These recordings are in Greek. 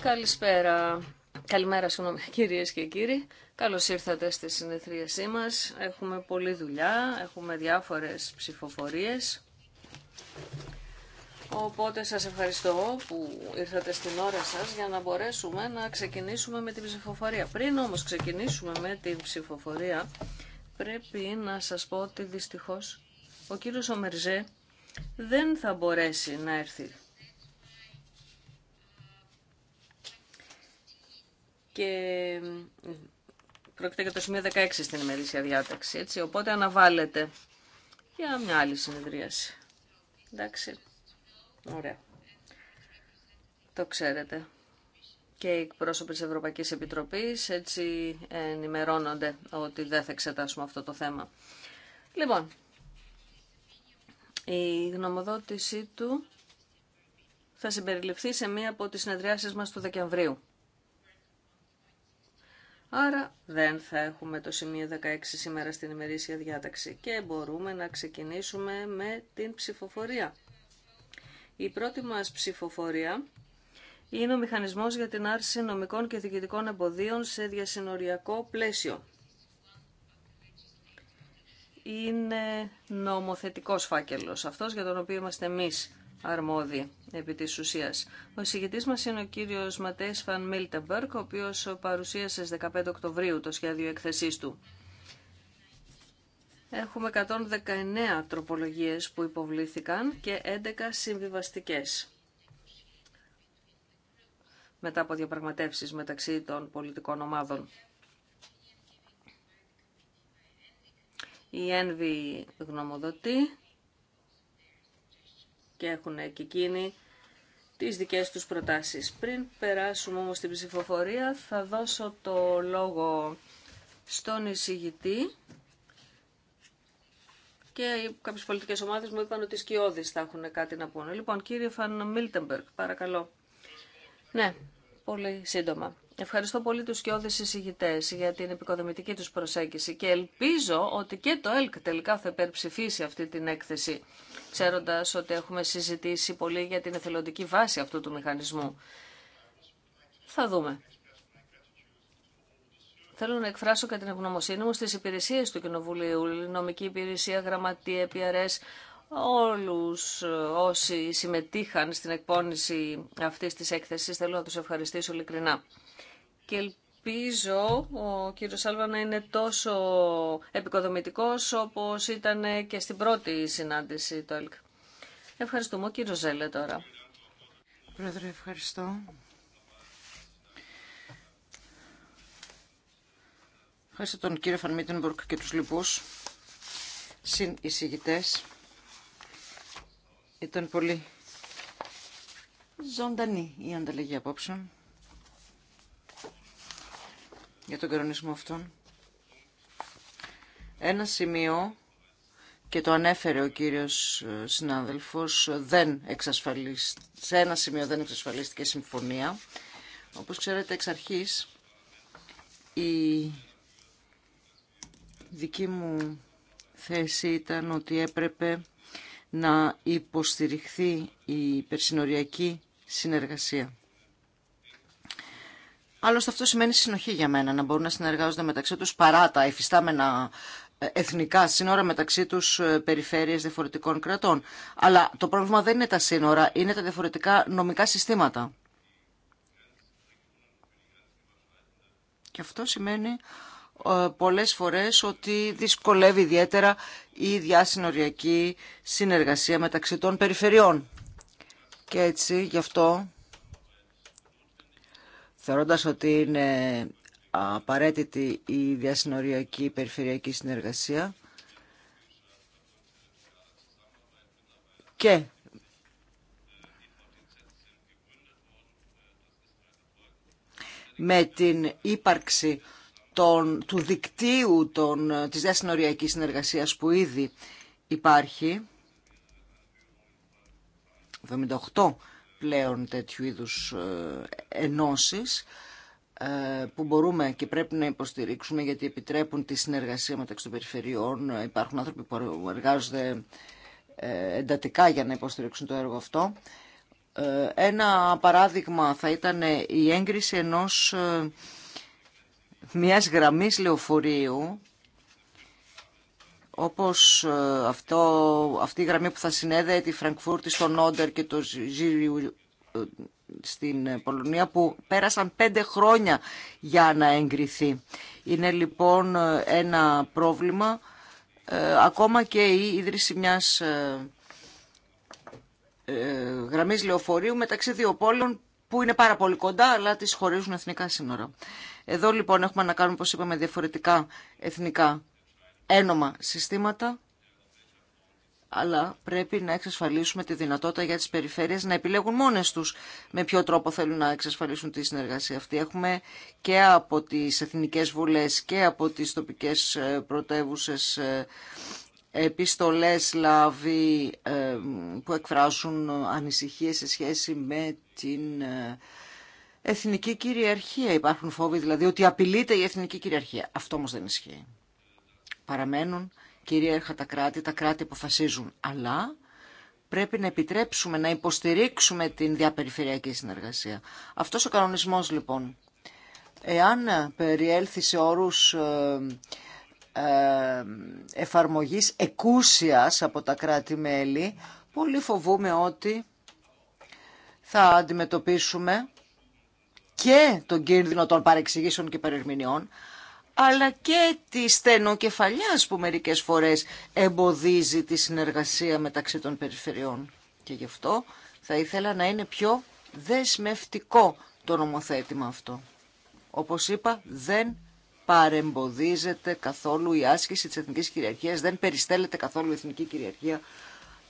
Καλησπέρα. Καλημέρα, συγγνώμη, κυρίες και κύριοι. Καλώ ήρθατε στη συνεθρίασή μας. Έχουμε πολλή δουλειά, έχουμε διάφορες ψηφοφορίε. Οπότε σας ευχαριστώ που ήρθατε στην ώρα σας για να μπορέσουμε να ξεκινήσουμε με την ψηφοφορία. Πριν όμως ξεκινήσουμε με την ψηφοφορία, πρέπει να σας πω ότι δυστυχώς ο κύριος Ομερζέ δεν θα μπορέσει να έρθει και ε, πρόκειται για το σημείο 16 στην ημερήσια διάταξη, έτσι, οπότε αναβάλλεται για μια άλλη συνεδρίαση. Εντάξει, ωραία. Το ξέρετε. Και οι πρόσωποι της Ευρωπαϊκής Επιτροπής έτσι ενημερώνονται ότι δεν θα εξετάσουμε αυτό το θέμα. Λοιπόν, η γνωμοδότησή του θα συμπεριληφθεί σε μία από τις συνεδριάσεις μας του Δεκεμβρίου. Άρα δεν θα έχουμε το σημείο 16 σήμερα στην ημερήσια διάταξη και μπορούμε να ξεκινήσουμε με την ψηφοφορία. Η πρώτη μας ψηφοφορία είναι ο μηχανισμός για την άρση νομικών και διοικητικών εμποδίων σε διασυνοριακό πλαίσιο. Είναι νομοθετικός φάκελος αυτός για τον οποίο είμαστε εμείς αρμόδιοι επί της ουσίας. Ο εισηγητής μας είναι ο κύριος ματές Φαν Μίλτεμπερκ, ο οποίος παρουσίασε στις 15 Οκτωβρίου το σχέδιο εκθεσής του. Έχουμε 119 τροπολογίες που υποβλήθηκαν και 11 συμβιβαστικές μετά από διαπραγματεύσεις μεταξύ των πολιτικών ομάδων. Η Ένβη γνωμοδοτεί και έχουν και εκείνοι τις δικές τους προτάσεις. Πριν περάσουμε όμως στην ψηφοφορία θα δώσω το λόγο στον εισηγητή και κάποιες πολιτικές ομάδες μου είπαν ότι οι σκιώδεις θα έχουν κάτι να πούνε. Λοιπόν, κύριε Φαν Μίλτεμπεργκ, παρακαλώ. Ναι, πολύ σύντομα. Ευχαριστώ πολύ τους σκιώδες εισηγητές για την επικοδομητική τους προσέγγιση και ελπίζω ότι και το ΕΛΚ τελικά θα υπερψηφίσει αυτή την έκθεση, ξέροντας ότι έχουμε συζητήσει πολύ για την εθελοντική βάση αυτού του μηχανισμού. Θα δούμε. Θέλω να εκφράσω και την ευγνωμοσύνη μου στις υπηρεσίες του Κοινοβουλίου, η νομική υπηρεσία, γραμματεία, PRS, όλους όσοι συμμετείχαν στην εκπόνηση αυτής της έκθεσης. Θέλω να τους ευχαριστήσω ειλικρινά και ελπίζω ο κύριο Σάλβα να είναι τόσο επικοδομητικό όπω ήταν και στην πρώτη συνάντηση του ΕΛΚ. Ευχαριστούμε. Ο κύριο Ζέλε τώρα. Πρόεδρε, ευχαριστώ. Ευχαριστώ τον κύριο Φαν και τους λοιπούς συνεισηγητές. Ήταν πολύ ζωντανή η ανταλλαγή απόψεων για τον κανονισμό αυτόν. Ένα σημείο και το ανέφερε ο κύριος ε, συνάδελφος, δεν σε ένα σημείο δεν εξασφαλίστηκε συμφωνία. Όπως ξέρετε εξ αρχής, η δική μου θέση ήταν ότι έπρεπε να υποστηριχθεί η περσινοριακή συνεργασία. Άλλωστε αυτό σημαίνει συνοχή για μένα, να μπορούν να συνεργάζονται μεταξύ τους παρά τα εφιστάμενα ε, εθνικά σύνορα μεταξύ τους ε, περιφέρειες διαφορετικών κρατών. Αλλά το πρόβλημα δεν είναι τα σύνορα, είναι τα διαφορετικά νομικά συστήματα. Και αυτό σημαίνει ε, πολλές φορές ότι δυσκολεύει ιδιαίτερα η διασυνοριακή συνεργασία μεταξύ των περιφερειών. Και έτσι, γι' αυτό θεωρώντας ότι είναι απαραίτητη η διασυνοριακή περιφερειακή συνεργασία και με την ύπαρξη των, του δικτύου των, της διασυνοριακής συνεργασίας που ήδη υπάρχει, πλέον τέτοιου είδους ε, ενώσεις ε, που μπορούμε και πρέπει να υποστηρίξουμε γιατί επιτρέπουν τη συνεργασία μεταξύ των περιφερειών. Υπάρχουν άνθρωποι που εργάζονται ε, εντατικά για να υποστηρίξουν το έργο αυτό. Ένα παράδειγμα θα ήταν η έγκριση ενός μιας γραμμής λεωφορείου όπως ε, αυτό, αυτή η γραμμή που θα συνέδεε τη Φραγκφούρτη στον Όντερ και το Ζήριου ε, στην ε, Πολωνία που πέρασαν πέντε χρόνια για να εγκριθεί. Είναι λοιπόν ένα πρόβλημα ακόμα και η ίδρυση μιας ε, γραμμής λεωφορείου μεταξύ δύο πόλεων που είναι πάρα πολύ κοντά αλλά τις χωρίζουν εθνικά σύνορα. Εδώ λοιπόν έχουμε να κάνουμε όπως είπαμε διαφορετικά εθνικά ένομα συστήματα, αλλά πρέπει να εξασφαλίσουμε τη δυνατότητα για τις περιφέρειες να επιλέγουν μόνες τους με ποιο τρόπο θέλουν να εξασφαλίσουν τη συνεργασία αυτή. Έχουμε και από τις εθνικές βουλές και από τις τοπικές ε, πρωτεύουσες ε, επιστολές λάβει ε, που εκφράσουν ανησυχίες σε σχέση με την εθνική κυριαρχία. Υπάρχουν φόβοι δηλαδή ότι απειλείται η εθνική κυριαρχία. Αυτό όμως δεν ισχύει παραμένουν κυρίαρχα τα κράτη, τα κράτη αποφασίζουν. Αλλά πρέπει να επιτρέψουμε, να υποστηρίξουμε την διαπεριφερειακή συνεργασία. Αυτός ο κανονισμός λοιπόν, εάν περιέλθει σε όρους ε, ε, εφαρμογής εκούσιας από τα κράτη-μέλη, πολύ φοβούμε ότι θα αντιμετωπίσουμε και τον κίνδυνο των παρεξηγήσεων και παρερμηνιών, αλλά και τη στενοκεφαλιάς που μερικές φορές εμποδίζει τη συνεργασία μεταξύ των περιφερειών. Και γι' αυτό θα ήθελα να είναι πιο δεσμευτικό το νομοθέτημα αυτό. Όπως είπα, δεν παρεμποδίζεται καθόλου η άσκηση της εθνικής κυριαρχίας, δεν περιστέλλεται καθόλου η εθνική κυριαρχία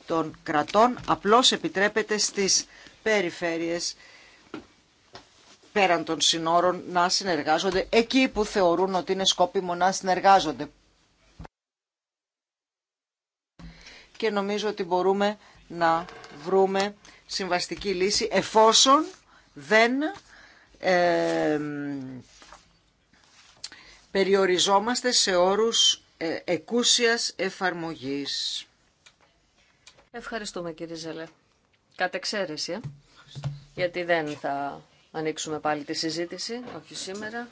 των κρατών, απλώς επιτρέπεται στις περιφέρειες πέραν των συνόρων να συνεργάζονται εκεί που θεωρούν ότι είναι σκόπιμο να συνεργάζονται. Και νομίζω ότι μπορούμε να βρούμε συμβαστική λύση εφόσον δεν ε, περιοριζόμαστε σε όρους ε, εκούσιας εφαρμογής. Ευχαριστούμε κύριε Ζελέ. Κατ' εξαίρεση, ε. γιατί δεν θα ανοίξουμε πάλι τη συζήτηση, όχι σήμερα.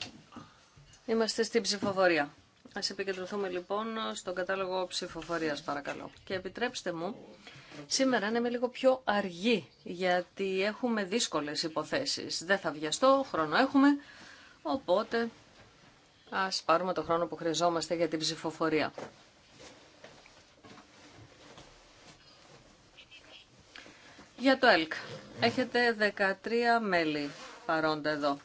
Είμαστε στην ψηφοφορία. Ας επικεντρωθούμε λοιπόν στον κατάλογο ψηφοφορίας παρακαλώ. Και επιτρέψτε μου σήμερα να είμαι λίγο πιο αργή γιατί έχουμε δύσκολες υποθέσεις. Δεν θα βιαστώ, χρόνο έχουμε, οπότε ας πάρουμε το χρόνο που χρειαζόμαστε για την ψηφοφορία. Για το ΕΛΚ. Έχετε 13 μέλη παρόντα εδώ.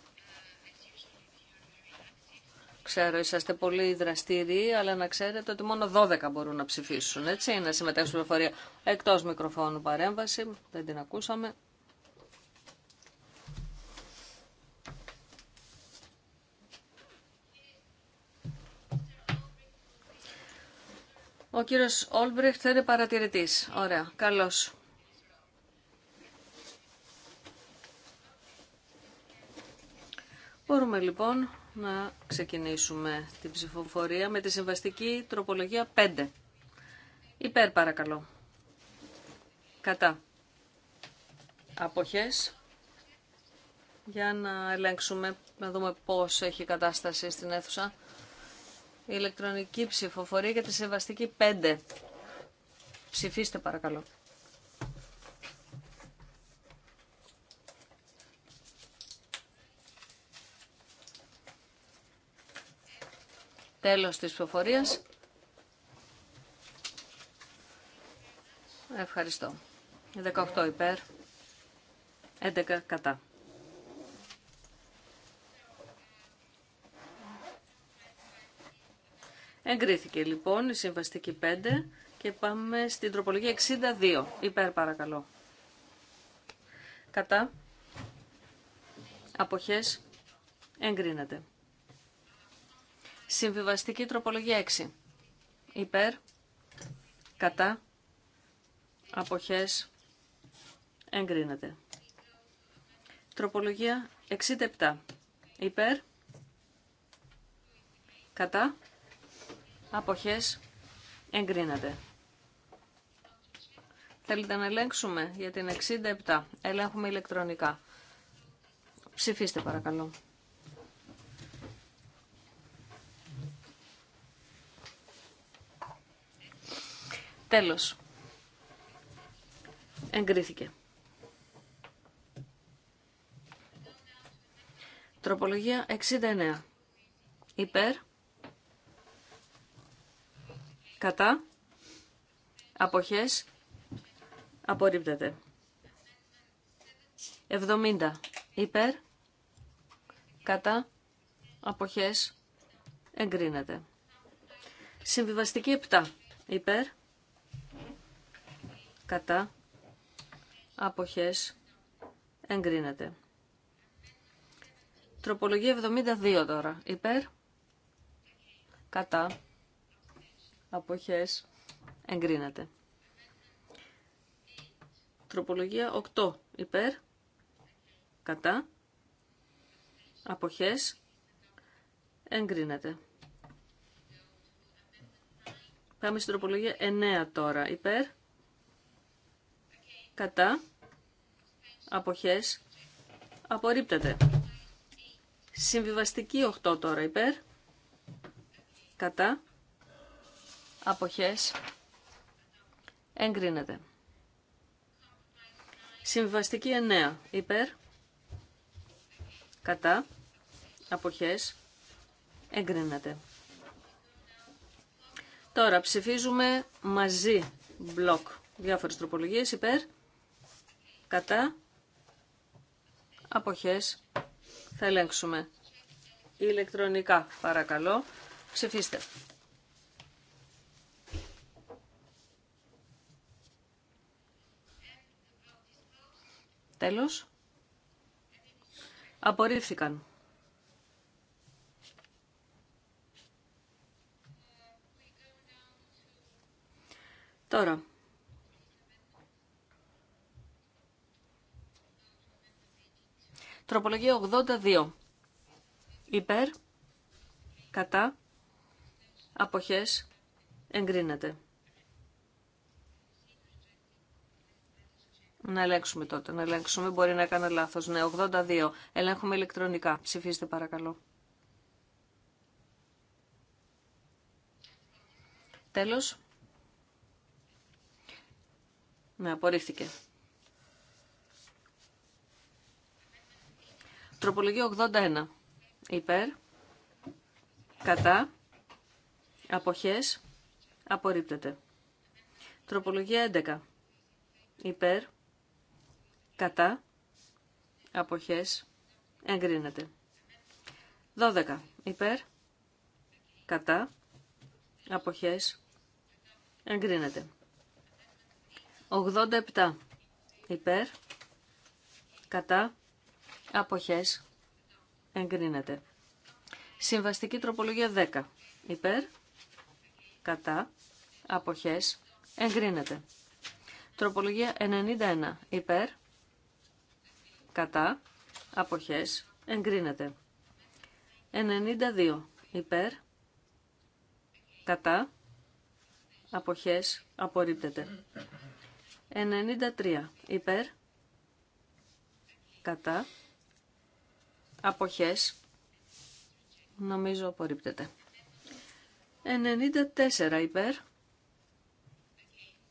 Ξέρω, είσαστε πολύ δραστήριοι, αλλά να ξέρετε ότι μόνο 12 μπορούν να ψηφίσουν, έτσι, να συμμετέχουν στην πληροφορία. Εκτός μικροφώνου παρέμβαση, δεν την ακούσαμε. Ο κύριος Όλμπριχτ θα είναι παρατηρητής. Ωραία, καλώς. Μπορούμε λοιπόν να ξεκινήσουμε την ψηφοφορία με τη συμβαστική τροπολογία 5. Υπέρ παρακαλώ. Κατά. Αποχές. Για να ελέγξουμε, να δούμε πώς έχει κατάσταση στην αίθουσα. Η ηλεκτρονική ψηφοφορία για τη συμβαστική 5. Ψηφίστε παρακαλώ. Τέλος της ψηφοφορίας. Ευχαριστώ. 18 υπέρ, 11 κατά. Εγκρίθηκε λοιπόν η συμβαστική 5 και πάμε στην τροπολογία 62. Υπέρ παρακαλώ. Κατά. Αποχές. Εγκρίνεται. Συμβιβαστική τροπολογία 6. Υπέρ, κατά, αποχές, εγκρίνεται. Τροπολογία 67. Υπέρ, κατά, αποχές, εγκρίνεται. Θέλετε να ελέγξουμε για την 67. Ελέγχουμε ηλεκτρονικά. Ψηφίστε παρακαλώ. Τέλος. Εγκρίθηκε. Τροπολογία 69. Υπέρ. Κατά. Αποχές. Απορρίπτεται. 70. Υπέρ. Κατά. Αποχές. Εγκρίνεται. Συμβιβαστική 7. Υπέρ κατά αποχές εγκρίνεται. Τροπολογία 72 τώρα. Υπέρ, κατά, αποχές, εγκρίνεται. Τροπολογία 8. Υπέρ, κατά, αποχές, εγκρίνεται. Πάμε στην τροπολογία 9 τώρα. Υπέρ, κατά, αποχές, απορρίπτεται. Συμβιβαστική 8 τώρα υπέρ, κατά, αποχές, εγκρίνεται. Συμβιβαστική 9 υπέρ, κατά, αποχές, εγκρίνεται. Τώρα ψηφίζουμε μαζί μπλοκ διάφορες τροπολογίες υπέρ, κατά, αποχές, θα ελέγξουμε. Ηλεκτρονικά, παρακαλώ, ψηφίστε. Τέλος. Απορρίφθηκαν. Τώρα, Τροπολογία 82. Υπέρ, κατά, αποχές, εγκρίνεται. Να ελέγξουμε τότε, να ελέγξουμε. Μπορεί να έκανα λάθος. Ναι, 82. Ελέγχουμε ηλεκτρονικά. Ψηφίστε παρακαλώ. Τέλος. Ναι, απορρίφθηκε. Τροπολογία 81. Υπέρ. Κατά. Αποχές. Απορρίπτεται. Τροπολογία 11. Υπέρ. Κατά. Αποχές. Εγκρίνεται. 12. Υπέρ. Κατά. Αποχές. Εγκρίνεται. 87. Υπέρ. Κατά. Αποχές. Εγκρίνεται. Συμβαστική τροπολογία 10. Υπέρ. Κατά. Αποχές. Εγκρίνεται. Τροπολογία 91. Υπέρ. Κατά. Αποχές. Εγκρίνεται. 92. Υπέρ. Κατά. Αποχές. Απορρίπτεται. 93. Υπέρ. Κατά. Αποχές. Νομίζω απορρίπτεται. 94 υπέρ.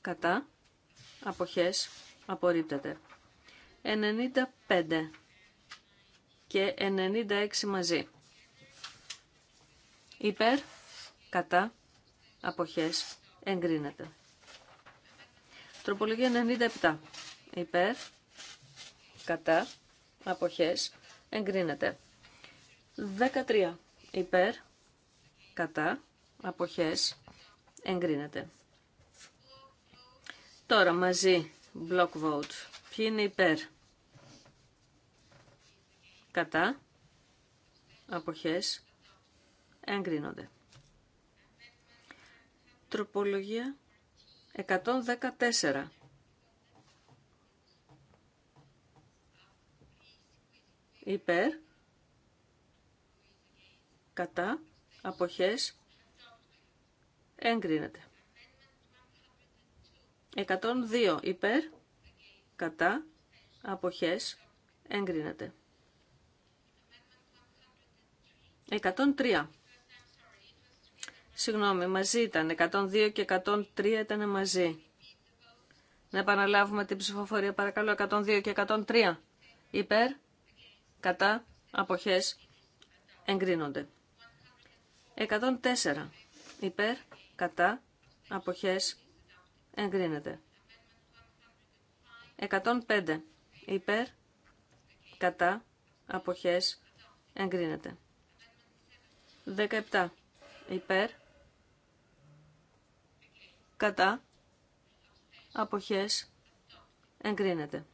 Κατά. Αποχές. Απορρίπτεται. 95 και 96 μαζί. Υπέρ. Κατά. Αποχές. Εγκρίνεται. Τροπολογία 97. Υπέρ. Κατά. Αποχές εγκρίνεται. 13 υπέρ, κατά, αποχές, εγκρίνεται. Τώρα μαζί, block vote. Ποιοι είναι υπέρ, κατά, αποχές, εγκρίνονται. Τροπολογία 114 υπέρ, κατά, αποχές, εγκρίνεται. 102 υπέρ, κατά, αποχές, εγκρίνεται. 103. Συγγνώμη, μαζί ήταν. 102 και 103 ήταν μαζί. Να επαναλάβουμε την ψηφοφορία παρακαλώ. 102 και 103. Υπέρ, κατά αποχές εγκρίνονται. 104 υπέρ κατά αποχές εγκρίνεται. 105 υπέρ κατά αποχές εγκρίνεται. 17 υπέρ κατά αποχές εγκρίνεται.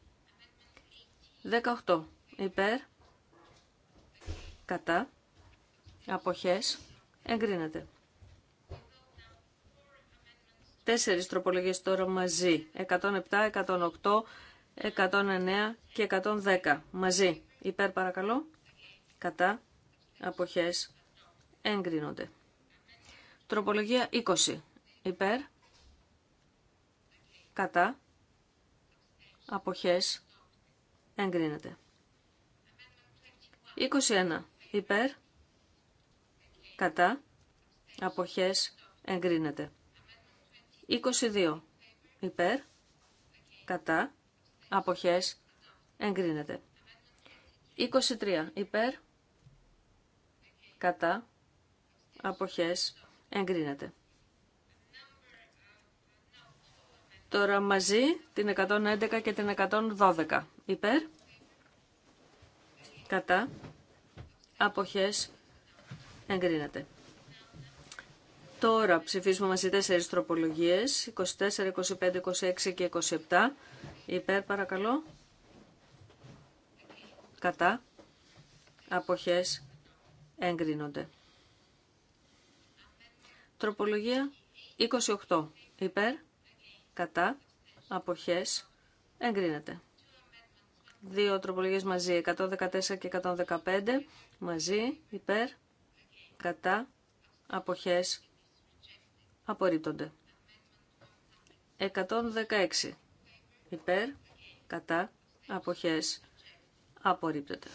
18 υπέρ κατά, αποχές, εγκρίνεται. Τέσσερις τροπολογίες τώρα μαζί, 107, 108, 109 και 110 μαζί. Υπέρ παρακαλώ, κατά, αποχές, εγκρίνονται. Τροπολογία 20, υπέρ, κατά, αποχές, εγκρίνεται. 21 υπέρ, κατά, αποχές, εγκρίνεται. 22 υπέρ, κατά, αποχές, εγκρίνεται. 23 υπέρ, κατά, αποχές, εγκρίνεται. Τώρα μαζί την 111 και την 112. Υπέρ. Κατά αποχές εγκρίνεται. Τώρα ψηφίσουμε μαζί τέσσερις τροπολογίες, 24, 25, 26 και 27. Υπέρ παρακαλώ. Κατά. Αποχές εγκρίνονται. Τροπολογία 28. Υπέρ. Κατά. Αποχές εγκρίνεται δύο τροπολογίες μαζί, 114 και 115 μαζί, υπέρ, κατά, αποχές, απορρίπτονται. 116 υπέρ, κατά, αποχές, απορρίπτονται.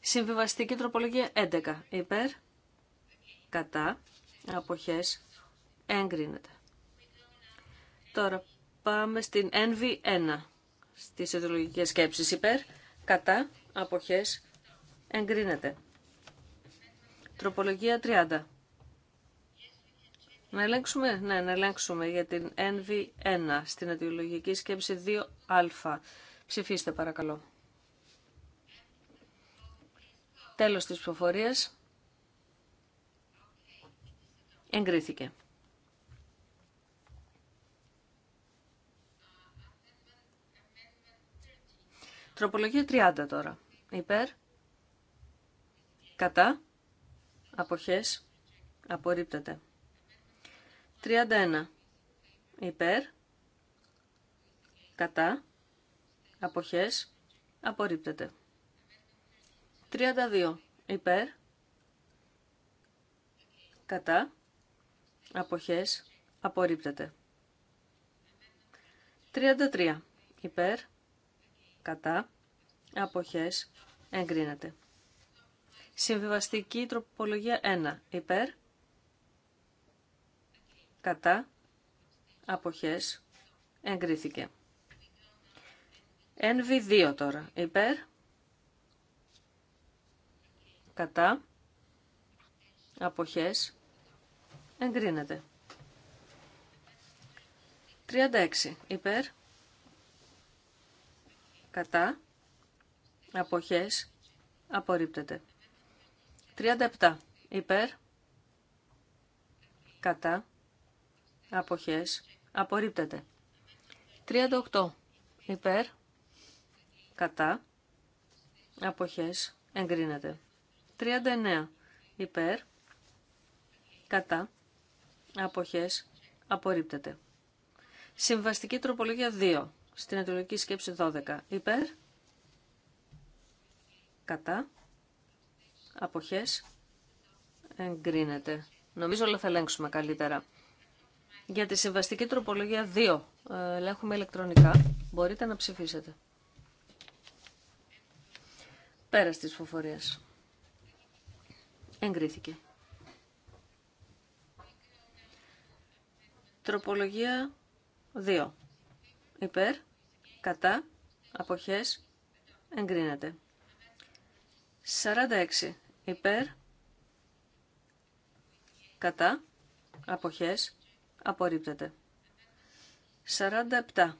Συμβιβαστική τροπολογία 11 υπέρ, κατά, αποχές, εγκρίνεται. Τώρα πάμε στην NV1 στις ιδεολογικές σκέψεις υπέρ, κατά, αποχές, εγκρίνεται. Τροπολογία 30. Να ελέγξουμε, ναι, να ελέγξουμε για την NV1 στην αιτιολογική σκέψη 2α. Ψηφίστε παρακαλώ. Τέλος της ψηφοφορίας. Εγκρίθηκε. Τροπολογία 30 τώρα. Υπέρ. Κατά. Αποχές. Απορρίπτεται. 31. Υπέρ. Κατά. Αποχές. Απορρίπτεται. 32. Υπέρ. Κατά. Αποχές. Απορρίπτεται. 33. Υπέρ κατά, αποχές, εγκρίνεται. Συμβιβαστική τροπολογία 1. Υπέρ, κατά, αποχές, εγκρίθηκε. NV2 τώρα. Υπέρ, κατά, αποχές, εγκρίνεται. 36. Υπέρ, κατά, αποχές, απορρίπτεται. 37. Υπέρ, κατά, αποχές, απορρίπτεται. 38. Υπέρ, κατά, αποχές, εγκρίνεται. 39. Υπέρ, κατά, αποχές, απορρίπτεται. Συμβαστική τροπολογία 2 στην αιτιολογική σκέψη 12. Υπέρ, κατά, αποχές, εγκρίνεται. Νομίζω όλα θα ελέγξουμε καλύτερα. Για τη συμβαστική τροπολογία 2, ε, ελέγχουμε ηλεκτρονικά, μπορείτε να ψηφίσετε. Πέρα της φοφορίας. Εγκρίθηκε. Τροπολογία 2. Υπέρ κατά, αποχές, εγκρίνεται. 46 υπέρ, κατά, αποχές, απορρίπτεται. 47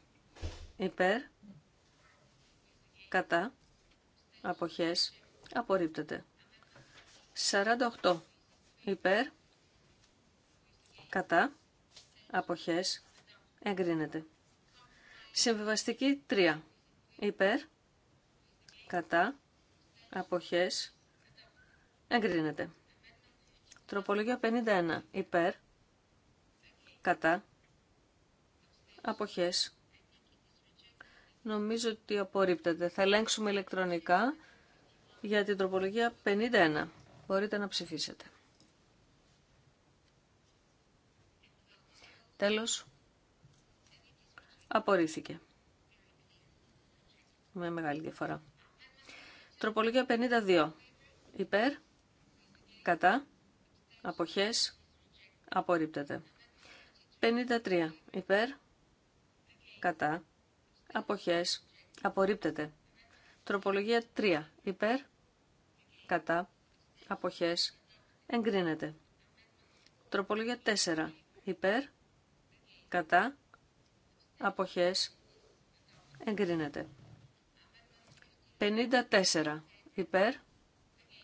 υπέρ, κατά, αποχές, απορρίπτεται. 48 υπέρ, κατά, αποχές, εγκρίνεται. Συμβιβαστική 3. Υπέρ, κατά, αποχές, εγκρίνεται. Τροπολογία 51. Υπέρ, κατά, αποχές. Νομίζω ότι απορρίπτεται. Θα ελέγξουμε ηλεκτρονικά για την τροπολογία 51. Μπορείτε να ψηφίσετε. Τέλος απορρίφθηκε. Με μεγάλη διαφορά. Τροπολογία 52. Υπέρ, κατά, αποχές, απορρίπτεται. 53. Υπέρ, κατά, αποχές, απορρίπτεται. Τροπολογία 3. Υπέρ, κατά, αποχές, εγκρίνεται. Τροπολογία 4. Υπέρ, κατά, αποχές εγκρίνεται. 54 υπέρ,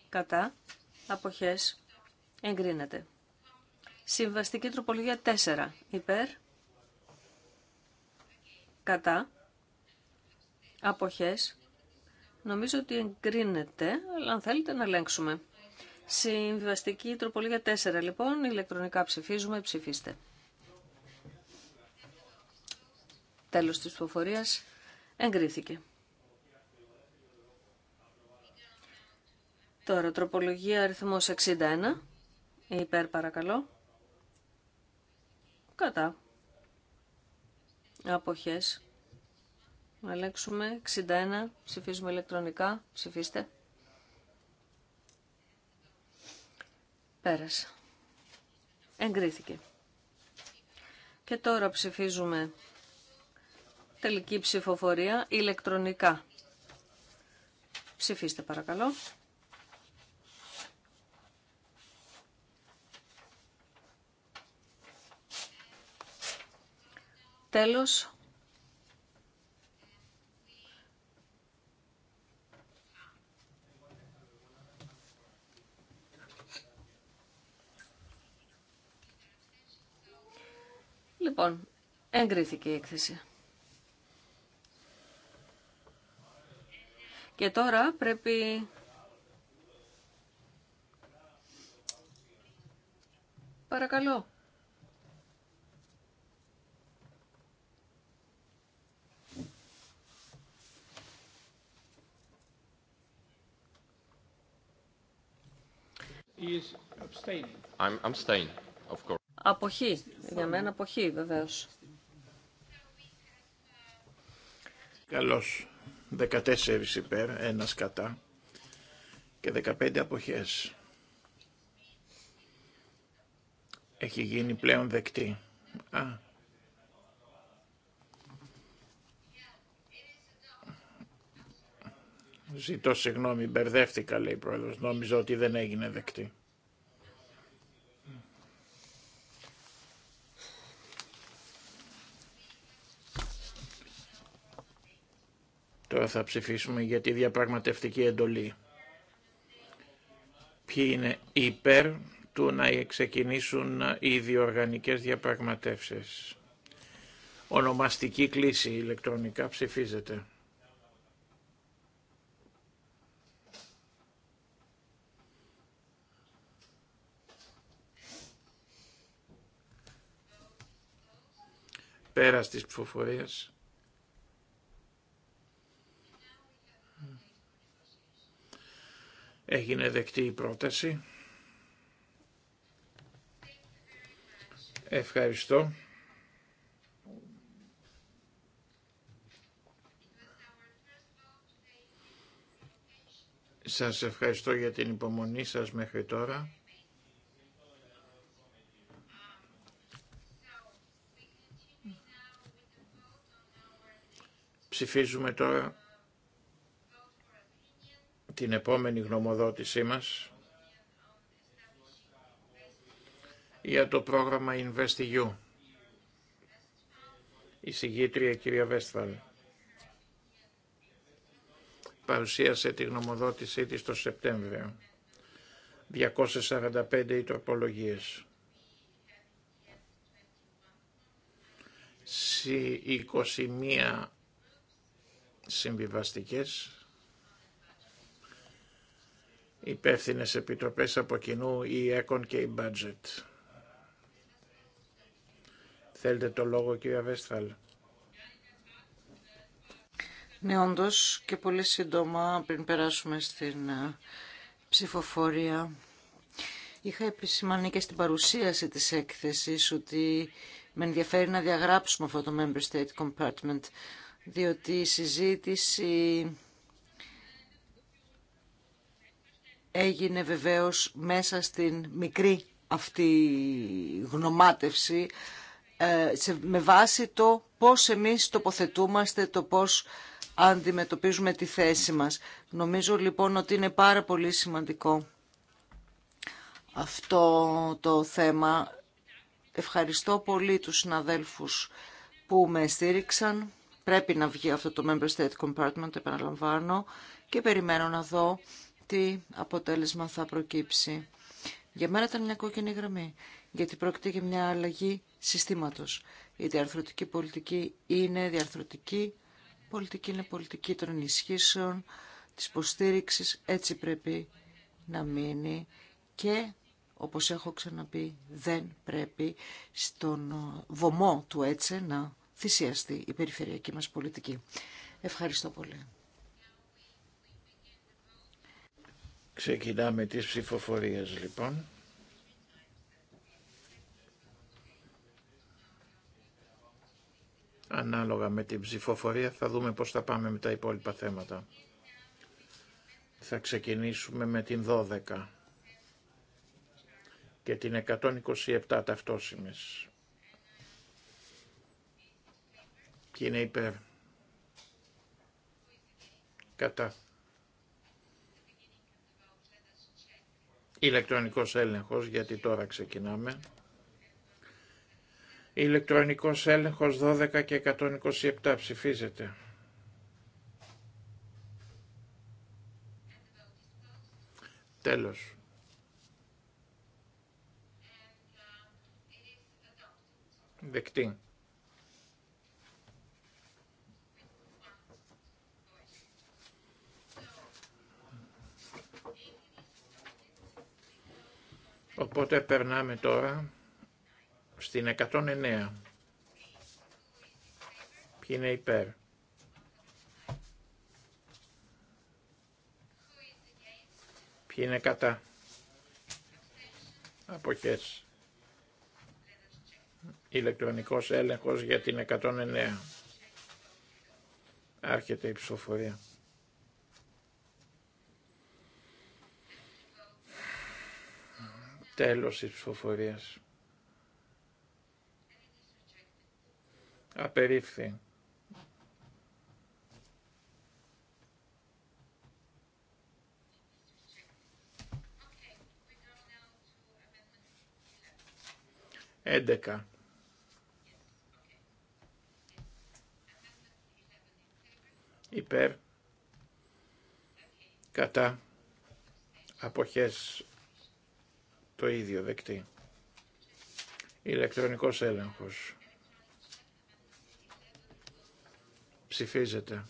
κατά, αποχές εγκρίνεται. Συμβαστική τροπολογία 4 υπέρ, κατά, αποχές Νομίζω ότι εγκρίνεται, αλλά αν θέλετε να ελέγξουμε. Συμβαστική τροπολογία 4, λοιπόν, ηλεκτρονικά ψηφίζουμε, ψηφίστε. Τέλος της ψηφοφορίας εγκρίθηκε. Τώρα, τροπολογία αριθμός 61. Υπέρ παρακαλώ. Κατά. Αποχές. Αλέξουμε 61. Ψηφίζουμε ηλεκτρονικά. Ψηφίστε. Πέρασε. Εγκρίθηκε. Και τώρα ψηφίζουμε Τελική ψηφοφορία ηλεκτρονικά. Ψηφίστε παρακαλώ. Τέλος. Λοιπόν, εγκρίθηκε η έκθεση. Και τώρα πρέπει Παρακαλώ. Αποχή. Για μένα αποχή, βεβαίως. Καλώς. 14 υπέρ, ένα κατά και 15 αποχές. Έχει γίνει πλέον δεκτή. Α. Ζητώ συγγνώμη, μπερδεύτηκα λέει η πρόεδρος. Νόμιζα ότι δεν έγινε δεκτή. Τώρα θα ψηφίσουμε για τη διαπραγματευτική εντολή. Ποιοι είναι υπέρ του να ξεκινήσουν οι διοργανικές διαπραγματεύσεις. Ονομαστική κλίση ηλεκτρονικά ψηφίζεται. Πέρα της ψηφοφορίας. Έγινε δεκτή η πρόταση. Ευχαριστώ. Σας ευχαριστώ για την υπομονή σας μέχρι τώρα. Ψηφίζουμε τώρα την επόμενη γνωμοδότησή μας για το πρόγραμμα InvestEU. Η συγγήτρια κυρία Βέσφαλ παρουσίασε τη γνωμοδότησή της το Σεπτέμβριο. 245 οι τροπολογίες. Συ 21 συμβιβαστικές υπεύθυνε επιτροπές από κοινού, η ΕΚΟΝ και η μπάτζετ. Θέλετε το λόγο κύριε Βέσφαλ. Ναι, όντως και πολύ σύντομα πριν περάσουμε στην ε, ψηφοφορία. Είχα επισημανεί και στην παρουσίαση της έκθεσης ότι με ενδιαφέρει να διαγράψουμε αυτό το Member State Compartment, διότι η συζήτηση έγινε βεβαίως μέσα στην μικρή αυτή γνωμάτευση ε, με βάση το πώς εμείς τοποθετούμαστε, το πώς αντιμετωπίζουμε τη θέση μας. Νομίζω λοιπόν ότι είναι πάρα πολύ σημαντικό αυτό το θέμα. Ευχαριστώ πολύ τους συναδέλφους που με στήριξαν. Πρέπει να βγει αυτό το Member State Compartment, επαναλαμβάνω, και περιμένω να δω τι αποτέλεσμα θα προκύψει. Για μένα ήταν μια κόκκινη γραμμή, γιατί πρόκειται για μια αλλαγή συστήματος. Η διαρθρωτική πολιτική είναι διαρθρωτική, πολιτική είναι πολιτική των ενισχύσεων, της υποστήριξη, έτσι πρέπει να μείνει και όπως έχω ξαναπεί δεν πρέπει στον βωμό του έτσι να θυσιαστεί η περιφερειακή μας πολιτική. Ευχαριστώ πολύ. Ξεκινάμε τις ψηφοφορίες λοιπόν. Ανάλογα με την ψηφοφορία θα δούμε πώς θα πάμε με τα υπόλοιπα θέματα. Θα ξεκινήσουμε με την 12 και την 127 ταυτόσημες. Ποιοι είναι υπέρ. Κατά. Ηλεκτρονικός έλεγχος, γιατί τώρα ξεκινάμε. Ηλεκτρονικός έλεγχος 12 και 127 ψηφίζεται. Τέλος. Δεκτή. Οπότε περνάμε τώρα στην 109. Ποιοι είναι υπέρ. Ποιοι είναι κατά. Αποχές. Ηλεκτρονικός έλεγχος για την 109. Άρχεται η ψηφοφορία. Τέλος της ψηφοφορίας. Απερίφθη. Έντεκα. Υπέρ. Κατά. Αποχές το ίδιο δεκτή. Ηλεκτρονικός έλεγχος. Ψηφίζεται.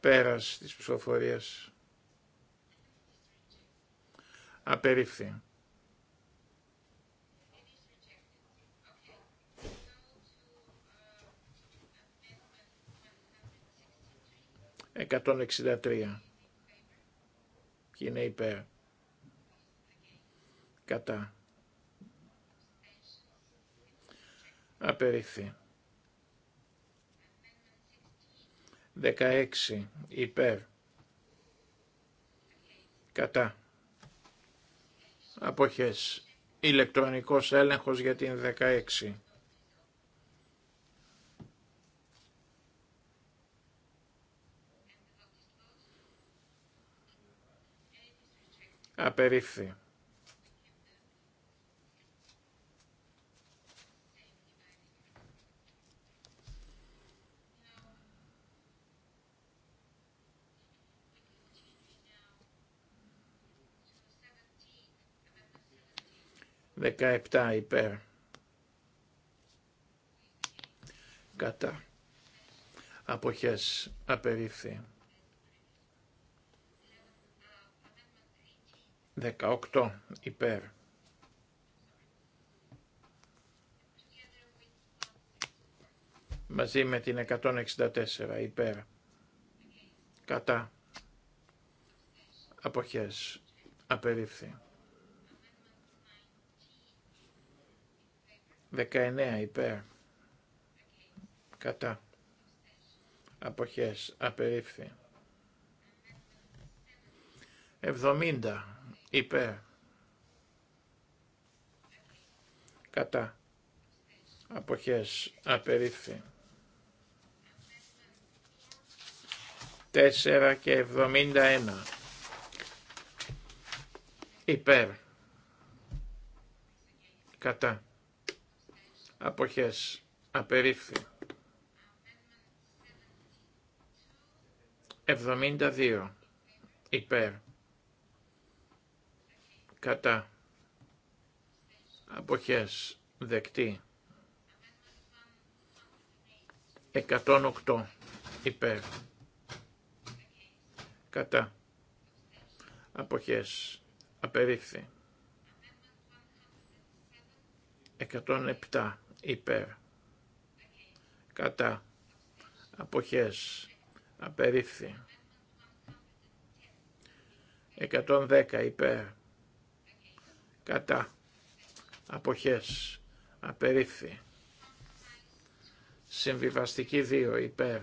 Πέρας της ψηφοφορίας. Απερίφθη. 163. Ποιοι είναι υπέρ. Κατά. Απερίφθη. 16. Υπέρ. Κατά. Αποχές. Ηλεκτρονικός έλεγχος για την 16. Απερίφθη. Δεκαεπτά υπέρ. Κατά. Αποχές απερίφθη. 18 υπέρ. Μαζί με την 164 υπέρ. Κατά. Αποχές. Απερίφθη. 19 υπέρ. Κατά. Αποχές. Απερίφθη. 70 υπέρ κατά αποχές απερίφθη τέσσερα και εβδομήντα ένα υπέρ κατά αποχές απερίφθη δύο υπέρ κατά αποχές δεκτή 108 υπέρ κατά αποχές απερίφθη 107 υπέρ κατά αποχές απερίφθη 110 υπέρ κατά αποχές απερίφθη συμβιβαστική 2 υπέρ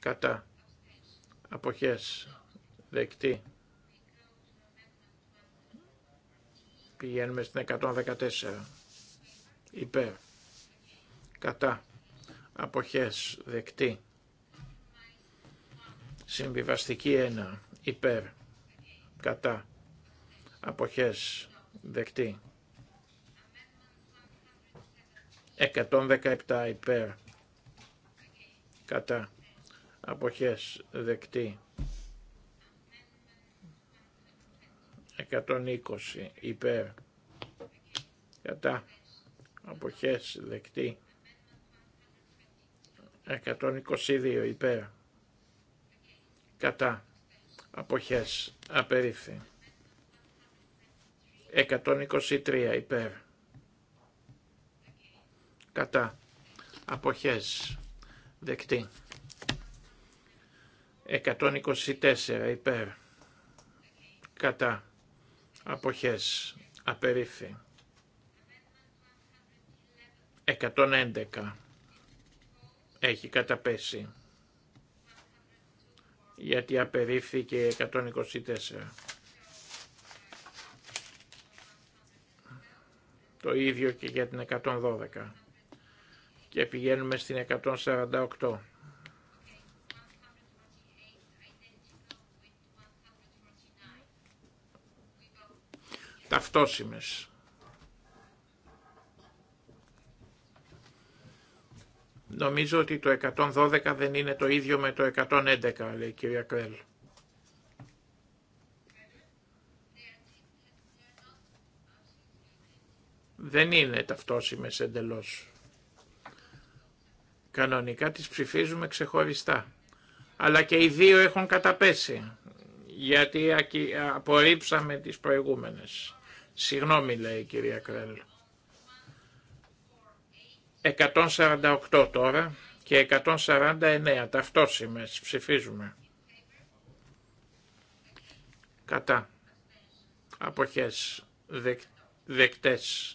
κατά αποχές δεκτή πηγαίνουμε στην 114 υπέρ κατά αποχές δεκτή συμβιβαστική 1 υπέρ κατά αποχές δεκτή 117 υπέρ κατά αποχές δεκτή 120 υπέρ κατά αποχές δεκτή 122 υπέρ κατά αποχές απερίφθη 123 υπέρ. Κατά. Αποχές. Δεκτή. 124 υπέρ. Κατά. Αποχές. Απερίφη. 111. Έχει καταπέσει. Γιατί απερίφθηκε 124. Το ίδιο και για την 112. Και πηγαίνουμε στην 148. Ταυτόσιμες. Νομίζω ότι το 112 δεν είναι το ίδιο με το 111, λέει η κυρία Κρέλ. δεν είναι ταυτόσιμες εντελώς. Κανονικά τις ψηφίζουμε ξεχωριστά. Αλλά και οι δύο έχουν καταπέσει, γιατί απορρίψαμε τις προηγούμενες. Συγγνώμη λέει η κυρία Κρέλ. 148 τώρα και 149 ταυτόσιμες ψηφίζουμε. Κατά. Αποχές. Δεκ, δεκτές.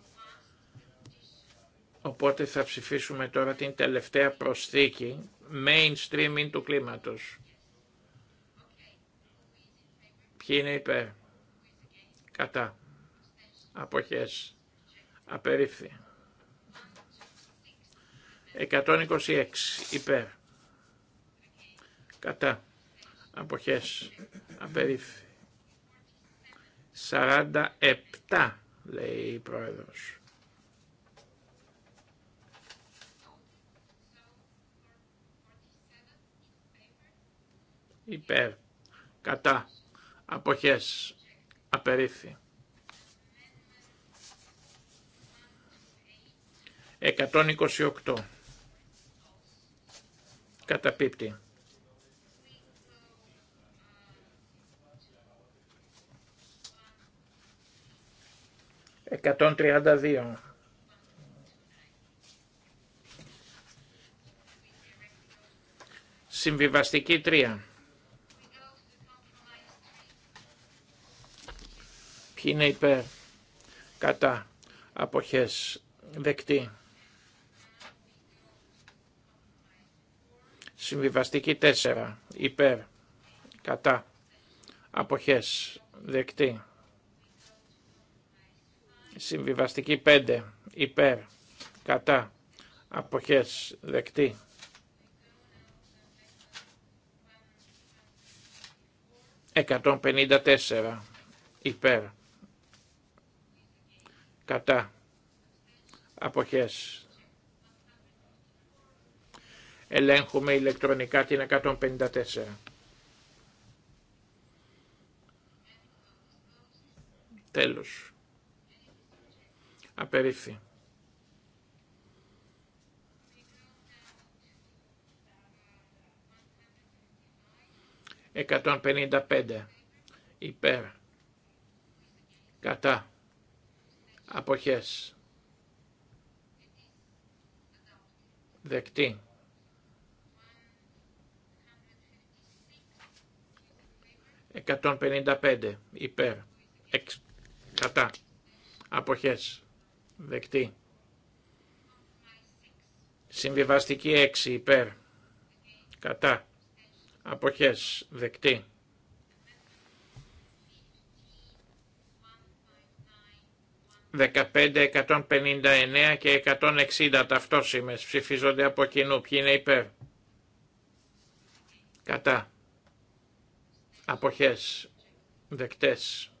Οπότε θα ψηφίσουμε τώρα την τελευταία προσθήκη mainstreaming του κλίματος. Ποιοι είναι υπέρ. Κατά. Αποχές. Απερίφθη. 126 υπέρ. Κατά. Αποχές. Απερίφθη. 47 λέει η πρόεδρος. υπέρ, κατά, αποχές, απερίφθη. οκτώ καταπίπτει. Εκατόν τριάντα δύο. Συμβιβαστική τρία. Ποιοι είναι υπέρ. Κατά. Αποχές. Δεκτή. Συμβιβαστική 4. Υπέρ. Κατά. Αποχές. Δεκτή. Συμβιβαστική 5. Υπέρ. Κατά. Αποχές. Δεκτή. 154. Υπέρ κατά αποχές. Ελέγχουμε ηλεκτρονικά την 154. Τέλος. Απερίφθη. Εκατόν Υπέρ. Κατά. Αποχές. Δεκτή. 155 υπέρ. Εξ, κατά. Αποχές. Δεκτή. Συμβιβαστική 6 υπέρ. Κατά. Αποχές. Δεκτή. 15, 159 και 160 ταυτόσημες ψηφίζονται από κοινού. Ποιοι είναι υπέρ. Κατά. Αποχές. Δεκτές.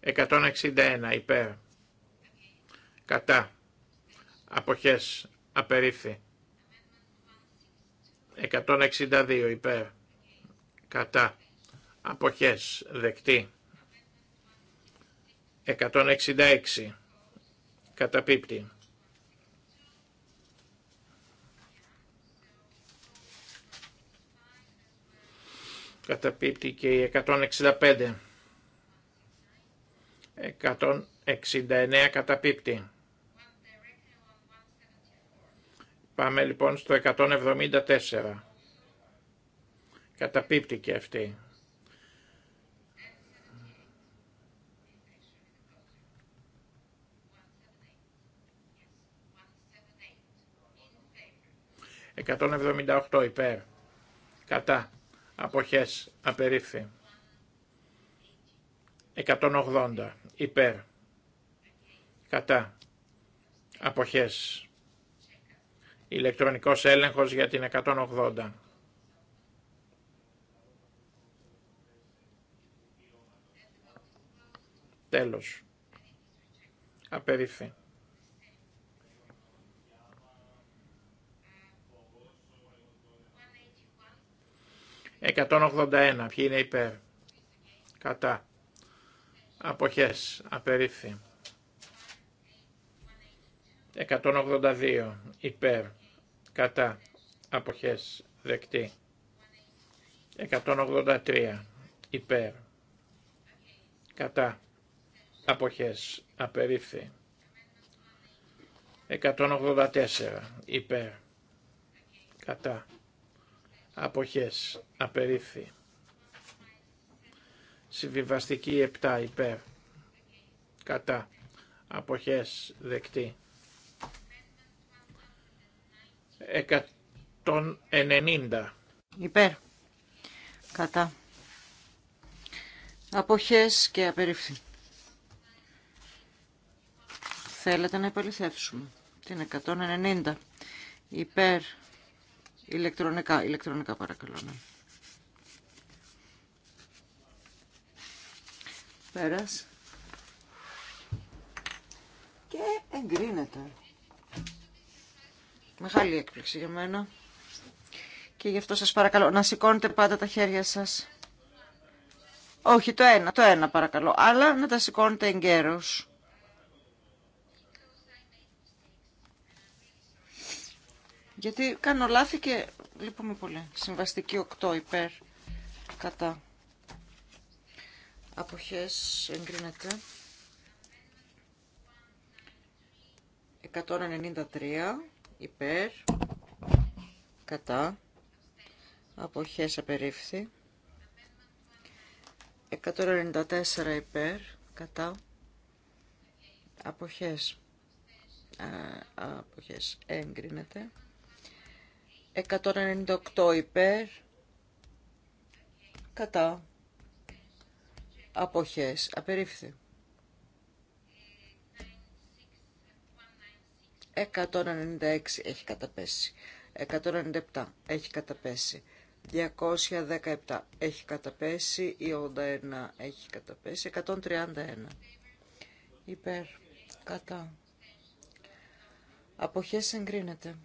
161 υπέρ. Κατά. Αποχές. Απερίφθη. 162 υπέρ. Κατά Αποχές. Δεκτή. 166. Καταπίπτει. Καταπίπτει και η 165. 169 καταπίπτει. Πάμε λοιπόν στο 174. Καταπίπτει και αυτή. 178 υπέρ. Κατά. Αποχές. Απερίφθη. 180 υπέρ. Κατά. Αποχές. Ηλεκτρονικός έλεγχος για την 180. Τέλος. Απερίφθη. 181. Ποιοι είναι υπέρ. Κατά. Αποχές. Απερίφθη. 182. Υπέρ. Κατά. Αποχές. Δεκτή. 183. Υπέρ. Κατά. Αποχές. Απερίφθη. 184. Υπέρ. Κατά αποχές, απερίφθη. Συμβιβαστική 7 υπέρ, κατά, αποχές, δεκτή. 190. Υπέρ. Κατά. Αποχές και απερίφθη. Θέλετε να επαληθεύσουμε την 190. Υπέρ Ηλεκτρονικά, ηλεκτρονικά παρακαλώ. Ναι. Πέρας. Και εγκρίνεται. Μεγάλη έκπληξη για μένα. Και γι' αυτό σας παρακαλώ να σηκώνετε πάντα τα χέρια σας. Όχι, το ένα, το ένα παρακαλώ. Αλλά να τα σηκώνετε εγκαίρως. Γιατί κάνω λάθη και λείπουμε πολύ. Συμβαστική 8 υπέρ κατά αποχές εγκρίνεται. 193 υπέρ κατά αποχές απερίφθη. 194 υπέρ κατά αποχές, α, ε, αποχές εγκρίνεται. 198 υπέρ, κατά, αποχές, απερίφθη. 196 έχει καταπέσει. 197 έχει καταπέσει. 217 έχει καταπέσει. Η 81 έχει καταπέσει. 131 υπέρ, κατά. Αποχές εγκρίνεται.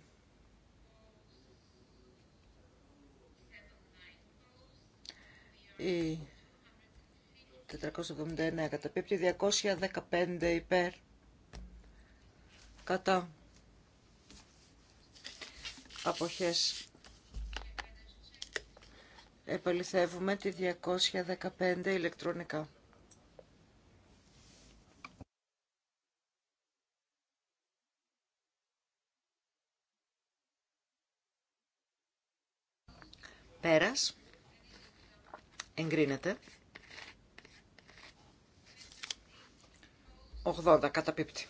η 479 καταπίπτει 215 υπέρ κατά αποχές επαληθεύουμε τη 215 ηλεκτρονικά. Πέρας εγκρίνεται. 80 καταπίπτει.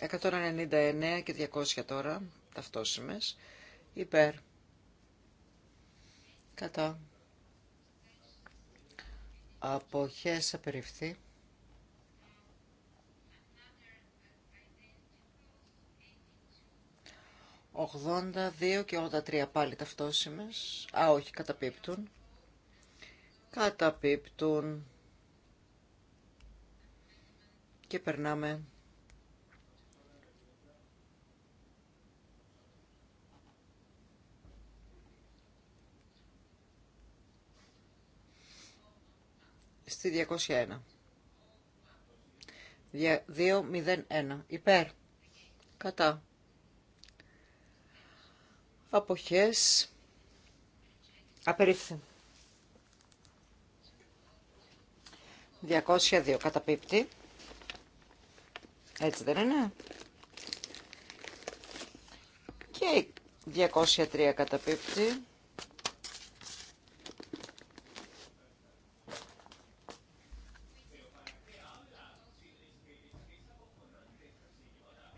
199 και 200 τώρα, ταυτόσιμες, υπέρ, κατά, αποχές απεριφθεί. 82 και 83 πάλι ταυτόσιμες. Α, όχι, καταπίπτουν. Καταπίπτουν. Και περνάμε. Στη 201. 1 Υπέρ. Κατά αποχές απερίφθη. 202 καταπίπτει. Έτσι δεν είναι. Και 203 καταπίπτει.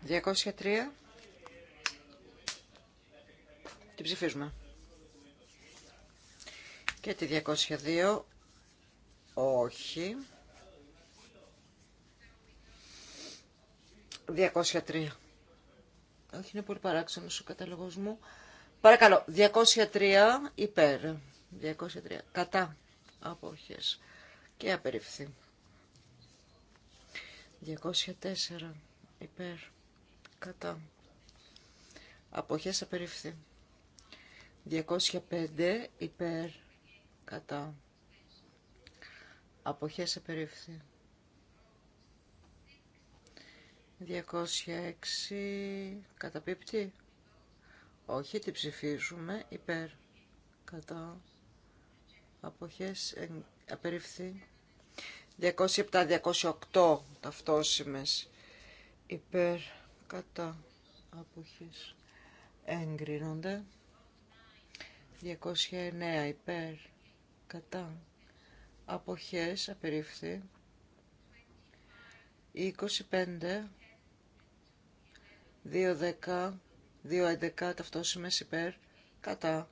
Διακόσια την ψηφίζουμε. Και τη 202. Όχι. 203. Όχι, είναι πολύ παράξενος ο καταλογός μου. Παρακαλώ, 203 υπέρ. 203 κατά απόχες και απεριφθεί. 204 υπέρ κατά απόχες απεριφθεί. 205 υπέρ κατά αποχές απερίφθη 206 καταπίπτει όχι την ψηφίζουμε υπέρ κατά αποχές απερίφθη 207-208 ταυτόσιμες υπέρ κατά αποχές εγκρίνονται 209 υπέρ κατά αποχές απερίφθη 25 210 211 ταυτόσημες υπέρ κατά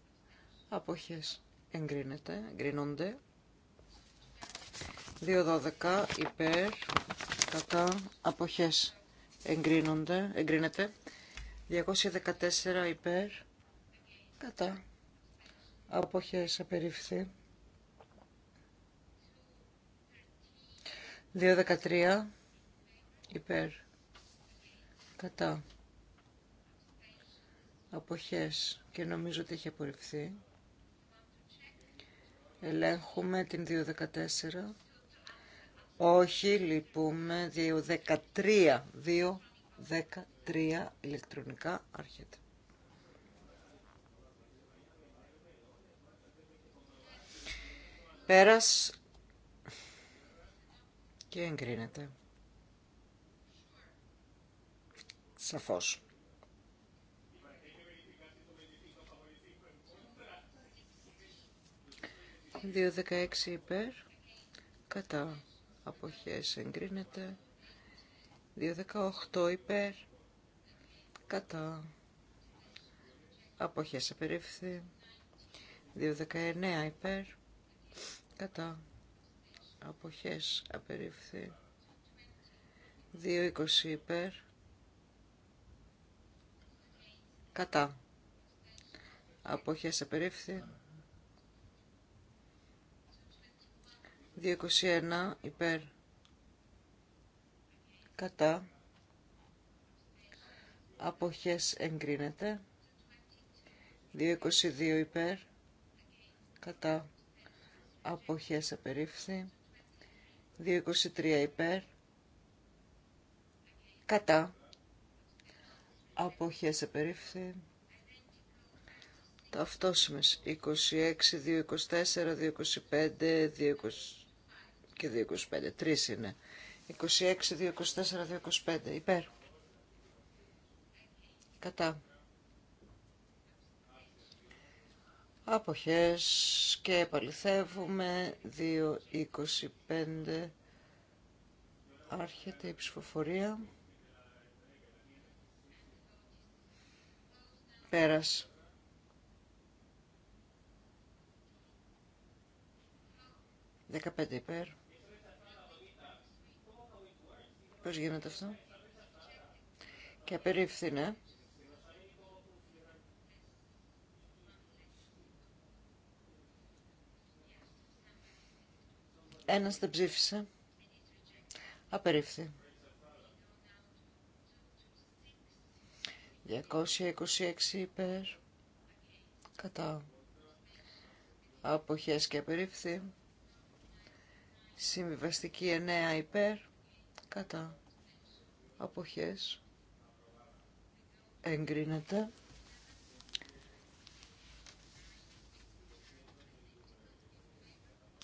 αποχές εγκρίνεται, εγκρίνονται 212 υπέρ κατά αποχές εγκρίνονται, εγκρίνεται 214 υπέρ κατά αποχές απερίφθη. 2.13 υπέρ κατά αποχές και νομίζω ότι έχει απορριφθεί. Ελέγχουμε την 2.14. Όχι, λυπούμε. 2.13. 2.13 ηλεκτρονικά άρχεται. Πέρας και εγκρίνεται. Σαφώς. Δύο δεκαέξι υπέρ, κατά αποχές εγκρίνεται. Δύο δεκαοχτώ υπέρ, κατά αποχές απερίφθη. Δύο δεκαεννέα υπέρ, κατά αποχές απερίφθη 2.20 υπέρ κατά αποχές απερίφθη 2.21 υπέρ κατά αποχές εγκρίνεται 2.22 υπέρ κατά αποχές απερίφθη 2.23 υπέρ κατά αποχές απερίφθη ταυτόσιμες 26, 2.24, 2.25 20 και 2.25 τρεις είναι 26, 2.24, 2.25 υπέρ κατά αποχές και επαληθεύουμε 2.25 άρχεται η ψηφοφορία πέρας Δεκαπέντε υπέρ. Πώς γίνεται αυτό. Και απερίφθη, ναι. Ένας δεν ψήφισε. Απερίφθη. 226 υπέρ. Κατά. Αποχές και απερίφθη. Συμβιβαστική 9 υπέρ. Κατά. Αποχές. Εγκρίνεται.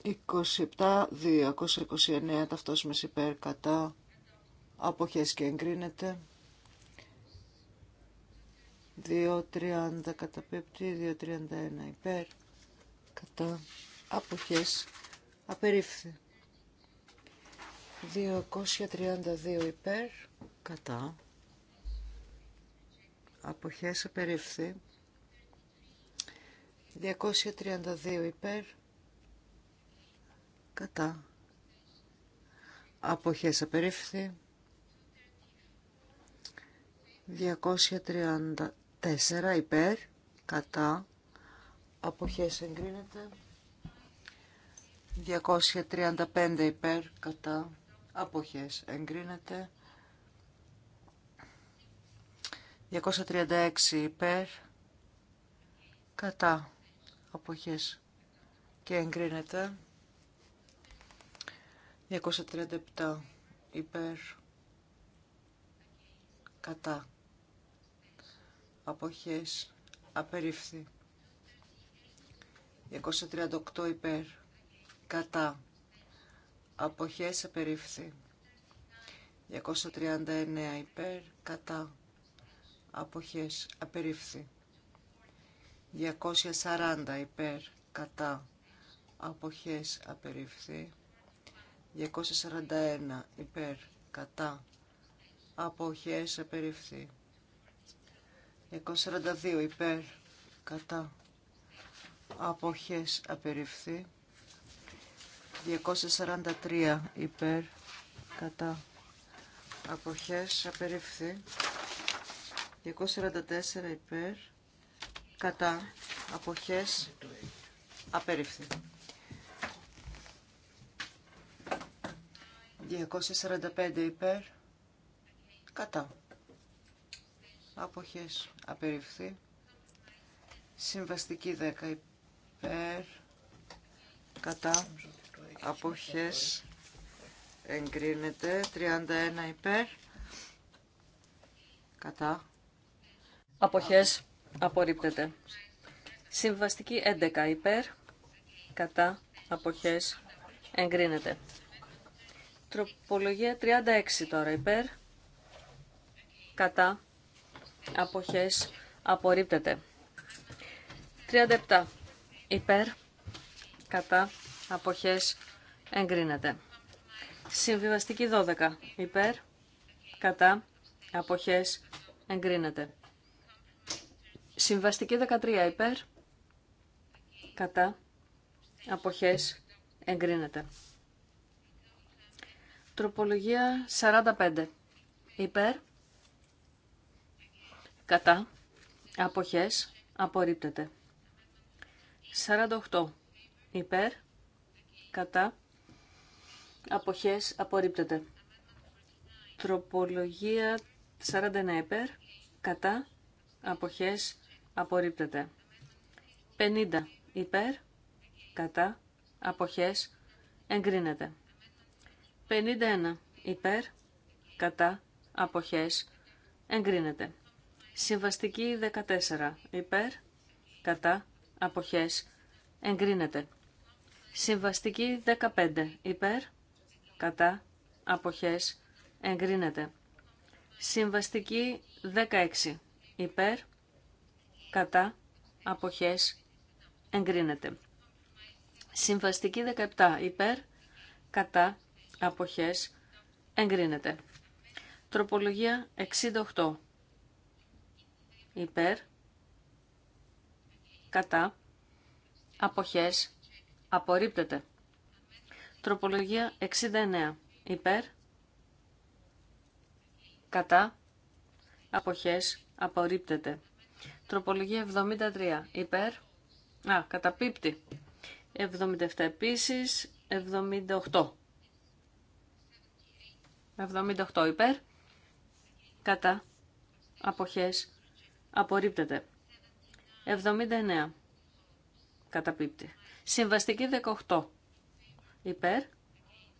27-2, 229 ταυτόσημε υπέρ κατά αποχές και εγκρίνεται. 2.30 καταπέπτει, 2.31 υπέρ κατά αποχές απερίφθη. 232 υπέρ κατά αποχές απερίφθη. 232 υπέρ κατά αποχές απερίφθη 234 υπέρ κατά αποχές εγκρίνεται 235 υπέρ κατά αποχές εγκρίνεται 236 υπέρ κατά αποχές και εγκρίνεται 237 υπέρ κατά αποχές απερίφθη 238 υπέρ κατά αποχές απερίφθη 239 υπέρ κατά αποχές απερίφθη 240 υπέρ κατά αποχές απερίφθη 241 υπέρ κατά αποχές απεριφθεί 242 υπέρ κατά αποχές απεριφθεί 243 υπέρ κατά αποχές απεριφθεί 244 υπέρ κατά αποχές απεριφθεί 245 υπέρ. Κατά. Αποχές. Απεριφθεί. Συμβαστική 10 υπέρ. Κατά. Αποχές. Εγκρίνεται. 31 υπέρ. Κατά. Αποχές. Απορρίπτεται. Συμβαστική 11 υπέρ. Κατά. Αποχές. Εγκρίνεται. Τροπολογία 36 τώρα υπέρ. Κατά. Αποχές. Απορρίπτεται. 37 υπέρ. Κατά. Αποχές. Εγκρίνεται. Συμβιβαστική 12 υπέρ. Κατά. Αποχές. Εγκρίνεται. Συμβαστική 13 υπέρ. Κατά. Αποχές. Εγκρίνεται. Τροπολογία 45. Υπέρ. Κατά. Αποχές. Απορρίπτεται. 48. Υπέρ. Κατά. Αποχές. Απορρίπτεται. Τροπολογία 49. Υπέρ. Κατά. Αποχές. Απορρίπτεται. 50. Υπέρ. Κατά. Αποχές. Εγκρίνεται. 51 υπέρ, κατά, αποχές, εγκρίνεται. Συμβαστική 14 υπέρ, κατά, αποχές, εγκρίνεται. Συμβαστική 15 υπέρ, κατά, αποχές, εγκρίνεται. Συμβαστική 16 υπέρ, κατά, αποχές, εγκρίνεται. Συμβαστική 17 υπέρ, κατά, αποχές εγκρίνεται. Τροπολογία 68 υπέρ, κατά, αποχές, απορρίπτεται. Τροπολογία 69 υπέρ, κατά, αποχές, απορρίπτεται. Τροπολογία 73 υπέρ, α, καταπίπτει. 77 επίσης, 78 78 υπέρ. Κατά. Αποχές. Απορρίπτεται. 79. Καταπίπτει. Συμβαστική 18. Υπέρ.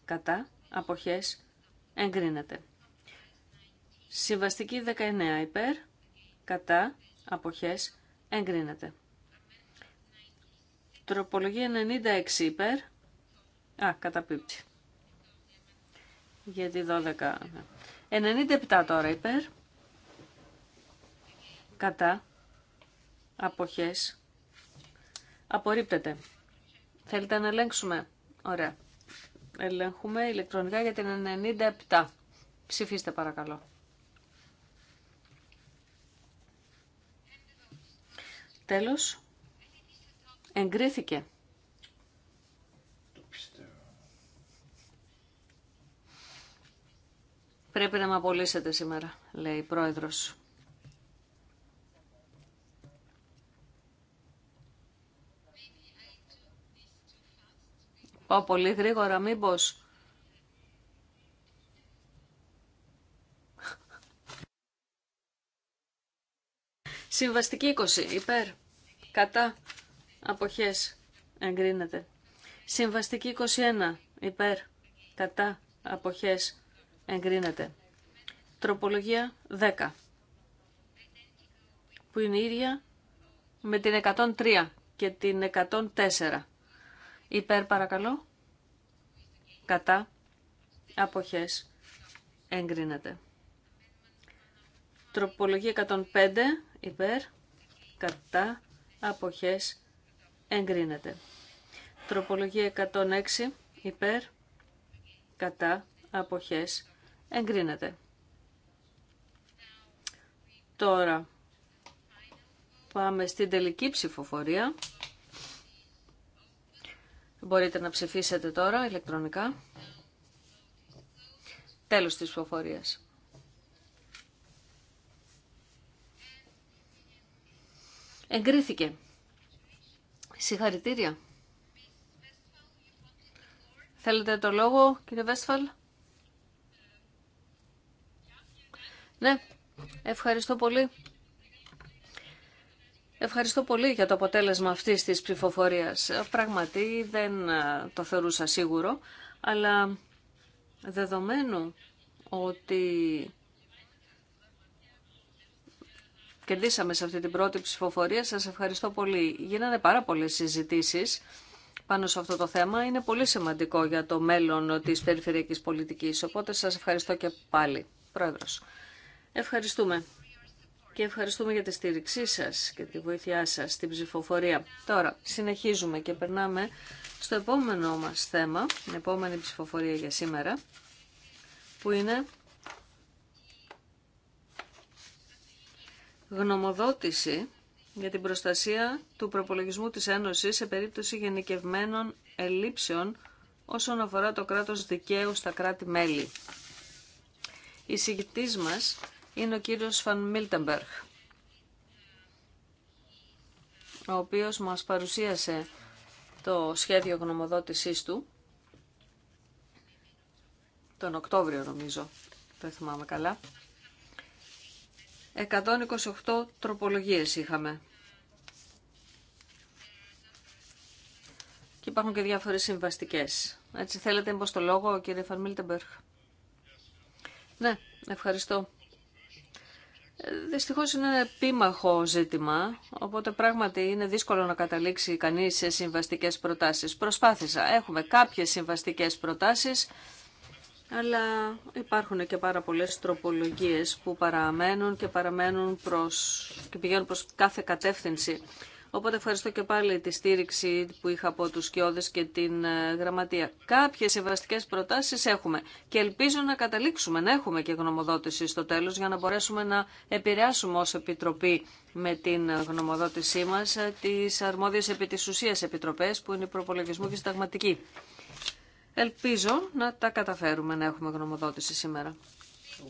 Κατά. Αποχές. Εγκρίνεται. Συμβαστική 19. Υπέρ. Κατά. Αποχές. Εγκρίνεται. Τροπολογία 96 υπέρ. Α, καταπίπτει γιατί 12. 97 ναι. τώρα υπέρ. Κατά. Αποχές. Απορρίπτεται. Θέλετε να ελέγξουμε. Ωραία. Ελέγχουμε ηλεκτρονικά για την 97. Ψηφίστε παρακαλώ. Τέλος. Εγκρίθηκε. Πρέπει να με απολύσετε σήμερα, λέει η πρόεδρος. Πάω πολύ γρήγορα, μήπως. Συμβαστική 20, υπέρ, κατά, αποχές, εγκρίνεται. Συμβαστική 21, υπέρ, κατά, αποχές, εγκρίνεται. Τροπολογία 10, που είναι ίδια με την 103 και την 104. Υπέρ παρακαλώ, κατά, αποχές, εγκρίνεται. Τροπολογία 105, υπέρ, κατά, αποχές, εγκρίνεται. Τροπολογία 106, υπέρ, κατά, αποχές, Εγκρίνεται. Τώρα πάμε στην τελική ψηφοφορία. Μπορείτε να ψηφίσετε τώρα ηλεκτρονικά. Τέλος της ψηφοφορίας. Εγκρίθηκε. Συγχαρητήρια. Θέλετε το λόγο, κύριε Βέσφαλ. Ναι, ευχαριστώ πολύ. Ευχαριστώ πολύ για το αποτέλεσμα αυτής της ψηφοφορίας. Πραγματικά δεν ε, το θεωρούσα σίγουρο, αλλά δεδομένου ότι κερδίσαμε σε αυτή την πρώτη ψηφοφορία, σας ευχαριστώ πολύ. Γίνανε πάρα πολλές συζητήσεις πάνω σε αυτό το θέμα. Είναι πολύ σημαντικό για το μέλλον της περιφερειακής πολιτικής, οπότε σας ευχαριστώ και πάλι, Πρόεδρος. Ευχαριστούμε. Και ευχαριστούμε για τη στήριξή σας και τη βοήθειά σας στην ψηφοφορία. Τώρα, συνεχίζουμε και περνάμε στο επόμενο μας θέμα, την επόμενη ψηφοφορία για σήμερα, που είναι γνωμοδότηση για την προστασία του προπολογισμού της Ένωσης σε περίπτωση γενικευμένων ελλείψεων όσον αφορά το κράτος δικαίου στα κράτη-μέλη. Η συγκητής είναι ο κύριος Φαν Μίλτεμπεργκ, ο οποίος μας παρουσίασε το σχέδιο γνωμοδότησής του τον Οκτώβριο νομίζω, δεν θυμάμαι καλά. 128 τροπολογίες είχαμε. Και υπάρχουν και διάφορες συμβαστικές. Έτσι θέλετε μήπως το λόγο, κύριε Φαν Μίλτεμπεργκ. Ναι, ευχαριστώ. Δυστυχώ είναι ένα επίμαχο ζήτημα, οπότε πράγματι είναι δύσκολο να καταλήξει κανείς σε συμβαστικές προτάσεις. Προσπάθησα, έχουμε κάποιες συμβαστικές προτάσεις, αλλά υπάρχουν και πάρα πολλές τροπολογίες που παραμένουν και παραμένουν προς, και πηγαίνουν προς κάθε κατεύθυνση. Οπότε ευχαριστώ και πάλι τη στήριξη που είχα από τους Σκιώδες και την ε, Γραμματεία. Κάποιες σεβαστικές προτάσεις έχουμε και ελπίζω να καταλήξουμε, να έχουμε και γνωμοδότηση στο τέλος για να μπορέσουμε να επηρεάσουμε ως Επιτροπή με την γνωμοδότησή μας ε, τις αρμόδιες επί της ουσίας επιτροπές που είναι η προπολογισμού και συνταγματική. Ελπίζω να τα καταφέρουμε να έχουμε γνωμοδότηση σήμερα.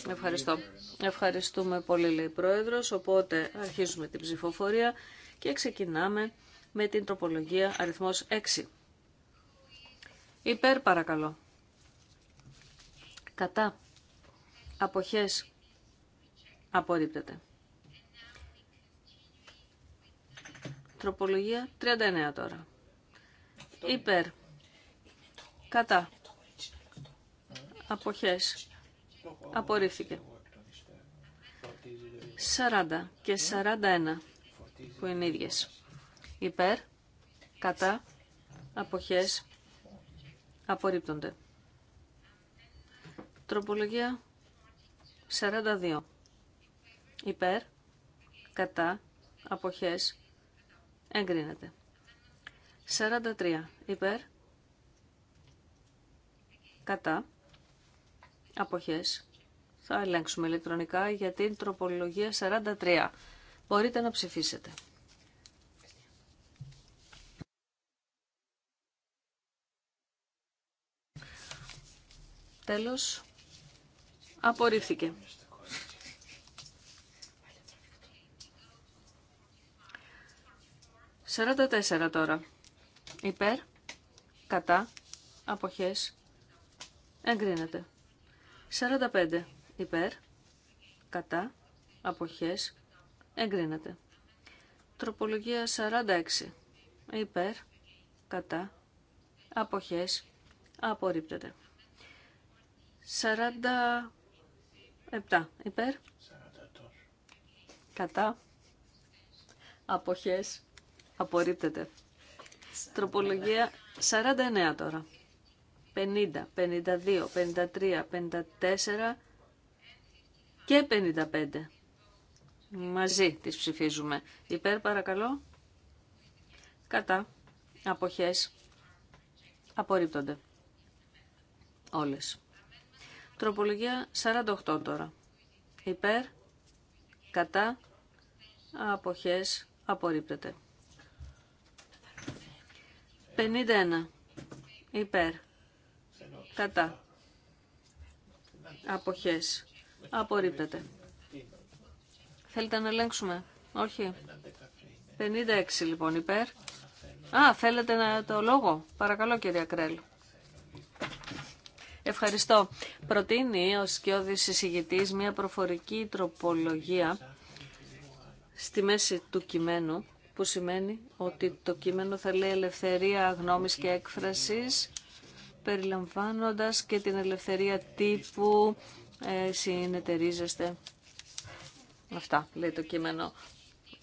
Ευχαριστώ. Ευχαριστούμε πολύ, λέει η Πρόεδρος. Οπότε αρχίζουμε την ψηφοφορία και ξεκινάμε με την τροπολογία αριθμός 6. Υπέρ παρακαλώ. Κατά. Αποχές. Απορρίπτεται. Τροπολογία 39 τώρα. Υπέρ. Κατά. Αποχές. Απορρίφθηκε. 40 και 41 που είναι ίδιες. Υπέρ, κατά, αποχές, απορρίπτονται. Τροπολογία 42. Υπέρ, κατά, αποχές, εγκρίνεται. 43. Υπέρ, κατά, αποχές. Θα ελέγξουμε ηλεκτρονικά για την τροπολογία 43. Μπορείτε να ψηφίσετε. Τέλος, απορρίφθηκε. Σαράντα τέσσερα τώρα. Υπέρ, κατά, αποχές, εγκρίνεται. Σαράντα πέντε. Υπέρ, κατά, αποχές, Εγκρίνεται. Τροπολογία 46. Υπέρ, κατά, αποχές, απορρίπτεται. 47. Υπέρ, κατά, αποχές, απορρίπτεται. Τροπολογία 49 τώρα. 50, 52, 53, 54 και 55. Μαζί τις ψηφίζουμε. Υπέρ παρακαλώ. Κατά. Αποχές. Απορρίπτονται. Όλες. Τροπολογία 48 τώρα. Υπέρ. Κατά. Αποχές. Απορρίπτεται. 51. Υπέρ. Κατά. Αποχές. Απορρίπτεται. Θέλετε να ελέγξουμε. Όχι. 56 λοιπόν υπέρ. Α, θέλετε να το λόγο. Παρακαλώ κυρία Κρέλ. Ευχαριστώ. Προτείνει ο Σκιώδης εισηγητής μια προφορική τροπολογία στη μέση του κειμένου που σημαίνει ότι το κείμενο θα λέει ελευθερία γνώμης και έκφρασης περιλαμβάνοντας και την ελευθερία τύπου ε, συνεταιρίζεστε Αυτά λέει το κείμενο.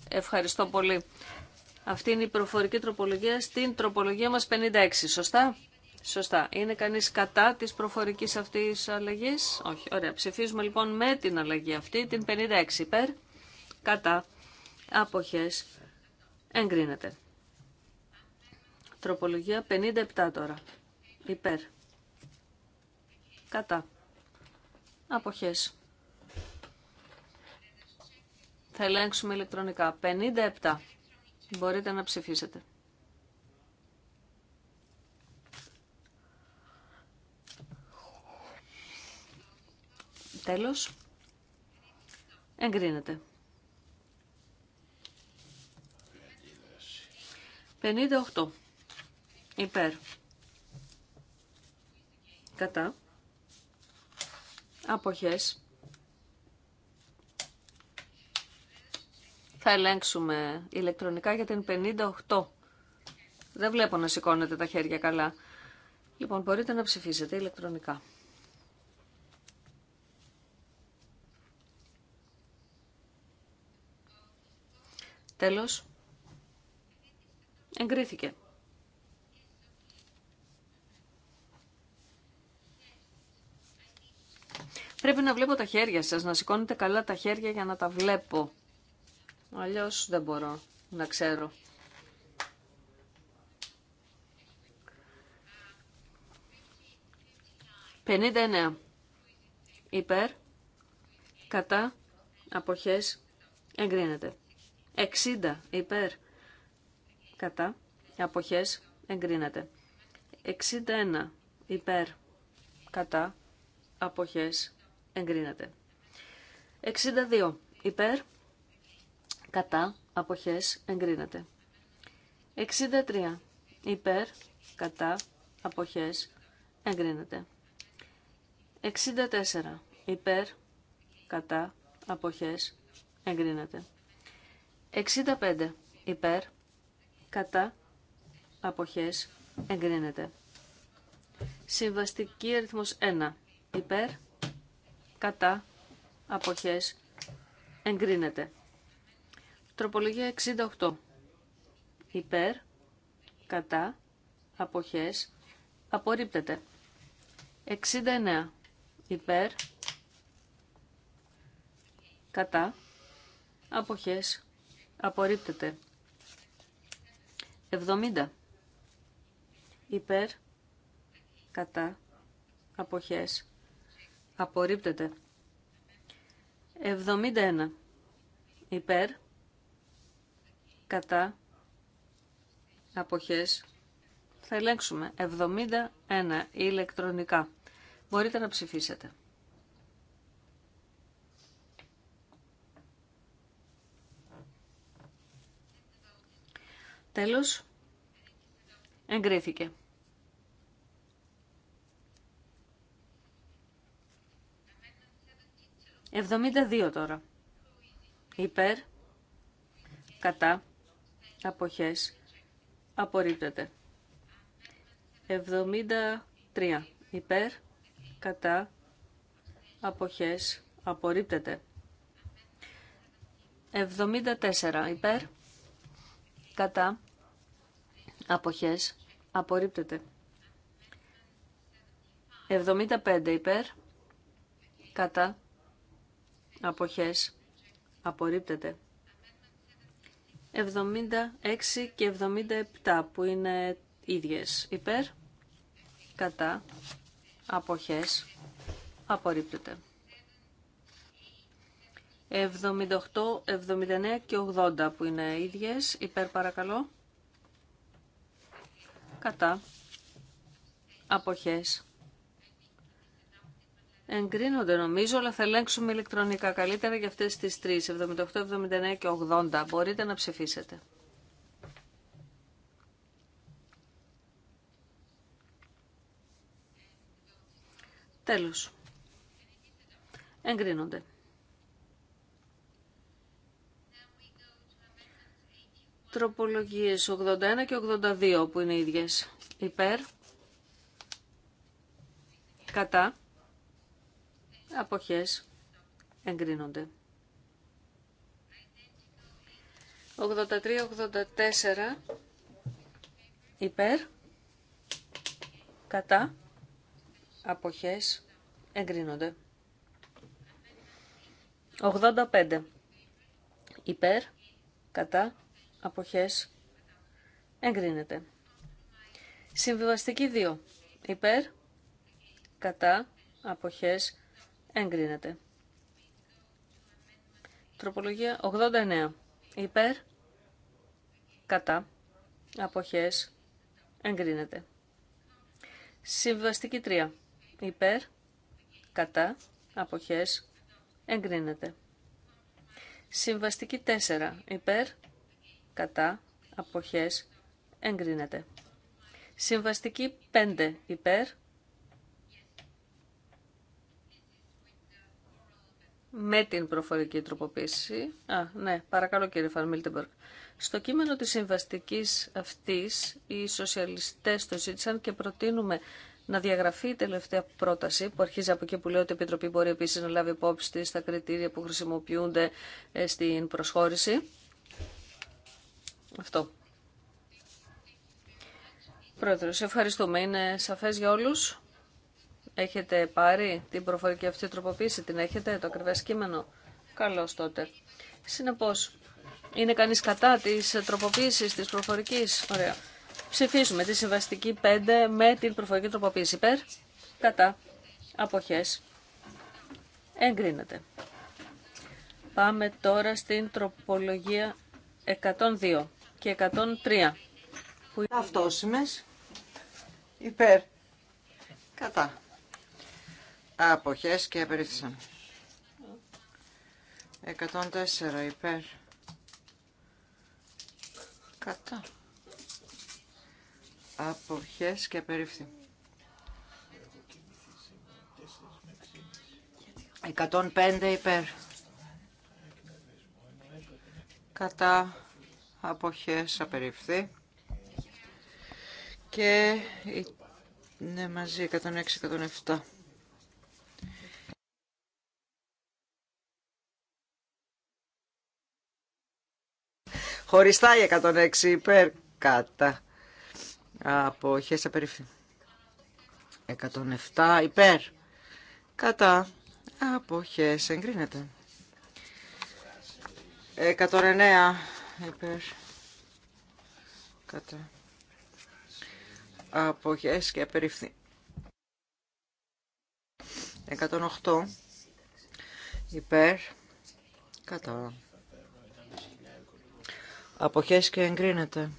Ευχαριστώ πολύ. Αυτή είναι η προφορική τροπολογία στην τροπολογία μας 56, σωστά? Σωστά. Είναι κανείς κατά της προφορικής αυτής αλλαγής? Όχι. Ωραία. Ψηφίζουμε λοιπόν με την αλλαγή αυτή, την 56 υπέρ, κατά, αποχές, εγκρίνεται. Τροπολογία 57 τώρα. Υπέρ. Κατά. Αποχές. Θα ελέγξουμε ηλεκτρονικά. 57. Μπορείτε να ψηφίσετε. Τέλος. Εγκρίνεται. 58. Υπέρ. Κατά. Αποχές. Θα ελέγξουμε ηλεκτρονικά για την 58. Δεν βλέπω να σηκώνετε τα χέρια καλά. Λοιπόν, μπορείτε να ψηφίσετε ηλεκτρονικά. Τέλος. Εγκρίθηκε. Πρέπει να βλέπω τα χέρια σας, να σηκώνετε καλά τα χέρια για να τα βλέπω. Αλλιώς δεν μπορώ να ξέρω. 59. Υπέρ, κατά, αποχές, εγκρίνεται. 60 υπέρ, κατά, αποχές, εγκρίνεται. 61 υπέρ, κατά, αποχές, εγκρίνεται. 62 υπέρ, κατά, αποχές, εγκρίνεται. 63. Υπέρ, κατά, αποχές, εγκρίνεται. 64. Υπέρ, κατά, αποχές, εγκρίνεται. 65. Υπέρ, κατά, αποχές, εγκρίνεται. Συμβαστική αριθμός 1. Υπέρ, κατά, αποχές, εγκρίνεται. Τροπολογία 68. Υπέρ, κατά, αποχές, απορρίπτεται. 69. Υπέρ, κατά, αποχές, απορρίπτεται. 70. Υπέρ, κατά, αποχές, απορρίπτεται. 71. Υπέρ, κατά αποχές θα ελέγξουμε 71 ηλεκτρονικά. Μπορείτε να ψηφίσετε. Τέλος, εγκρίθηκε. Εβδομήντα δύο τώρα. Υπέρ, κατά, αποχές απορρίπτεται. 73 υπέρ κατά αποχές απορρίπτεται. 74 υπέρ κατά αποχές απορρίπτεται. 75 υπέρ κατά αποχές απορρίπτεται. 76 και 77 που είναι ίδιες. Υπέρ, κατά, αποχές, απορρίπτεται. 78, 79 και 80 που είναι ίδιες. Υπέρ παρακαλώ. Κατά. Αποχές εγκρίνονται νομίζω, αλλά θα ελέγξουμε ηλεκτρονικά καλύτερα για αυτές τις τρεις, 78, 79 και 80. Μπορείτε να ψηφίσετε. Τέλος. Εγκρίνονται. Τροπολογίες 81 και 82 που είναι ίδιες. Υπέρ. Κατά αποχές εγκρίνονται. 83-84 υπέρ, κατά, αποχές εγκρίνονται. 85 υπέρ, κατά, αποχές εγκρίνεται. Συμβιβαστική 2 υπέρ, κατά, αποχές Εγκρίνεται. Τροπολογία 89. Υπέρ. Κατά. Αποχές. Εγκρίνεται. Συμβαστική 3. Υπέρ. Κατά. Αποχές. Εγκρίνεται. Συμβαστική 4. Υπέρ. Κατά. Αποχές. Εγκρίνεται. Συμβαστική 5. Υπέρ. με την προφορική τροποποίηση. Α, ναι, παρακαλώ κύριε Φαρμίλτεμπεργκ. Στο κείμενο της συμβαστικής αυτής, οι σοσιαλιστές το ζήτησαν και προτείνουμε να διαγραφεί η τελευταία πρόταση που αρχίζει από εκεί που λέει ότι η Επιτροπή μπορεί επίσης να λάβει υπόψη της τα κριτήρια που χρησιμοποιούνται ε, στην προσχώρηση. Αυτό. Πρόεδρος, ευχαριστούμε. Είναι σαφές για όλους. Έχετε πάρει την προφορική αυτή τροποποίηση, την έχετε, το ακριβές κείμενο. Καλώς τότε. Συνεπώς, είναι κανείς κατά της τροποποίησης της προφορικής. Ωραία. Ψηφίζουμε τη συμβαστική 5 με την προφορική τροποποίηση. Υπέρ, κατά, αποχές. Εγκρίνεται. Πάμε τώρα στην τροπολογία 102 και 103. Που... Αυτόσιμες. Υπέρ. Κατά. Αποχές και απερίφθησαν. 104 υπέρ. Κατά. Αποχές και απερίφθη. 105 υπέρ. Κατά. Αποχές απερίφθη. Και είναι μαζί 106-107. Χωριστά η 106 υπέρ κατά. Αποχές απεριφθεί. 107 υπέρ κατά. Αποχές εγκρίνεται. 109 υπέρ κατά. Αποχές και απεριφθεί. 108 υπέρ κατά Αποχές και εγκρίνεται.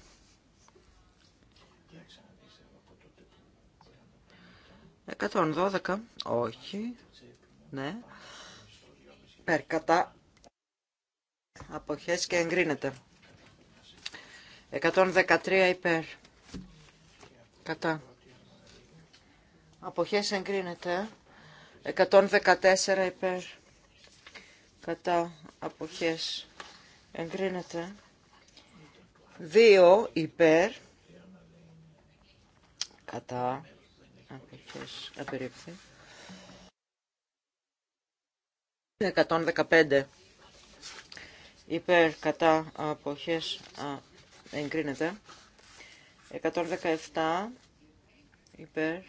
112. Όχι. Ναι. Περκατά. Αποχές και εγκρίνεται. 113 υπέρ. Κατά. Αποχές εγκρίνεται. 114 υπέρ. Κατά. Αποχές εγκρίνεται δύο υπέρ κατά αποχές απερίφθη 115 υπέρ κατά αποχές α, εγκρίνεται 117 υπέρ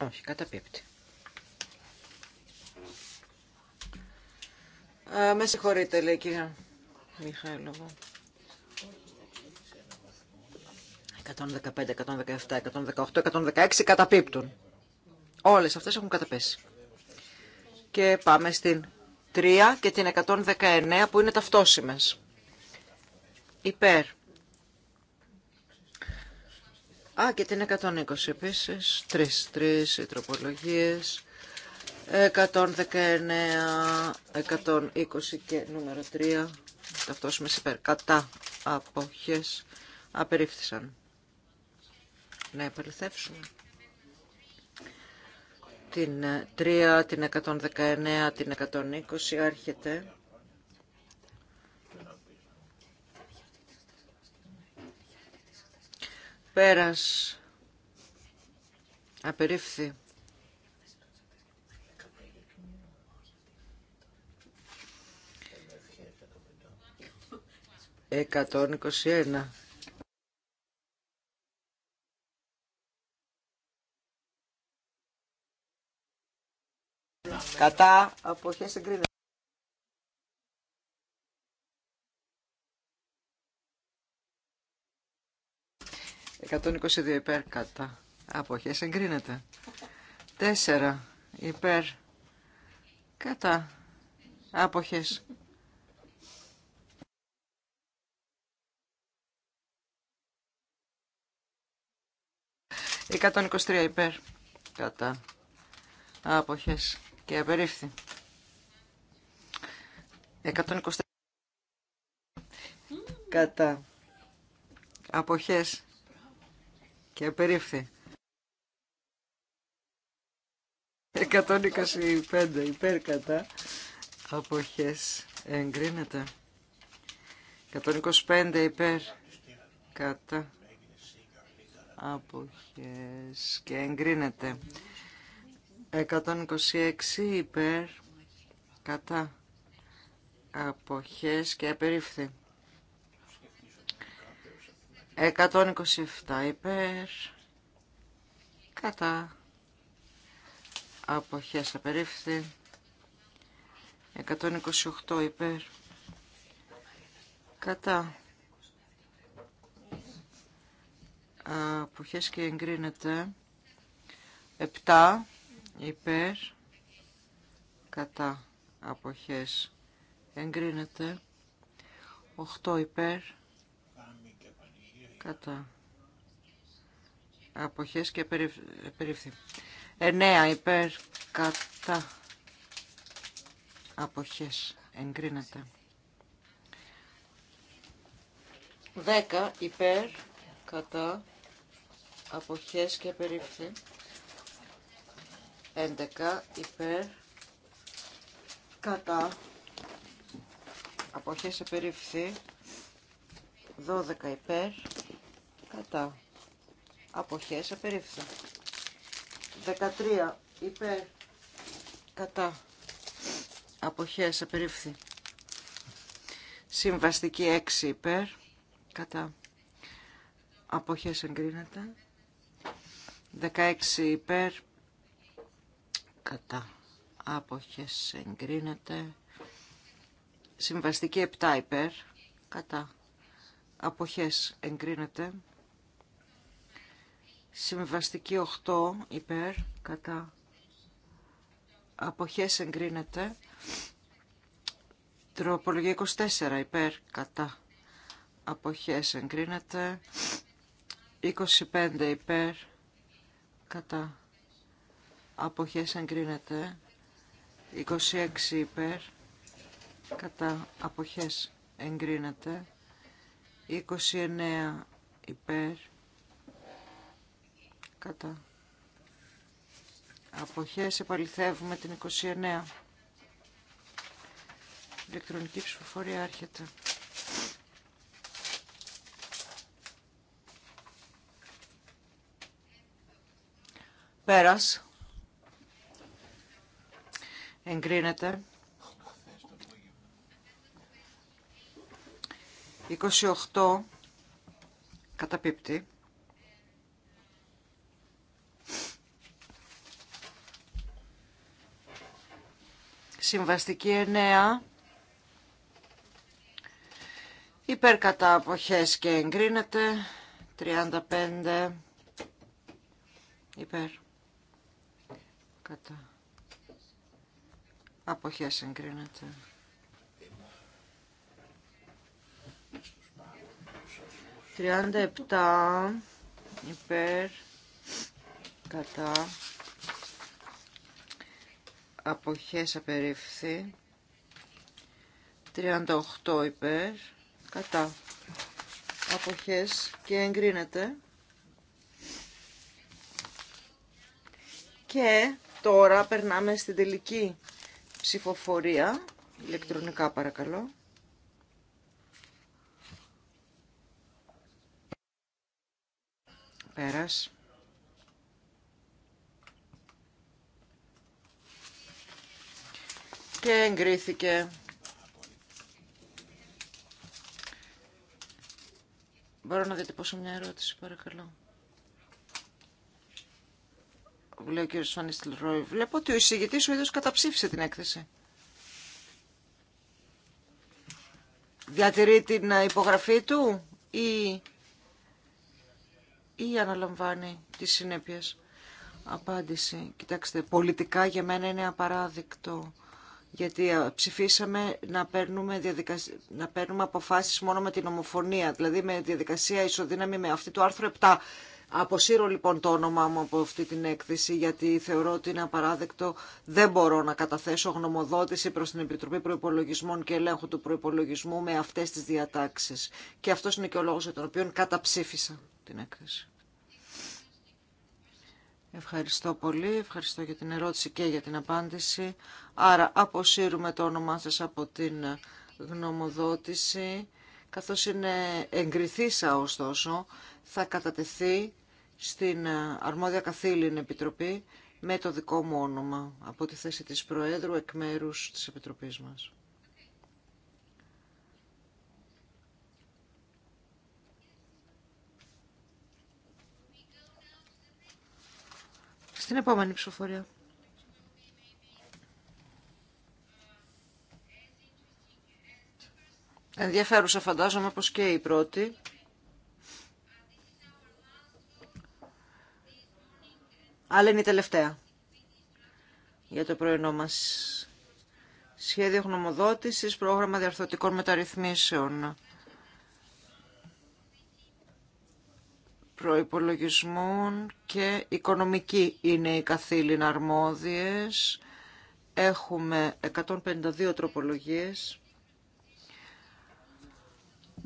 όχι καταπίπτει Ε, με συγχωρείτε, λέει η κυρία Μιχαήλova. 115, 117, 118, 116 καταπίπτουν. Όλες αυτές έχουν καταπέσει. Και πάμε στην 3 και την 119 που είναι ταυτόσιμες. Υπέρ. Α, και την 120 επίσης. Τρεις, τρεις οι τροπολογίες. 119, 120 και νούμερο 3 ταυτόσιμες υπέρ κατά αποχές απερίφθησαν. Να επαληθεύσουμε. Την 3, ε, την 119, την 120 άρχεται. Πέρας. Απερίφθη. 121. Κατά αποχές εγκρίνεται. 122 υπέρ κατά αποχές εγκρίνεται. 4 υπέρ κατά αποχές 123 υπέρ κατά Αποχέ και απερίφθη. 124 κατά αποχές και απερίφθη. 125 υπέρ κατά αποχές εγκρίνεται. 125 υπέρ κατά άποχες και εγκρίνεται. 126 υπέρ κατά αποχές και απερίφθη. 127 υπέρ κατά αποχές απερίφθη. 128 υπέρ κατά αποχές και εγκρίνεται 7 υπέρ κατά αποχές εγκρίνεται 8 υπέρ κατά αποχές και περίφθη 9 υπέρ κατά αποχές εγκρίνεται 10 υπέρ κατά αποχές και απερίφθη. 11 υπέρ κατά αποχές απερίφθη. 12 υπέρ κατά αποχές απερίφθη. 13 υπέρ κατά αποχές απερίφθη. Συμβαστική 6 υπέρ κατά αποχές εγκρίνεται. 16 υπέρ κατά άποχες εγκρίνεται συμβαστική 7 υπέρ κατά αποχές εγκρίνεται συμβαστική 8 υπέρ κατά αποχές εγκρίνεται τροπολογία 24 υπέρ κατά αποχές εγκρίνεται 25 υπέρ κατά αποχές εγκρίνεται 26 υπέρ κατά αποχές εγκρίνεται 29 υπέρ κατά αποχές επαληθεύουμε την 29 ηλεκτρονική ψηφοφορία έρχεται. Πέρας. Εγκρίνεται. 28 καταπίπτει. Συμβαστική 9 υπέρ κατά αποχές και εγκρίνεται 35 υπέρ κατά αποχές τριάντα επτά υπέρ κατά αποχές απερίφθη 38 υπέρ κατά αποχές και εγκρίνεται και Τώρα περνάμε στην τελική ψηφοφορία, ηλεκτρονικά παρακαλώ. Πέρας. Και εγκρίθηκε. Μπορώ να διατυπώσω μια ερώτηση, παρακαλώ βλέπω ότι ο εισηγητής ο ίδιος καταψήφισε την έκθεση. Διατηρεί την ε, υπογραφή του ή, ή αναλαμβάνει τις συνέπειες. Απάντηση. Κοιτάξτε, πολιτικά για μένα είναι απαράδεικτο. Γιατί ε, ψηφίσαμε να παίρνουμε, διαδικασ... παίρνουμε αποφάσεις μόνο με την ομοφωνία, δηλαδή με διαδικασία ισοδύναμη με αυτή του άρθρου 7. Αποσύρω λοιπόν το όνομά μου από αυτή την έκθεση γιατί θεωρώ ότι είναι απαράδεκτο. Δεν μπορώ να καταθέσω γνωμοδότηση προς την Επιτροπή Προϋπολογισμών και Ελέγχου του Προϋπολογισμού με αυτές τις διατάξεις. Και αυτός είναι και ο λόγος για τον οποίο καταψήφισα την έκθεση. Ευχαριστώ πολύ. Ευχαριστώ για την ερώτηση και για την απάντηση. Άρα αποσύρουμε το όνομά σας από την γνωμοδότηση καθώς είναι εγκριθήσα ωστόσο, θα κατατεθεί στην ε, αρμόδια καθήλυνη επιτροπή με το δικό μου όνομα από τη θέση της Προέδρου εκ μέρους της Επιτροπής μας. Στην επόμενη ψηφοφορία. Ενδιαφέρουσα φαντάζομαι πως και η πρώτη. Αλλά είναι η τελευταία για το πρωινό μας σχέδιο γνωμοδότησης, πρόγραμμα διαρθωτικών μεταρρυθμίσεων. προϋπολογισμών και οικονομική είναι οι καθήλυνα αρμόδιες. Έχουμε 152 τροπολογίες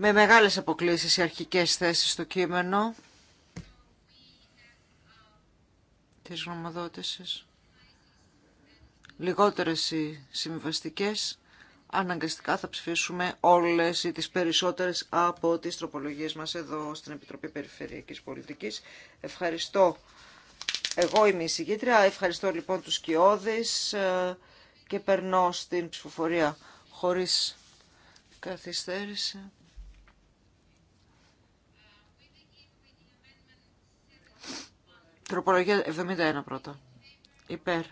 με μεγάλες αποκλήσεις οι αρχικές θέσεις στο κείμενο της γνωμοδότησης. Λιγότερες οι συμβαστικές. Αναγκαστικά θα ψηφίσουμε όλες ή τις περισσότερες από τις τροπολογίες μας εδώ στην Επιτροπή Περιφερειακής Πολιτικής. Ευχαριστώ. Εγώ είμαι η συγκήτρια. Ευχαριστώ λοιπόν τους Κιώδης ε, και περνώ στην ψηφοφορία χωρίς καθυστέρηση. Τροπολογία 71 πρώτα. Υπέρ.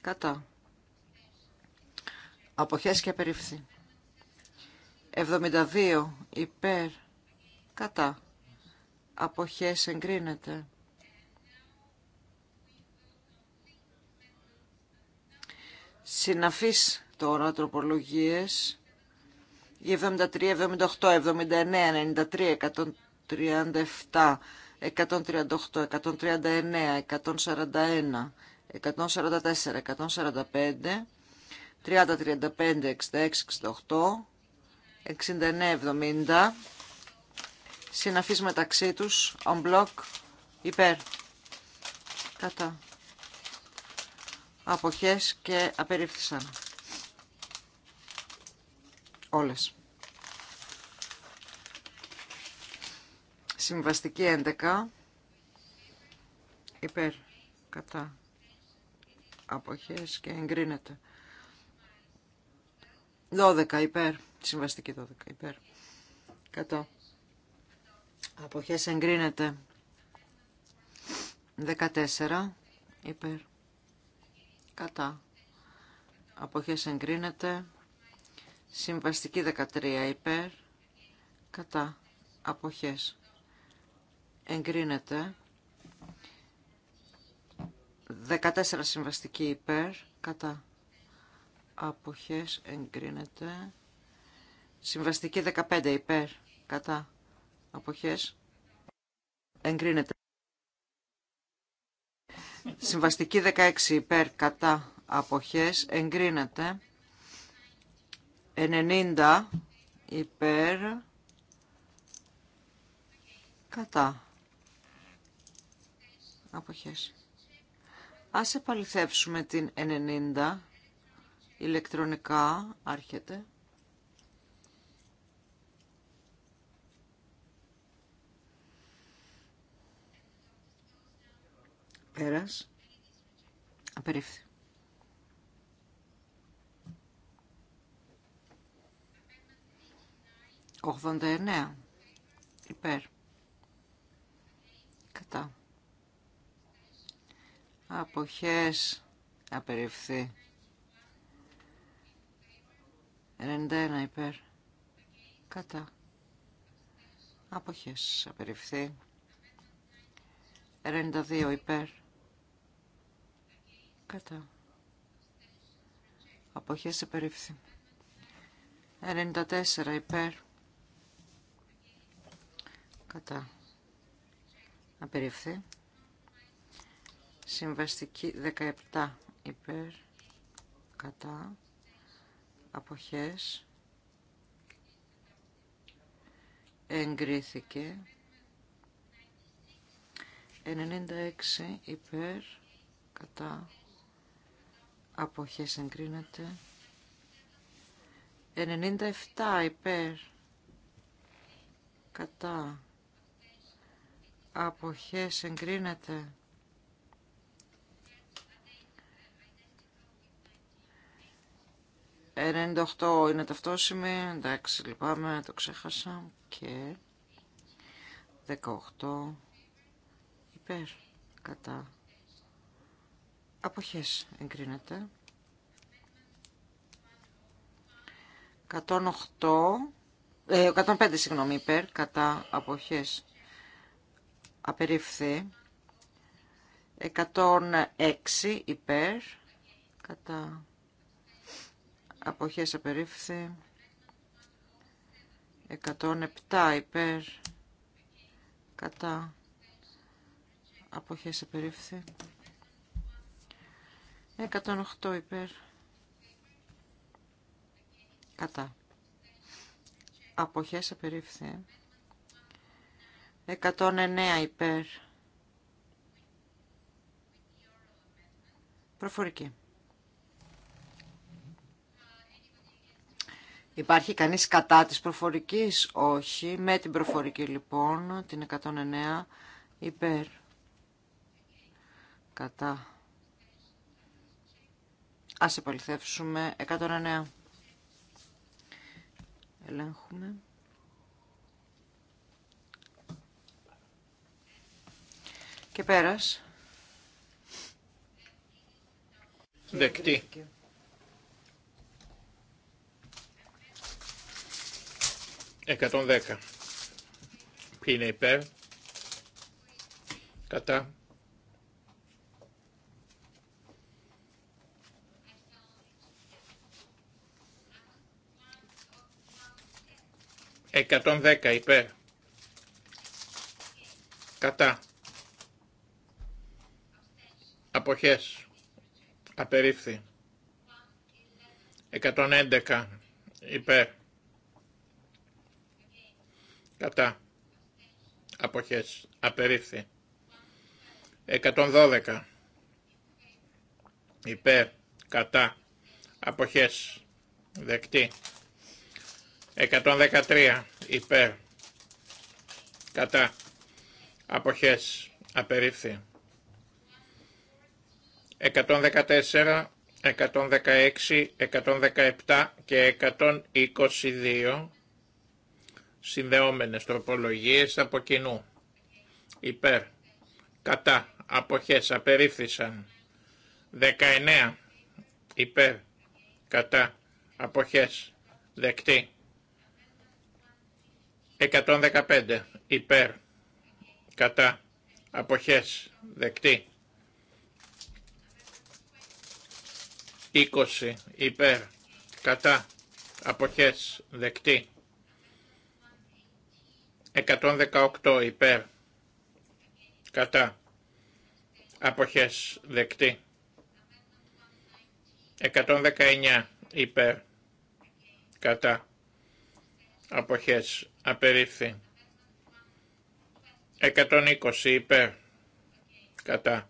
Κατά. Αποχές και απερίφθη. 72. Υπέρ. Κατά. Αποχές εγκρίνεται. Συναφής τώρα τροπολογίες. 73, 78, 79, 93, 137, 138, 139, 141, 144, 145, 30, 35, 66, 68, 69, 70, συναφείς μεταξύ τους, on block, υπέρ, κατά, αποχές και απερίφθησαν όλες. Συμβαστική 11. Υπέρ. Κατά. Αποχές και εγκρίνεται. 12 υπέρ. Συμβαστική 12 υπέρ. Κατά. Αποχές εγκρίνεται. 14 υπέρ. Κατά. Αποχές εγκρίνεται. Συμβαστική 13 υπέρ. Κατά. Αποχές εγκρίνεται 14 συμβαστική υπέρ κατά αποχές εγκρίνεται συμβαστική 15 υπέρ κατά αποχές εγκρίνεται συμβαστική 16 υπέρ κατά αποχές εγκρίνεται 90 υπέρ κατά αποχές. Ας επαληθεύσουμε την 90 ηλεκτρονικά, άρχεται. Πέρας, απερίφθη. Ογδόντα εννέα. Υπέρ. Κατά. Αποχές απεριφθεί. 91 υπέρ. Κατά. Αποχές απεριφθεί. 92 υπέρ. Κατά. Αποχές απεριφθεί. 94 υπέρ. Κατά. Απεριφθεί. Συμβαστική 17 υπέρ, κατά, αποχές, εγκρίθηκε. 96 υπέρ, κατά, αποχές εγκρίνεται. 97 υπέρ, κατά, αποχές εγκρίνεται. 98 είναι ταυτόσιμη. Εντάξει, λυπάμαι, το ξέχασα. Και 18 υπέρ κατά αποχές εγκρίνεται. 108, ε, 105 συγγνώμη υπέρ κατά αποχές απερίφθη. 106 υπέρ κατά αποχές απερίφθη 107 υπέρ κατά αποχές απερίφθη 108 υπέρ κατά αποχές απερίφθη 109 υπέρ προφορική Υπάρχει κανείς κατά της προφορικής. Όχι. Με την προφορική λοιπόν, την 109, υπέρ. Κατά. Ας επαληθεύσουμε 109. Ελέγχουμε. Και πέρας. Δεκτή. 110. Ποιοι είναι υπέρ. Κατά. Εκατόν δέκα υπέρ. Κατά. Αποχές. Απερίφθη. 111 υπέρ κατά αποχές απερίφθη 112 υπέρ κατά αποχές δεκτή 113 υπέρ κατά αποχές απερίφθη 114 116, 117 και 122 συνδεόμενες τροπολογίες από κοινού. Υπέρ, κατά, αποχές, απερίφθησαν. 19. Υπέρ, κατά, αποχές, δεκτή. 115. Υπέρ, κατά, αποχές, δεκτή. 20. Υπέρ, κατά, αποχές, δεκτή. 118 υπέρ. Κατά. Αποχές δεκτή. 119 υπέρ. Κατά. Αποχές απερίφθη. 120 υπέρ. Κατά.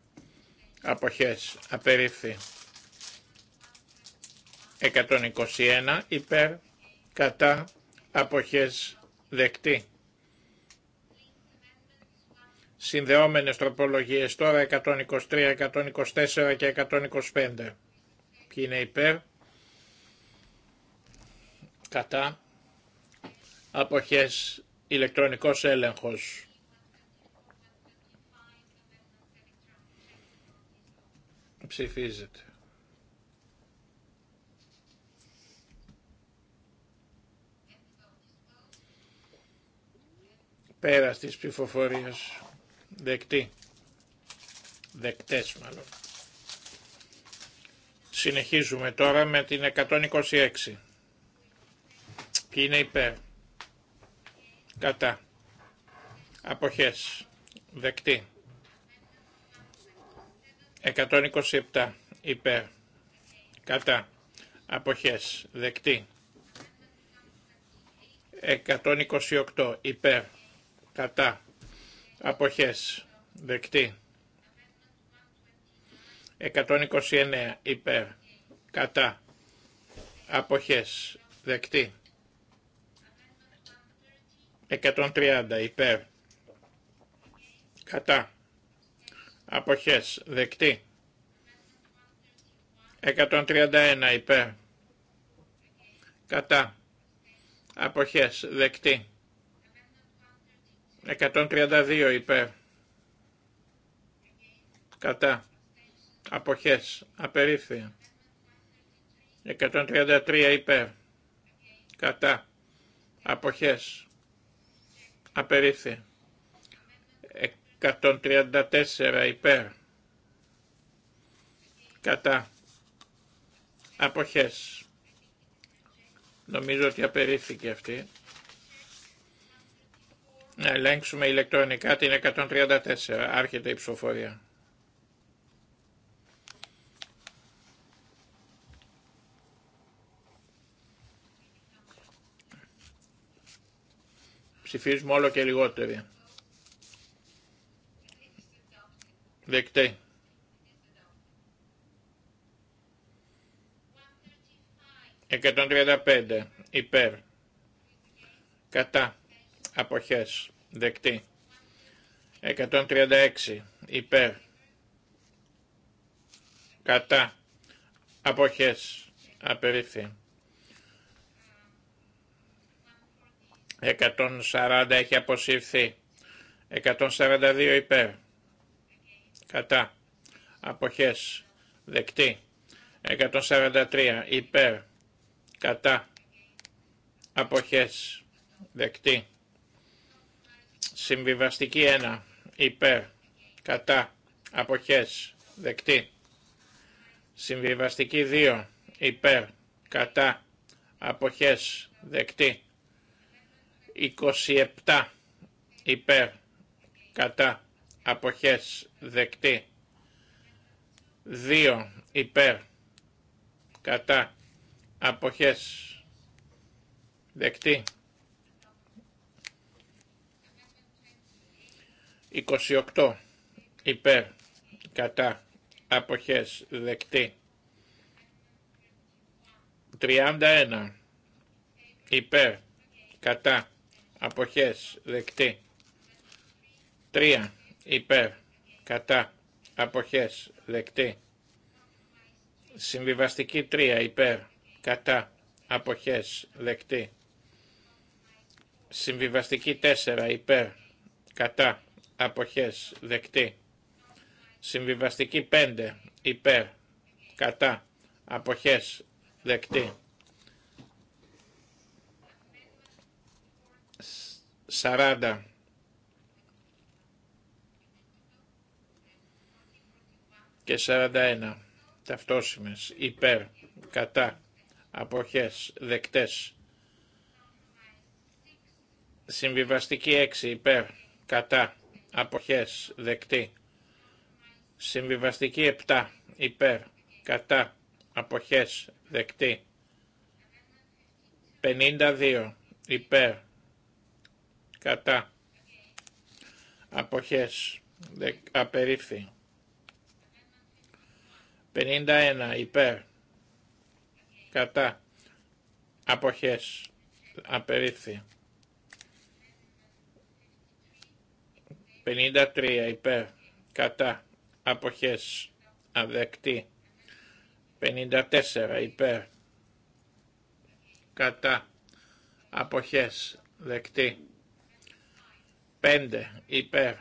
Αποχές απερίφθη. 121 υπέρ. Κατά. Αποχές δεκτή. Συνδεόμενες τροπολογίες τώρα 123, 124 και 125. Ποιοι είναι υπέρ. Κατά. Αποχές ηλεκτρονικός έλεγχος. Ψηφίζεται. Πέρα της ψηφοφορίας. Δεκτή. Δεκτές μάλλον. Συνεχίζουμε τώρα με την 126. Ποιοι είναι υπέρ. Κατά. Αποχές. Δεκτή. 127 υπέρ. Κατά. Αποχές. Δεκτή. 128 υπέρ. Κατά. Αποχές. Δεκτή. 129 υπέρ. Κατά. Αποχές. Δεκτή. 130 υπέρ. Κατά. Αποχές. Δεκτή. 131 υπέρ. Κατά. Αποχές. Δεκτή. 132 υπέρ. Κατά. Αποχές. Απερίφθεια. 133 υπέρ. Κατά. Αποχές. Απερίφθεια. 134 υπέρ. Κατά. Αποχές. Νομίζω ότι απερίφθηκε αυτή. Να ελέγξουμε ηλεκτρονικά την 134. Άρχεται η ψηφοφορία. Ψηφίζουμε όλο και λιγότεροι. τριάντα 135 υπέρ κατά αποχές, δεκτή. 136 υπέρ, κατά, αποχές, απερίφθη. 140 έχει αποσύρθει. 142 υπέρ. Κατά. Αποχές. Δεκτή. 143 υπέρ. Κατά. Αποχές. Δεκτή. Συμβιβαστική 1. Υπέρ. Κατά. Αποχές. Δεκτή. Συμβιβαστική 2. Υπέρ. Κατά. Αποχές. Δεκτή. 27. Υπέρ. Κατά. Αποχές. Δεκτή. 2. Υπέρ. Κατά. Αποχές. Δεκτή. 28 υπέρ κατά αποχές δεκτή. 31 υπέρ κατά αποχές δεκτή. 3 υπέρ κατά αποχές δεκτή. Συμβιβαστική 3 υπέρ κατά αποχές δεκτή. Συμβιβαστική 4 υπέρ κατά αποχές δεκτή. Συμβιβαστική 5 υπέρ κατά αποχές δεκτή. 40 και 41 ταυτόσιμες υπέρ κατά αποχές δεκτές. Συμβιβαστική 6 υπέρ κατά αποχές δεκτή. Συμβιβαστική 7 υπέρ κατά αποχές δεκτή. 52 υπέρ κατά αποχές δε, απερίφθη. 51 υπέρ κατά αποχές απερίφθη. 53 υπέρ κατά αποχές αδεκτή 54 υπέρ κατά αποχές δεκτή 5 υπέρ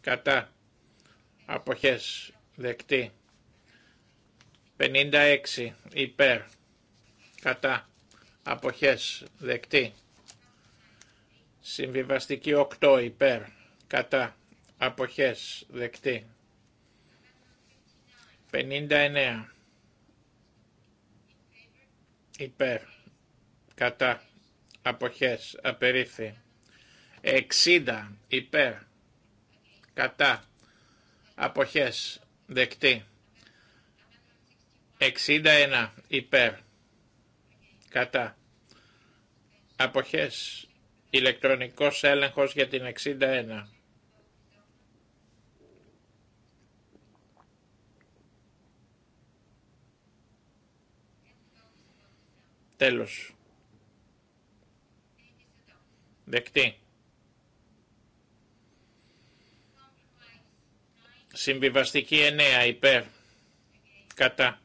κατά αποχές δεκτή 56 υπέρ κατά αποχές δεκτή συμβιβαστική 8 υπέρ κατά αποχές δεκτή 59 υπέρ κατά αποχές απερίφθη 60 υπέρ κατά αποχές δεκτή 61 υπέρ κατά αποχές ηλεκτρονικός έλεγχος για την 61 Τέλος. Δεκτή. Συμβιβαστική 9 υπέρ. Κατά.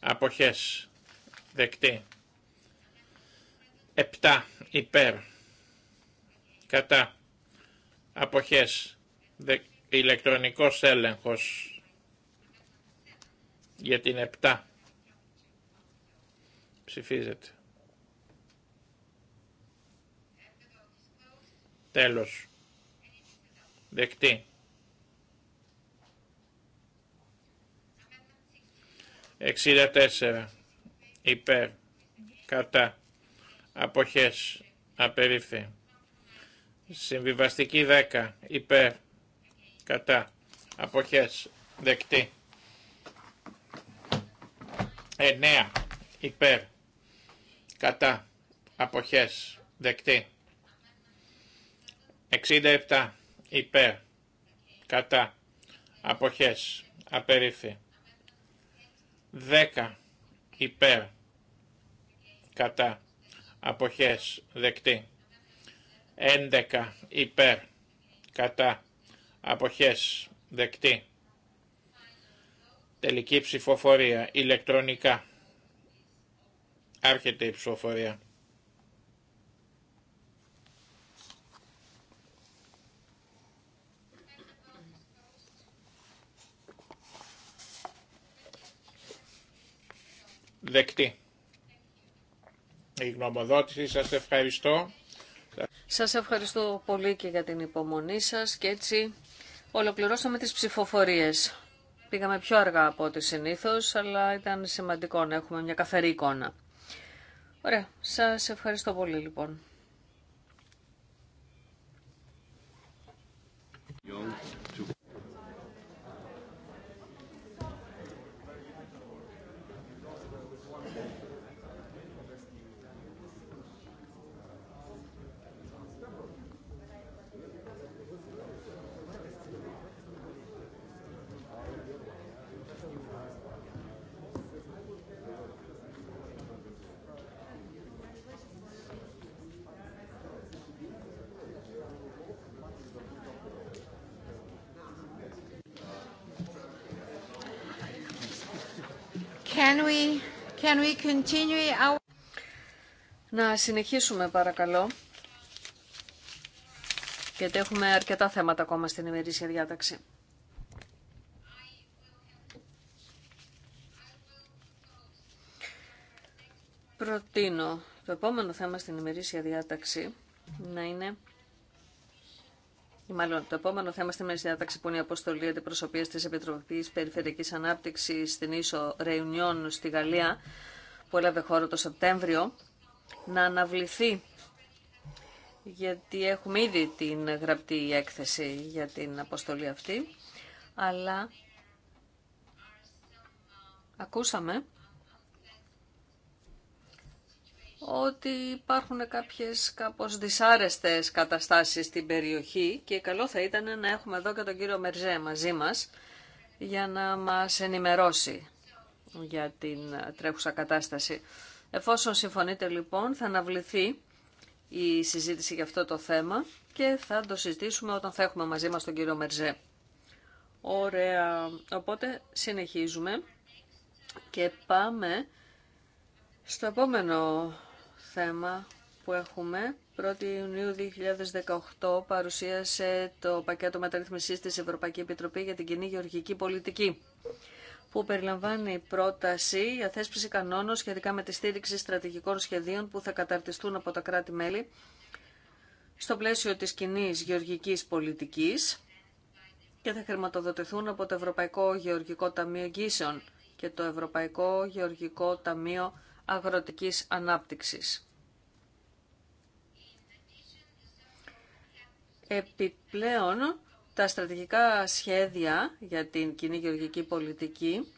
Αποχές. Δεκτή. 7 υπέρ. Κατά. Αποχές. ηλεκτρονικός έλεγχος για την 7. Ψηφίζεται. Τέλος. Δεκτή. τέσσερα. υπέρ κατά αποχές απερίφθη. Συμβιβαστική δέκα. υπέρ κατά αποχές δεκτή. Εννέα. υπέρ κατά αποχές δεκτή 67 υπέρ κατά αποχές απερίφη 10 υπέρ κατά αποχές δεκτή 11 υπέρ κατά αποχές δεκτή τελική ψηφοφορία ηλεκτρονικά Άρχεται η ψηφοφορία. Δεκτή. Η γνωμοδότηση σας ευχαριστώ. Σας ευχαριστώ πολύ και για την υπομονή σας και έτσι ολοκληρώσαμε τις ψηφοφορίες. Πήγαμε πιο αργά από ό,τι συνήθως, αλλά ήταν σημαντικό να έχουμε μια καθαρή εικόνα. Ωραία. Σας ευχαριστώ πολύ λοιπόν. Να συνεχίσουμε παρακαλώ, γιατί έχουμε αρκετά θέματα ακόμα στην ημερήσια διάταξη. Προτείνω το επόμενο θέμα στην ημερήσια διάταξη να είναι ή μάλλον το επόμενο θέμα στη μέση διάταξη που είναι η αποστολή αντιπροσωπείας της Επιτροπής Περιφερειακής Ανάπτυξης στην Ίσο Ρεουνιόν στη Γαλλία που έλαβε χώρο το επομενο θεμα στη μεση διαταξη που ειναι η αποστολη αντιπροσωπεία τη Επιτροπή Περιφερειακή ανάπτυξη στην ισο ρεουνιον στη γαλλια που ελαβε χωρο το σεπτεμβριο να αναβληθεί γιατί έχουμε ήδη την γραπτή έκθεση για την αποστολή αυτή αλλά ακούσαμε ότι υπάρχουν κάποιες κάπως δυσάρεστες καταστάσεις στην περιοχή και καλό θα ήταν να έχουμε εδώ και τον κύριο Μερζέ μαζί μας για να μας ενημερώσει για την τρέχουσα κατάσταση. Εφόσον συμφωνείτε λοιπόν θα αναβληθεί η συζήτηση για αυτό το θέμα και θα το συζητήσουμε όταν θα έχουμε μαζί μας τον κύριο Μερζέ. Ωραία. Οπότε συνεχίζουμε και πάμε στο επόμενο θέμα που έχουμε. 1η Ιουνίου 2018 παρουσίασε το πακέτο μεταρρύθμισης της Ευρωπαϊκή Επιτροπή για την κοινή γεωργική πολιτική που περιλαμβάνει πρόταση για θέσπιση κανόνων σχετικά με τη στήριξη στρατηγικών σχεδίων που θα καταρτιστούν από τα κράτη-μέλη στο πλαίσιο της κοινή γεωργικής πολιτικής και θα χρηματοδοτηθούν από το Ευρωπαϊκό Γεωργικό Ταμείο Εγγύσεων και το Ευρωπαϊκό Γεωργικό Ταμείο αγροτικής ανάπτυξης. Επιπλέον, τα στρατηγικά σχέδια για την κοινή γεωργική πολιτική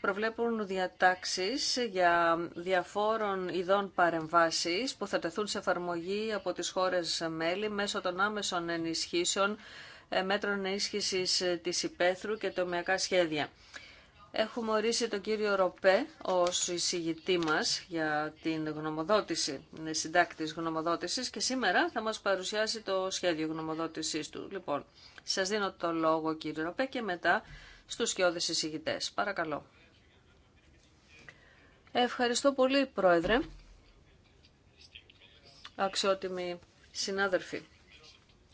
προβλέπουν διατάξεις για διαφόρων ειδών παρεμβάσεις που θα τεθούν σε εφαρμογή από τις χώρες μέλη μέσω των άμεσων ενισχύσεων, ε, μέτρων ενίσχυσης της υπαίθρου και τομεακά σχέδια. Έχουμε ορίσει τον κύριο Ροπέ ως εισηγητή μας για την γνωμοδότηση, συντάκτη συντάκτης γνωμοδότησης και σήμερα θα μας παρουσιάσει το σχέδιο γνωμοδότησής του. Λοιπόν, σας δίνω το λόγο κύριο Ροπέ και μετά στους σκιώδες εισηγητές. Παρακαλώ. Ευχαριστώ πολύ Πρόεδρε, αξιότιμοι συνάδελφοι.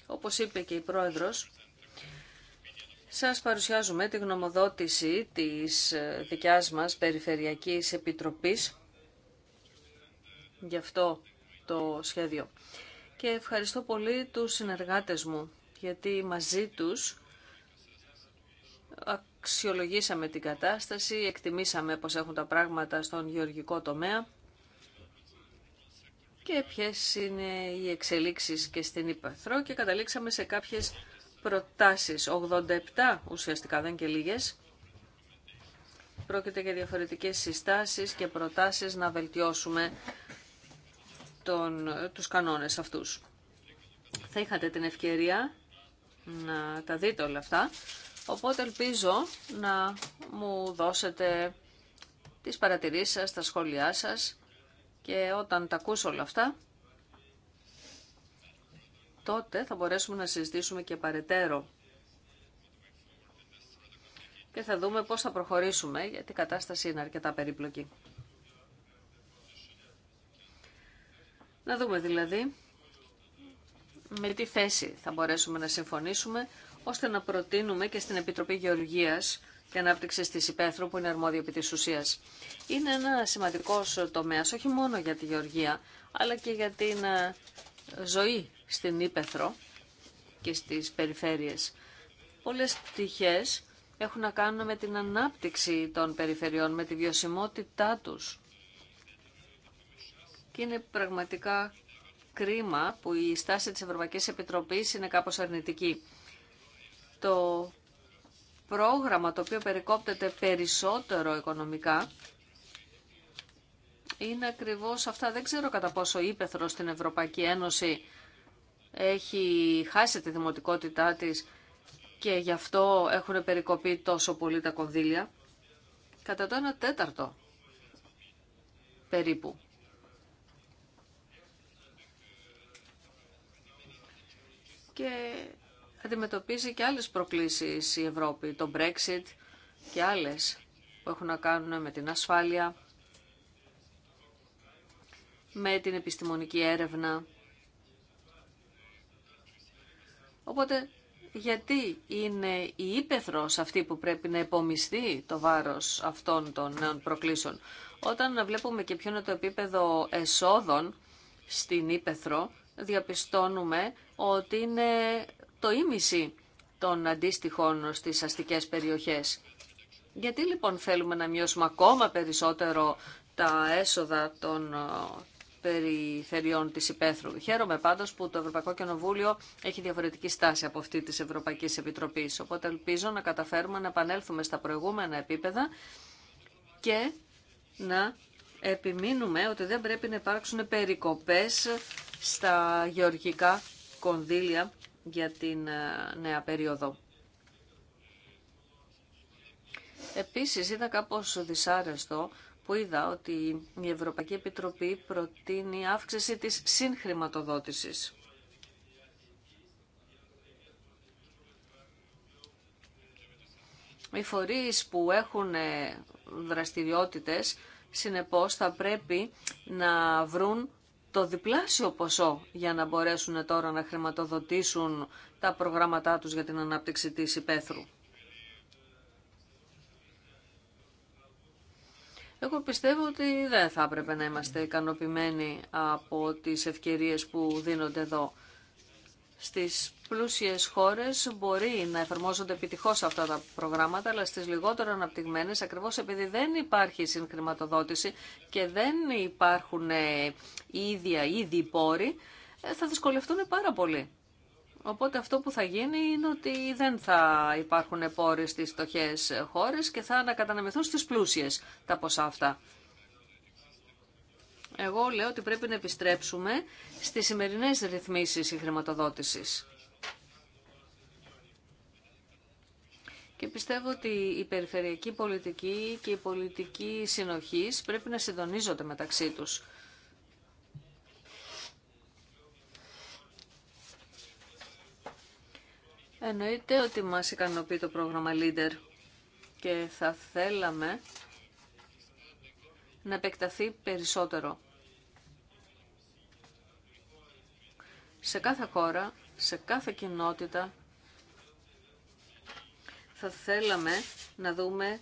Όπως είπε και η Πρόεδρος, σας παρουσιάζουμε τη γνωμοδότηση της ε, δικιάς μας Περιφερειακής Επιτροπής. για αυτό το σχέδιο. Και ευχαριστώ πολύ τους συνεργάτες μου, γιατί μαζί τους αξιολογήσαμε την κατάσταση, εκτιμήσαμε πώς έχουν τα πράγματα στον γεωργικό τομέα και ποιες είναι οι εξελίξεις και στην Υπαθρό και καταλήξαμε σε κάποιες προτάσεις, 87 ουσιαστικά, δεν και λίγες. Πρόκειται για διαφορετικές συστάσεις και προτάσεις να βελτιώσουμε τον, τους κανόνες αυτούς. Θα είχατε την ευκαιρία να τα δείτε όλα αυτά, οπότε ελπίζω να μου δώσετε τις παρατηρήσεις σας, τα σχόλιά σας και όταν τα ακούσω όλα αυτά τότε θα μπορέσουμε να συζητήσουμε και παρετέρω και θα δούμε πώς θα προχωρήσουμε, γιατί η κατάσταση είναι αρκετά περίπλοκη. Να δούμε δηλαδή με τι θέση θα μπορέσουμε να συμφωνήσουμε, ώστε να προτείνουμε και στην Επιτροπή Γεωργίας και ανάπτυξη της Υπέθρου, που είναι αρμόδια επί της ουσίας. Είναι ένα σημαντικός τομέας, όχι μόνο για τη Γεωργία, αλλά και για την ε, ζωή στην Ήπεθρο και στις περιφέρειες. Πολλές πτυχές έχουν να κάνουν με την ανάπτυξη των περιφερειών, με τη βιωσιμότητά τους. Και είναι πραγματικά κρίμα που η στάση της Ευρωπαϊκής Επιτροπής είναι κάπως αρνητική. Το πρόγραμμα το οποίο περικόπτεται περισσότερο οικονομικά είναι ακριβώς αυτά. Δεν ξέρω κατά πόσο ύπεθρο στην Ευρωπαϊκή Ένωση έχει χάσει τη δημοτικότητά της και γι' αυτό έχουν περικοπεί τόσο πολύ τα κονδύλια. Κατά το 1 τέταρτο περίπου. Και αντιμετωπίζει και άλλες προκλήσεις η Ευρώπη, το Brexit και άλλες που έχουν να κάνουν με την ασφάλεια, με την επιστημονική έρευνα Οπότε γιατί είναι η ύπεθρος αυτή που πρέπει να επομιστεί το βάρος αυτών των νέων προκλήσεων. Όταν βλέπουμε και ποιο είναι το επίπεδο εσόδων στην ύπεθρο, διαπιστώνουμε ότι είναι το ίμιση των αντίστοιχων στις αστικές περιοχές. Γιατί λοιπόν θέλουμε να μειώσουμε ακόμα περισσότερο τα έσοδα των περιφερειών της Υπέθρου. Χαίρομαι πάντως που το Ευρωπαϊκό Κοινοβούλιο έχει διαφορετική στάση από αυτή της Ευρωπαϊκής Επιτροπής. Οπότε ελπίζω να καταφέρουμε να επανέλθουμε στα προηγούμενα επίπεδα και να επιμείνουμε ότι δεν πρέπει να υπάρξουν περικοπές στα γεωργικά κονδύλια για την ε, νέα περίοδο. Επίσης είδα κάπως δυσάρεστο που είδα ότι η Ευρωπαϊκή Επιτροπή προτείνει αύξηση της συγχρηματοδότησης. Οι φορείς που έχουν ε, δραστηριότητες, συνεπώς θα πρέπει να βρουν το διπλάσιο ποσό για να μπορέσουν τώρα να χρηματοδοτήσουν τα προγράμματά τους για την ανάπτυξη της υπαίθρου. Εγώ πιστεύω ότι δεν θα έπρεπε να είμαστε ικανοποιημένοι από τις ευκαιρίες που δίνονται εδώ. Στις πλούσιες χώρες μπορεί να εφαρμόζονται επιτυχώς αυτά τα προγράμματα, αλλά στις λιγότερο αναπτυγμένες, ακριβώς επειδή δεν υπάρχει συγχρηματοδότηση και δεν υπάρχουν ε, ίδια ήδη πόροι, ε, θα δυσκολευτούν πάρα πολύ. Οπότε αυτό που θα γίνει είναι ότι δεν θα υπάρχουν πόροι στις στοχές χώρες και θα ανακαταναμεθούν στις πλούσιες τα ποσά αυτά. Εγώ λέω ότι πρέπει να επιστρέψουμε στις σημερινές ρυθμίσεις η Και πιστεύω ότι η περιφερειακή πολιτική και η πολιτική συνοχής πρέπει να συντονίζονται μεταξύ τους. Εννοείται ότι μας ικανοποιεί το πρόγραμμα Leader και θα θέλαμε να επεκταθεί περισσότερο. Σε κάθε χώρα, σε κάθε κοινότητα θα θέλαμε να δούμε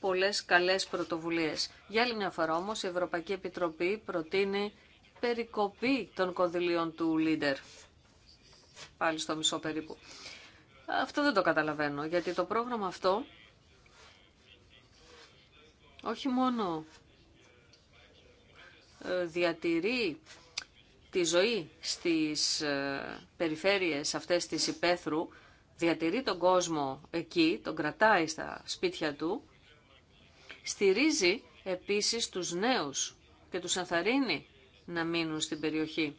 πολλές καλές πρωτοβουλίες. Για άλλη μια φορά όμως η Ευρωπαϊκή Επιτροπή προτείνει περικοπή των κονδυλίων του Leader. Πάλι στο μισό περίπου. Αυτό δεν το καταλαβαίνω, γιατί το πρόγραμμα αυτό όχι μόνο ε, διατηρεί τη ζωή στις ε, περιφέρειες αυτές της υπαίθρου, διατηρεί τον κόσμο εκεί, τον κρατάει στα σπίτια του, στηρίζει επίσης τους νέους και τους ανθαρρύνει να μείνουν στην περιοχή.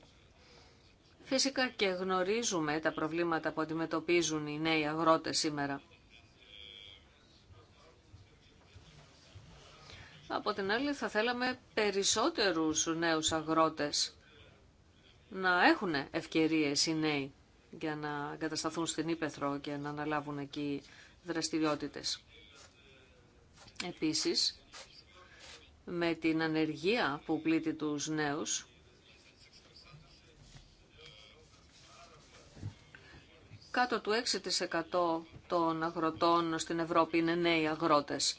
Φυσικά και γνωρίζουμε τα προβλήματα που αντιμετωπίζουν οι νέοι αγρότες σήμερα. Από την άλλη θα θέλαμε περισσότερους νέους αγρότες να έχουν ευκαιρίες οι νέοι για να εγκατασταθούν στην Ήπεθρο και να αναλάβουν εκεί δραστηριότητες. Επίσης, με την ανεργία που πλήττει τους νέους, Κάτω του 6% των αγροτών στην Ευρώπη είναι νέοι αγρότες.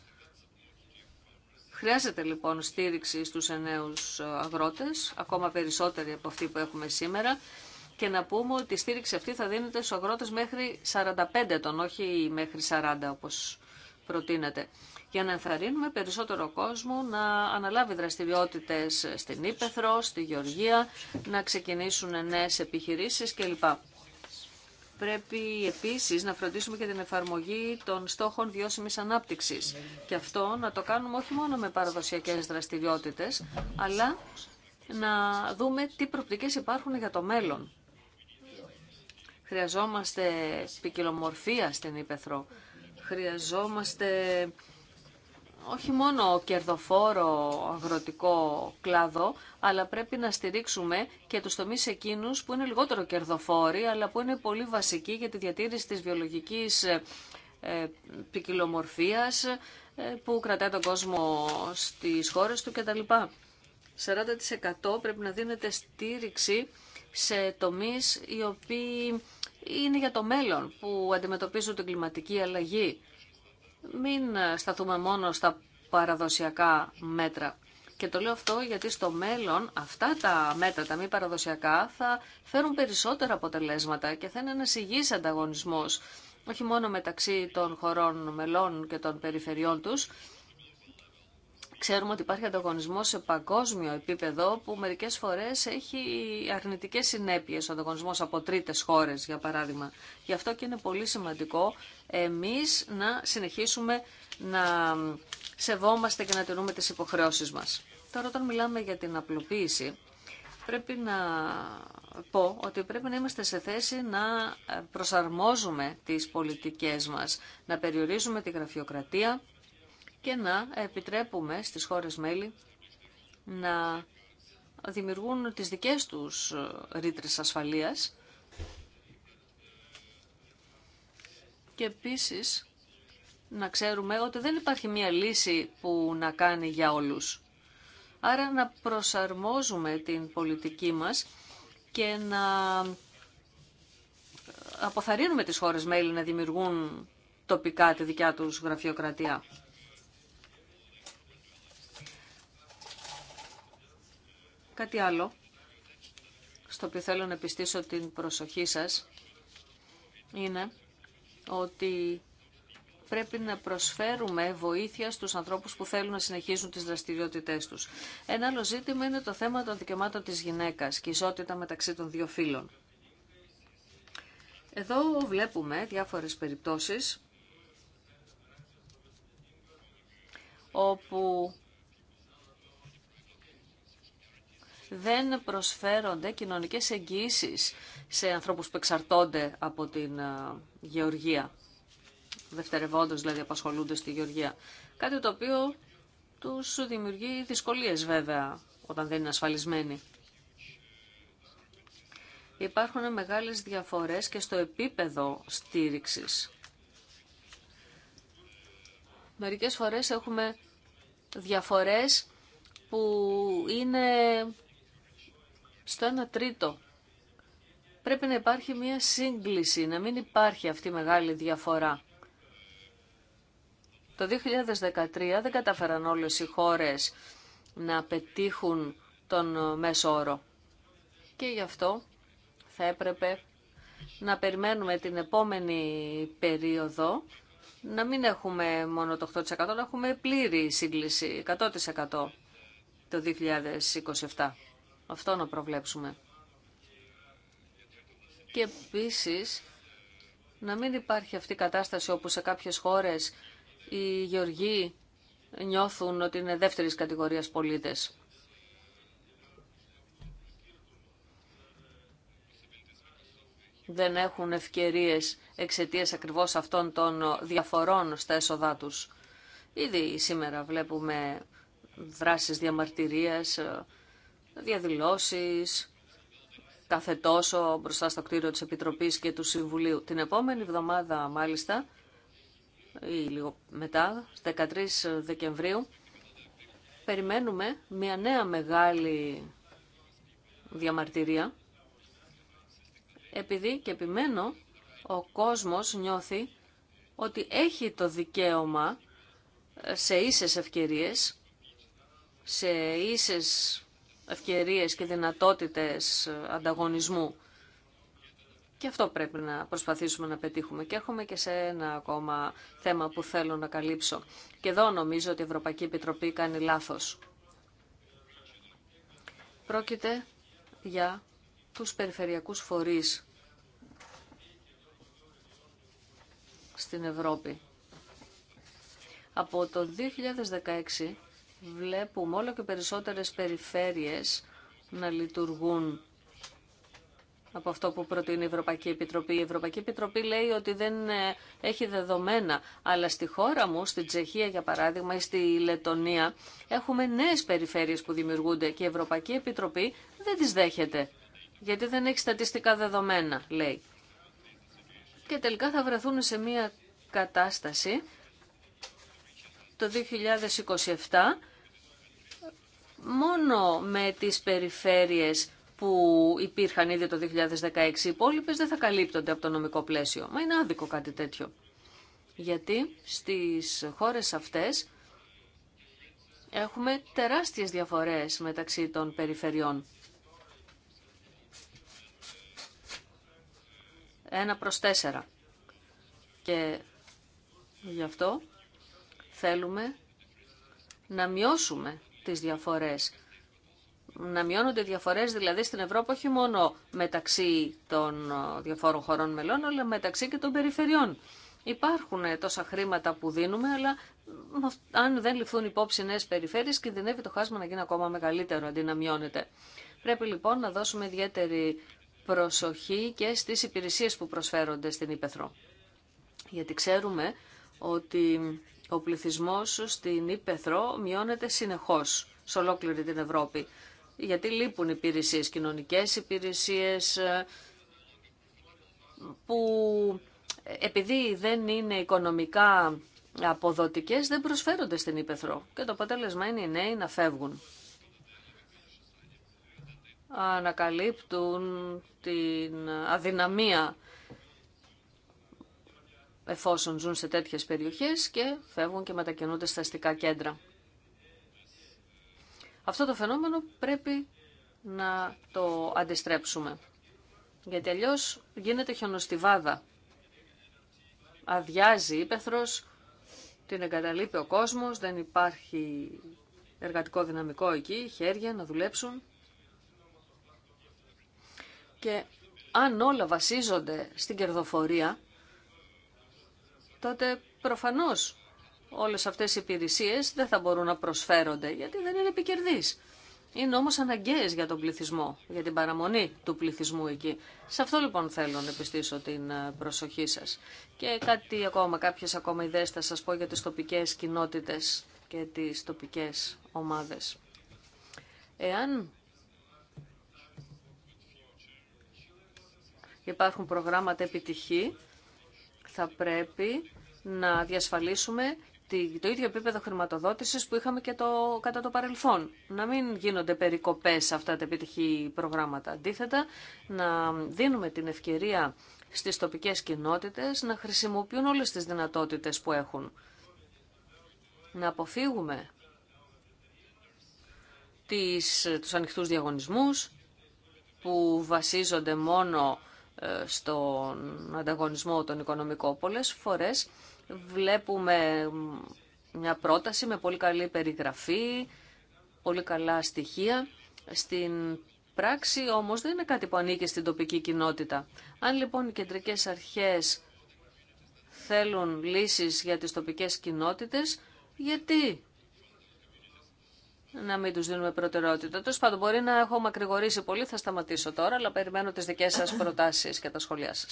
Χρειάζεται λοιπόν στήριξη στους νέους αγρότες, ακόμα περισσότεροι από αυτοί που έχουμε σήμερα, και να πούμε ότι η στήριξη αυτή θα δίνεται στους αγρότες μέχρι 45 ετών, όχι μέχρι 40 όπως προτείνεται, για να ενθαρρύνουμε περισσότερο κόσμο να αναλάβει δραστηριότητες στην Ήπεθρο, στη Γεωργία, να ξεκινήσουν νέες επιχειρήσεις κλπ πρέπει επίσης να φροντίσουμε και την εφαρμογή των στόχων βιώσιμης ανάπτυξης. Και αυτό να το κάνουμε όχι μόνο με παραδοσιακές δραστηριότητες, αλλά να δούμε τι προπτικές υπάρχουν για το μέλλον. Χρειαζόμαστε ποικιλομορφία στην Ήπεθρο. Χρειαζόμαστε όχι μόνο κερδοφόρο αγροτικό κλάδο, αλλά πρέπει να στηρίξουμε και τους τομείς εκείνους που είναι λιγότερο κερδοφόροι, αλλά που είναι πολύ βασικοί για τη διατήρηση της βιολογικής ε, ε, ποικιλομορφία ε, που κρατάει τον κόσμο στις χώρες του κτλ. 40% πρέπει να δίνεται στήριξη σε τομείς οι οποίοι είναι για το μέλλον, που αντιμετωπίζουν την κλιματική αλλαγή μην ε, σταθούμε μόνο στα παραδοσιακά μέτρα. Και το λέω αυτό γιατί στο μέλλον αυτά τα μέτρα, τα μη παραδοσιακά, θα φέρουν περισσότερα αποτελέσματα και θα είναι ένας υγιής ανταγωνισμός, όχι μόνο μεταξύ των χωρών μελών και των περιφερειών τους, Ξέρουμε ότι υπάρχει ανταγωνισμό σε παγκόσμιο επίπεδο που μερικές φορέ έχει αρνητικές συνέπειες ο ανταγωνισμό από τρίτε χώρες για παράδειγμα. Γι' αυτό και είναι πολύ σημαντικό Εμεί να συνεχίσουμε να σεβόμαστε και να τηρούμε τι υποχρεώσει μα. Τώρα όταν μιλάμε για την απλοποίηση πρέπει να πω ότι πρέπει να είμαστε σε θέση να προσαρμόζουμε τις πολιτικές μας, να περιορίζουμε τη γραφειοκρατία, και να επιτρέπουμε στις χώρες μέλη να δημιουργούν τις δικές τους ε, ρήτρες ασφαλείας και επίσης να ξέρουμε ότι δεν υπάρχει μία λύση που να κάνει για όλους. Άρα να προσαρμόζουμε την πολιτική μας και να ε, αποθαρρύνουμε τις χώρες μέλη να δημιουργούν τοπικά τη δικιά τους γραφειοκρατία. Κάτι άλλο, στο οποίο θέλω να επιστήσω την προσοχή σας, είναι ότι πρέπει να προσφέρουμε βοήθεια στους ανθρώπους που θέλουν να συνεχίσουν τις δραστηριότητές τους. Ένα άλλο ζήτημα είναι το θέμα των δικαιωμάτων της γυναίκας και ισότητα μεταξύ των δύο φύλων. Εδώ βλέπουμε διάφορες περιπτώσεις όπου δεν προσφέρονται κοινωνικές εγγύησεις σε ανθρώπους που εξαρτώνται από την ε, γεωργία. Δευτερευόντως δηλαδή απασχολούνται στη γεωργία. Κάτι το οποίο τους δημιουργεί δυσκολίες βέβαια όταν δεν είναι ασφαλισμένοι. Υπάρχουν μεγάλες διαφορές και στο επίπεδο στήριξης. Μερικές φορές έχουμε διαφορές που είναι στο 1 τρίτο. Πρέπει να υπάρχει μια σύγκληση, να μην υπάρχει αυτή η μεγάλη διαφορά. Το 2013 δεν κατάφεραν όλες οι χώρες να πετύχουν τον μέσο όρο. Και γι' αυτό θα έπρεπε να περιμένουμε την επόμενη περίοδο να μην έχουμε μόνο το 8%, να έχουμε πλήρη σύγκληση, 100% το 2027. Αυτό να προβλέψουμε. Και επίσης να μην υπάρχει αυτή η κατάσταση όπου σε κάποιες χώρες οι γεωργοί νιώθουν ότι είναι δεύτερης κατηγορίας πολίτες. Δεν έχουν ευκαιρίες εξαιτίας ακριβώς αυτών των διαφορών στα έσοδά τους. Ήδη σήμερα βλέπουμε δράσεις διαμαρτυρίας, διαδηλώσεις κάθε τόσο μπροστά στο κτίριο της Επιτροπής και του Συμβουλίου. Την επόμενη εβδομάδα μάλιστα ή λίγο μετά, στις 13 Δεκεμβρίου, περιμένουμε μια νέα μεγάλη διαμαρτυρία επειδή και επιμένω ο κόσμος νιώθει ότι έχει το δικαίωμα σε ίσες ευκαιρίες, σε ίσες ευκαιρίες και δυνατότητες ανταγωνισμού. Και αυτό πρέπει να προσπαθήσουμε να πετύχουμε. Και έχουμε και σε ένα ακόμα θέμα που θέλω να καλύψω. Και εδώ νομίζω ότι η Ευρωπαϊκή Επιτροπή κάνει λάθος. Πρόκειται για τους περιφερειακούς φορείς στην Ευρώπη. Από το 2016 βλέπουμε όλο και περισσότερες περιφέρειες να λειτουργούν από αυτό που προτείνει η Ευρωπαϊκή Επιτροπή. Η Ευρωπαϊκή Επιτροπή λέει ότι δεν ε, έχει δεδομένα, αλλά στη χώρα μου, στην Τσεχία για παράδειγμα ή στη Λετωνία, έχουμε νέες περιφέρειες που δημιουργούνται και η Ευρωπαϊκή Επιτροπή δεν τις δέχεται, γιατί δεν έχει στατιστικά δεδομένα, λέει. Και τελικά θα βρεθούν σε μια κατάσταση το 2027 μόνο με τις περιφέρειες που υπήρχαν ήδη το 2016. Οι υπόλοιπε δεν θα καλύπτονται από το νομικό πλαίσιο. Μα είναι άδικο κάτι τέτοιο. Γιατί στις χώρες αυτές έχουμε τεράστιες διαφορές μεταξύ των περιφερειών. Ένα προς τέσσερα. Και γι' αυτό θέλουμε να μειώσουμε τις διαφορές. Να μειώνονται διαφορές δηλαδή στην Ευρώπη όχι μόνο μεταξύ των ε, διαφόρων χωρών μελών, αλλά μεταξύ και των περιφερειών. Υπάρχουν ε, τόσα χρήματα που δίνουμε, αλλά αν δεν ληφθούν υπόψη νέε περιφέρειες, κινδυνεύει το χάσμα να γίνει ακόμα μεγαλύτερο αντί να μειώνεται. Πρέπει λοιπόν να δώσουμε ιδιαίτερη προσοχή και στις υπηρεσίες που προσφέρονται στην Ήπεθρο. Γιατί ξέρουμε ότι ο πληθυσμός στην Ήπεθρο μειώνεται συνεχώς σε ολόκληρη την Ευρώπη. Γιατί λείπουν υπηρεσίες, κοινωνικές υπηρεσίες που επειδή δεν είναι οικονομικά αποδοτικές δεν προσφέρονται στην Ήπεθρο. Και το αποτέλεσμα είναι οι νέοι να φεύγουν. Ανακαλύπτουν την αδυναμία εφόσον ζουν σε τέτοιες περιοχές και φεύγουν και μετακινούνται στα αστικά κέντρα. Αυτό το φαινόμενο πρέπει να το αντιστρέψουμε. Γιατί αλλιώ γίνεται χιονοστιβάδα. Αδειάζει η ύπεθρος, την εγκαταλείπει ο κόσμος, δεν υπάρχει εργατικό δυναμικό εκεί, χέρια να δουλέψουν. Και αν όλα βασίζονται στην κερδοφορία, τότε προφανώς όλες αυτές οι υπηρεσίες δεν θα μπορούν να προσφέρονται, γιατί δεν είναι επικερδείς. Είναι όμως αναγκαίες για τον πληθυσμό, για την παραμονή του πληθυσμού εκεί. Σε αυτό λοιπόν θέλω να επιστήσω την ε, προσοχή σας. Και κάτι ακόμα, κάποιες ακόμα ιδέες θα σας πω για τις τοπικές κοινότητες και τις τοπικές ομάδες. Εάν υπάρχουν προγράμματα επιτυχή, θα πρέπει να διασφαλίσουμε το ίδιο επίπεδο χρηματοδότηση που είχαμε και το, κατά το παρελθόν. Να μην γίνονται περικοπές σε αυτά τα επιτυχή προγράμματα. Αντίθετα, να δίνουμε την ευκαιρία στις τοπικές κοινότητες να χρησιμοποιούν όλες τις δυνατότητες που έχουν. Να αποφύγουμε τις, τους ανοιχτούς διαγωνισμούς που βασίζονται μόνο στον ανταγωνισμό τον οικονομικό. Πολλές φορές βλέπουμε μια πρόταση με πολύ καλή περιγραφή, πολύ καλά στοιχεία. Στην πράξη όμως δεν είναι κάτι που ανήκει στην τοπική κοινότητα. Αν λοιπόν οι κεντρικές αρχές θέλουν λύσεις για τις τοπικές κοινότητες, γιατί να μην του δίνουμε προτεραιότητα. Τέλο πάντων, μπορεί να έχω μακρηγορήσει πολύ, θα σταματήσω τώρα, αλλά περιμένω τις δικέ σας προτάσεις και τα σχόλιά σα.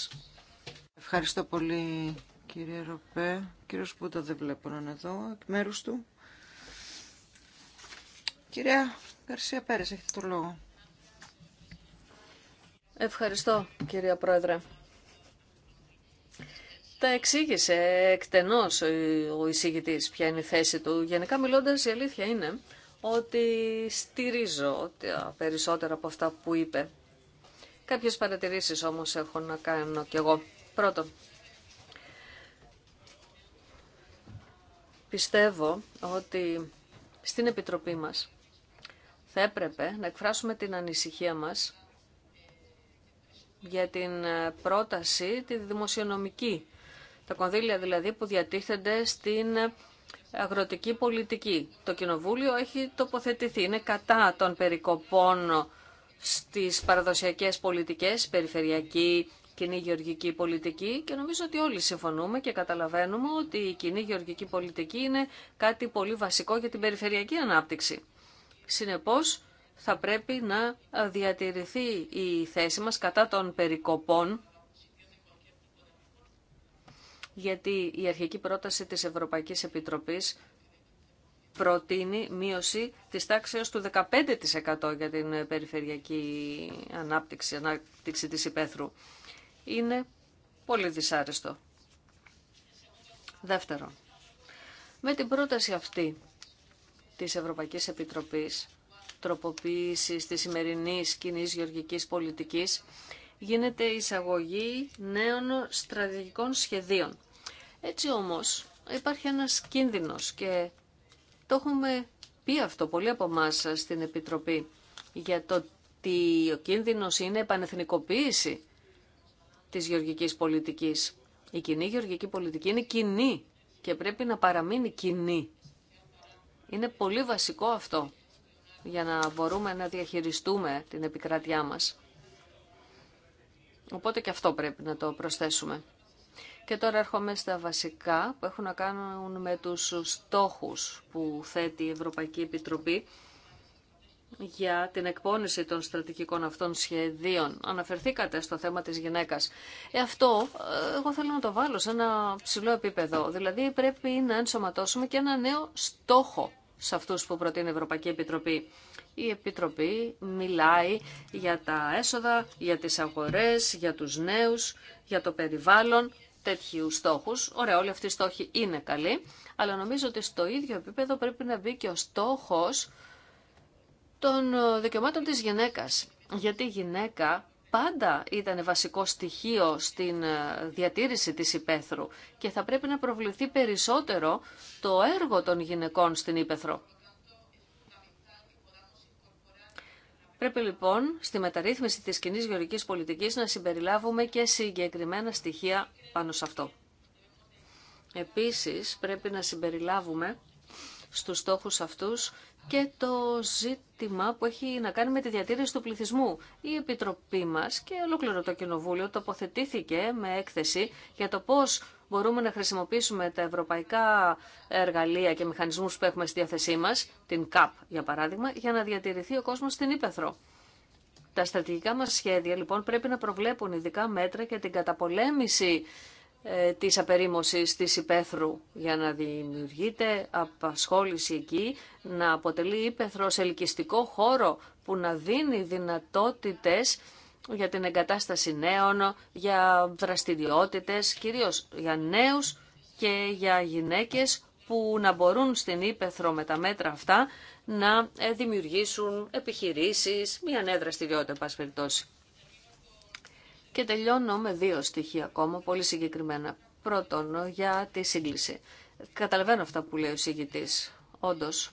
Ευχαριστώ πολύ κύριε Ροπέ. Κύριος Πούτα δεν βλέπω να είναι εδώ, εκ μέρους του. Κυρία Καρσία Πέρε, έχετε το λόγο. Ευχαριστώ κυρία Πρόεδρε. Τα εξήγησε εκτενώς ο εισηγητής ποια είναι η θέση του. Γενικά μιλώντας η αλήθεια είναι ότι στηρίζω περισσότερα από αυτά που είπε. Κάποιες παρατηρήσεις όμως έχω να κάνω κι εγώ. Πρώτον, πιστεύω ότι στην Επιτροπή μας θα έπρεπε να εκφράσουμε την ανησυχία μας για την πρόταση τη δημοσιονομική. Τα κονδύλια δηλαδή που διατίθενται στην αγροτική πολιτική. Το Κοινοβούλιο έχει τοποθετηθεί, είναι κατά των περικοπών στις παραδοσιακές πολιτικές, περιφερειακή, κοινή γεωργική πολιτική και νομίζω ότι όλοι συμφωνούμε και καταλαβαίνουμε ότι η κοινή γεωργική πολιτική είναι κάτι πολύ βασικό για την περιφερειακή ανάπτυξη. Συνεπώς, θα πρέπει να διατηρηθεί η θέση μας κατά των περικοπών γιατί η αρχική πρόταση της Ευρωπαϊκής Επιτροπής προτείνει μείωση της τάξης του 15% για την περιφερειακή ανάπτυξη, ανάπτυξη της υπαίθρου. Είναι πολύ δυσάρεστο. Δεύτερον, με την πρόταση αυτή της Ευρωπαϊκής Επιτροπής τροποποίησης της σημερινής κοινή γεωργικής πολιτικής γίνεται εισαγωγή νέων στρατηγικών σχεδίων έτσι όμως υπάρχει ένας κίνδυνος και το έχουμε πει αυτό πολλοί από εμά στην Επιτροπή για το ότι ο κίνδυνος είναι επανεθνικοποίηση της γεωργικής πολιτικής. Η κοινή γεωργική πολιτική είναι κοινή και πρέπει να παραμείνει κοινή. Είναι πολύ βασικό αυτό για να μπορούμε να διαχειριστούμε την επικράτειά μας. Οπότε και αυτό πρέπει να το προσθέσουμε. Και τώρα έρχομαι στα βασικά που έχουν να κάνουν με τους στόχους που θέτει η Ευρωπαϊκή Επιτροπή για την εκπόνηση των στρατηγικών αυτών σχεδίων. Αναφερθήκατε στο θέμα της γυναίκας. Ε, αυτό ε, εγώ θέλω να το βάλω σε ένα ψηλό επίπεδο. Δηλαδή πρέπει να ενσωματώσουμε και ένα νέο στόχο σε αυτούς που προτείνει η Ευρωπαϊκή Επιτροπή. Η Επιτροπή μιλάει για τα έσοδα, για τις αγορές, για τους νέους, για το περιβάλλον τέτοιου στόχου. Ωραία, όλοι αυτοί οι στόχοι είναι καλοί, αλλά νομίζω ότι στο ίδιο επίπεδο πρέπει να μπει και ο στόχο των ε, δικαιωμάτων τη γυναίκα. Γιατί η γυναίκα πάντα ήταν βασικό στοιχείο στην ε, διατήρηση της υπαίθρου και θα πρέπει να προβληθεί περισσότερο το έργο των γυναικών στην υπαίθρο. Πρέπει λοιπόν στη μεταρρύθμιση της κοινή γεωργικής πολιτικής να συμπεριλάβουμε και συγκεκριμένα στοιχεία πάνω σε αυτό. Επίσης πρέπει να συμπεριλάβουμε στους στόχους αυτούς και το ζήτημα που έχει να κάνει με τη διατήρηση του πληθυσμού. Η Επιτροπή μας και ολόκληρο το Κοινοβούλιο τοποθετήθηκε με έκθεση για το πώς μπορούμε να χρησιμοποιήσουμε τα ευρωπαϊκά εργαλεία και μηχανισμούς που έχουμε στη διάθεσή μας, την ΚΑΠ για παράδειγμα, για να διατηρηθεί ο κόσμος στην Ήπεθρο. Τα στρατηγικά μας σχέδια λοιπόν πρέπει να προβλέπουν ειδικά μέτρα για την καταπολέμηση ε, της απερίμωσης της υπέθρου για να δημιουργείται απασχόληση εκεί, να αποτελεί σε ελκυστικό χώρο που να δίνει δυνατότητες για την εγκατάσταση νέων, για δραστηριότητες, κυρίως για νέους και για γυναίκες που να μπορούν στην Ήπεθρο με τα μέτρα αυτά να ε, δημιουργήσουν επιχειρήσεις, μια νέα δραστηριότητα, πας περιπτώσει. Και τελειώνω με δύο στοιχεία ακόμα, πολύ συγκεκριμένα. Πρώτον, για τη σύγκληση. Καταλαβαίνω αυτά που λέει ο συγκητής. Όντως,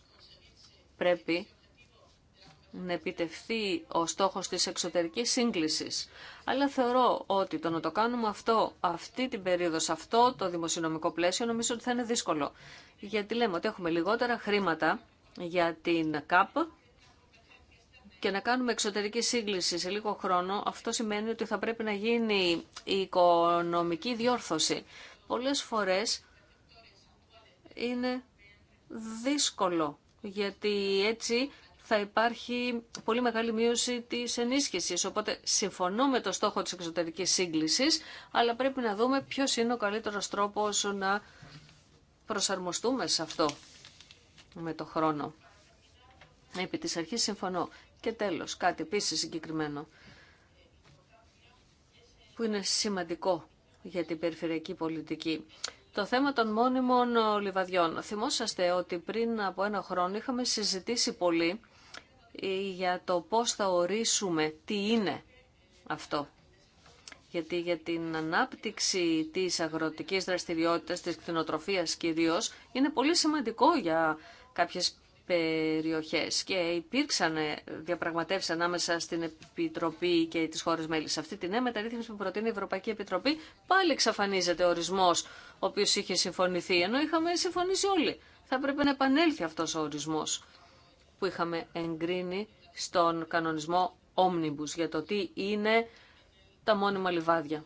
πρέπει να επιτευχθεί ο στόχος της εξωτερικής σύγκλησης. Αλλά θεωρώ ότι το να το κάνουμε αυτό, αυτή την περίοδο, σε αυτό το δημοσιονομικό πλαίσιο, νομίζω ότι θα είναι δύσκολο. Γιατί λέμε ότι έχουμε λιγότερα χρήματα για την ΚΑΠ και να κάνουμε εξωτερική σύγκληση σε λίγο χρόνο, αυτό σημαίνει ότι θα πρέπει να γίνει η οικονομική διόρθωση. Πολλές φορές είναι δύσκολο γιατί έτσι θα υπάρχει πολύ μεγάλη μείωση της ενίσχυσης. Οπότε συμφωνώ με το στόχο της εξωτερικής σύγκλησης, αλλά πρέπει να δούμε ποιος είναι ο καλύτερος τρόπος να προσαρμοστούμε σε αυτό με το χρόνο. Επί της αρχής συμφωνώ. Και τέλος, κάτι επίσης συγκεκριμένο, που είναι σημαντικό για την περιφερειακή πολιτική. Το θέμα των μόνιμων λιβαδιών. Θυμόσαστε ότι πριν από ένα χρόνο είχαμε συζητήσει πολύ ε, για το πώς θα ορίσουμε τι είναι αυτό. Γιατί για την ανάπτυξη της αγροτικής δραστηριότητας, της κτηνοτροφίας κυρίως, είναι πολύ σημαντικό για κάποιες περιοχές και υπήρξαν ε, διαπραγματεύσεις ανάμεσα στην Επιτροπή και τις χώρες μέλη. Σε αυτή την νέα μεταρρύθμιση που προτείνει η Ευρωπαϊκή Επιτροπή πάλι εξαφανίζεται ο ορισμός ο οποίος είχε συμφωνηθεί, ενώ είχαμε συμφωνήσει όλοι. Θα πρέπει να επανέλθει αυτός ο ορισμός που είχαμε εγκρίνει στον κανονισμό Omnibus για το τι είναι τα μόνιμα λιβάδια.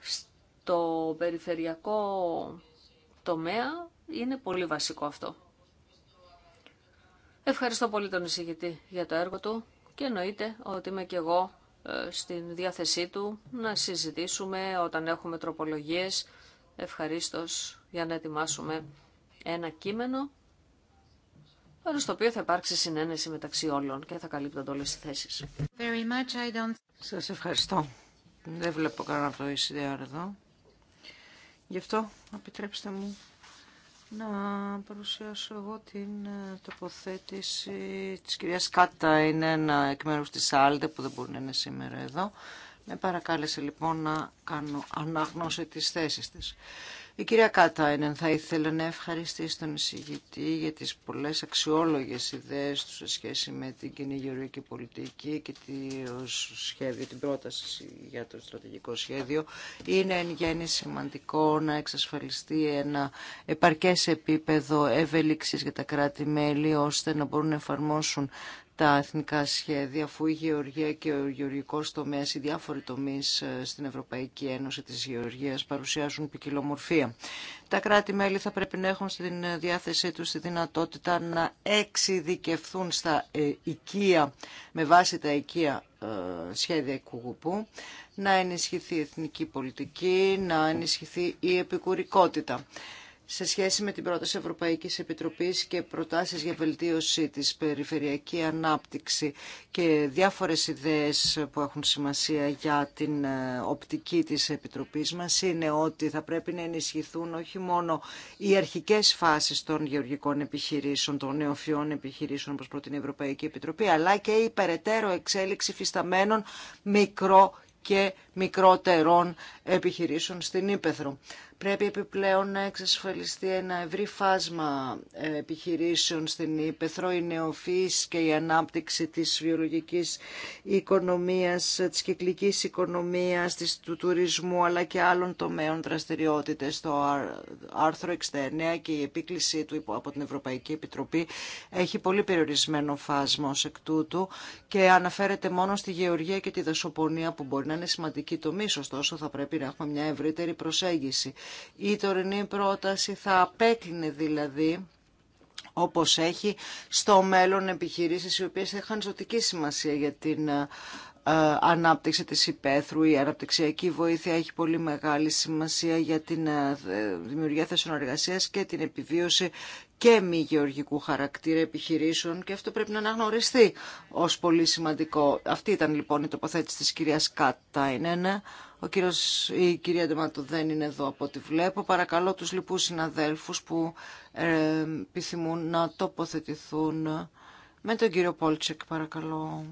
Στο περιφερειακό τομέα είναι πολύ βασικό αυτό. Ευχαριστώ πολύ τον εισηγητή για το έργο του και εννοείται ότι είμαι και εγώ ε, στην διάθεσή του να συζητήσουμε όταν έχουμε τροπολογίες ευχαρίστως για να ετοιμάσουμε ένα κείμενο πάνω στο οποίο θα υπάρξει συνένεση μεταξύ όλων και θα καλύπτονται όλες οι θέσεις. Σας ευχαριστώ. Δεν βλέπω κανένα αυτό η εδώ. Γι' αυτό επιτρέψτε μου να παρουσιάσω εγώ την ε, τοποθέτηση της κυρίας Κάτα. Είναι ένα εκ μέρους της Άλτε που δεν μπορεί να είναι σήμερα εδώ. Με παρακάλεσε λοιπόν να κάνω ανάγνωση της θέσης της. Η κυρία Κάταινεν θα ήθελα να ευχαριστήσει τον εισηγητή για τις πολλές αξιόλογες ιδέες του σε σχέση με την κοινή γεωργική πολιτική και σχέδιο, την πρόταση για το στρατηγικό σχέδιο. Είναι εν γέννη σημαντικό να εξασφαλιστεί ένα επαρκές επίπεδο ευελίξης για τα κράτη-μέλη ώστε να μπορούν να εφαρμόσουν τα εθνικά σχέδια, αφού η γεωργία και ο γεωργικό τομέα οι διάφοροι τομεί ε, στην Ευρωπαϊκή Ένωση της Γεωργίας παρουσιάζουν ποικιλομορφία. Τα κράτη-μέλη θα πρέπει να έχουν στην διάθεσή τους τη δυνατότητα να εξειδικευθούν στα ε, οικεία, με βάση τα οικεία ε, σχέδια κουγουπού, να ενισχυθεί η εθνική πολιτική, να ενισχυθεί η επικουρικότητα σε σχέση με την πρόταση Ευρωπαϊκής Επιτροπής και προτάσεις για βελτίωση της περιφερειακή ανάπτυξη και διάφορες ιδέες που έχουν σημασία για την ε, οπτική της Επιτροπής μας είναι ότι θα πρέπει να ενισχυθούν όχι μόνο οι αρχικές φάσεις των γεωργικών επιχειρήσεων, των νεοφιών επιχειρήσεων όπως προτείνει η Ευρωπαϊκή Επιτροπή, αλλά και η περαιτέρω εξέλιξη φυσταμένων μικρό και μικρότερων επιχειρήσεων στην Ήπεθρο. Πρέπει επιπλέον να εξασφαλιστεί ένα ευρύ φάσμα ε, επιχειρήσεων στην Ήπεθρο, η νεοφύης και η ανάπτυξη της βιολογικής οικονομίας, της κυκλικής οικονομίας, της, του τουρισμού αλλά και άλλων τομέων δραστηριότητες. Το άρθρο 69 και η επίκλησή του από την Ευρωπαϊκή Επιτροπή έχει πολύ περιορισμένο φάσμα ως εκ τούτου και αναφέρεται μόνο στη γεωργία και τη δασοπονία που μπορεί να είναι σημαντική το τομή, ωστόσο θα πρέπει να έχουμε μια ευρύτερη προσέγγιση. Η τωρινή πρόταση θα απέκλεινε δηλαδή όπως έχει στο μέλλον επιχειρήσεις οι οποίες είχαν ζωτική σημασία για την ε, ανάπτυξη της υπαίθρου, η αναπτυξιακή βοήθεια έχει πολύ μεγάλη σημασία για την ε, δημιουργία θέσεων εργασίας και την επιβίωση και μη γεωργικού χαρακτήρα επιχειρήσεων και αυτό πρέπει να αναγνωριστεί ως πολύ σημαντικό. Αυτή ήταν λοιπόν η τοποθέτηση της κυρίας Κατάινεν. Ο κύριος, η κυρία Ντεμάτου δεν είναι εδώ από ό,τι βλέπω. Παρακαλώ τους λοιπούς συναδέλφους που ε, επιθυμούν να τοποθετηθούν με τον κύριο Πόλτσεκ παρακαλώ.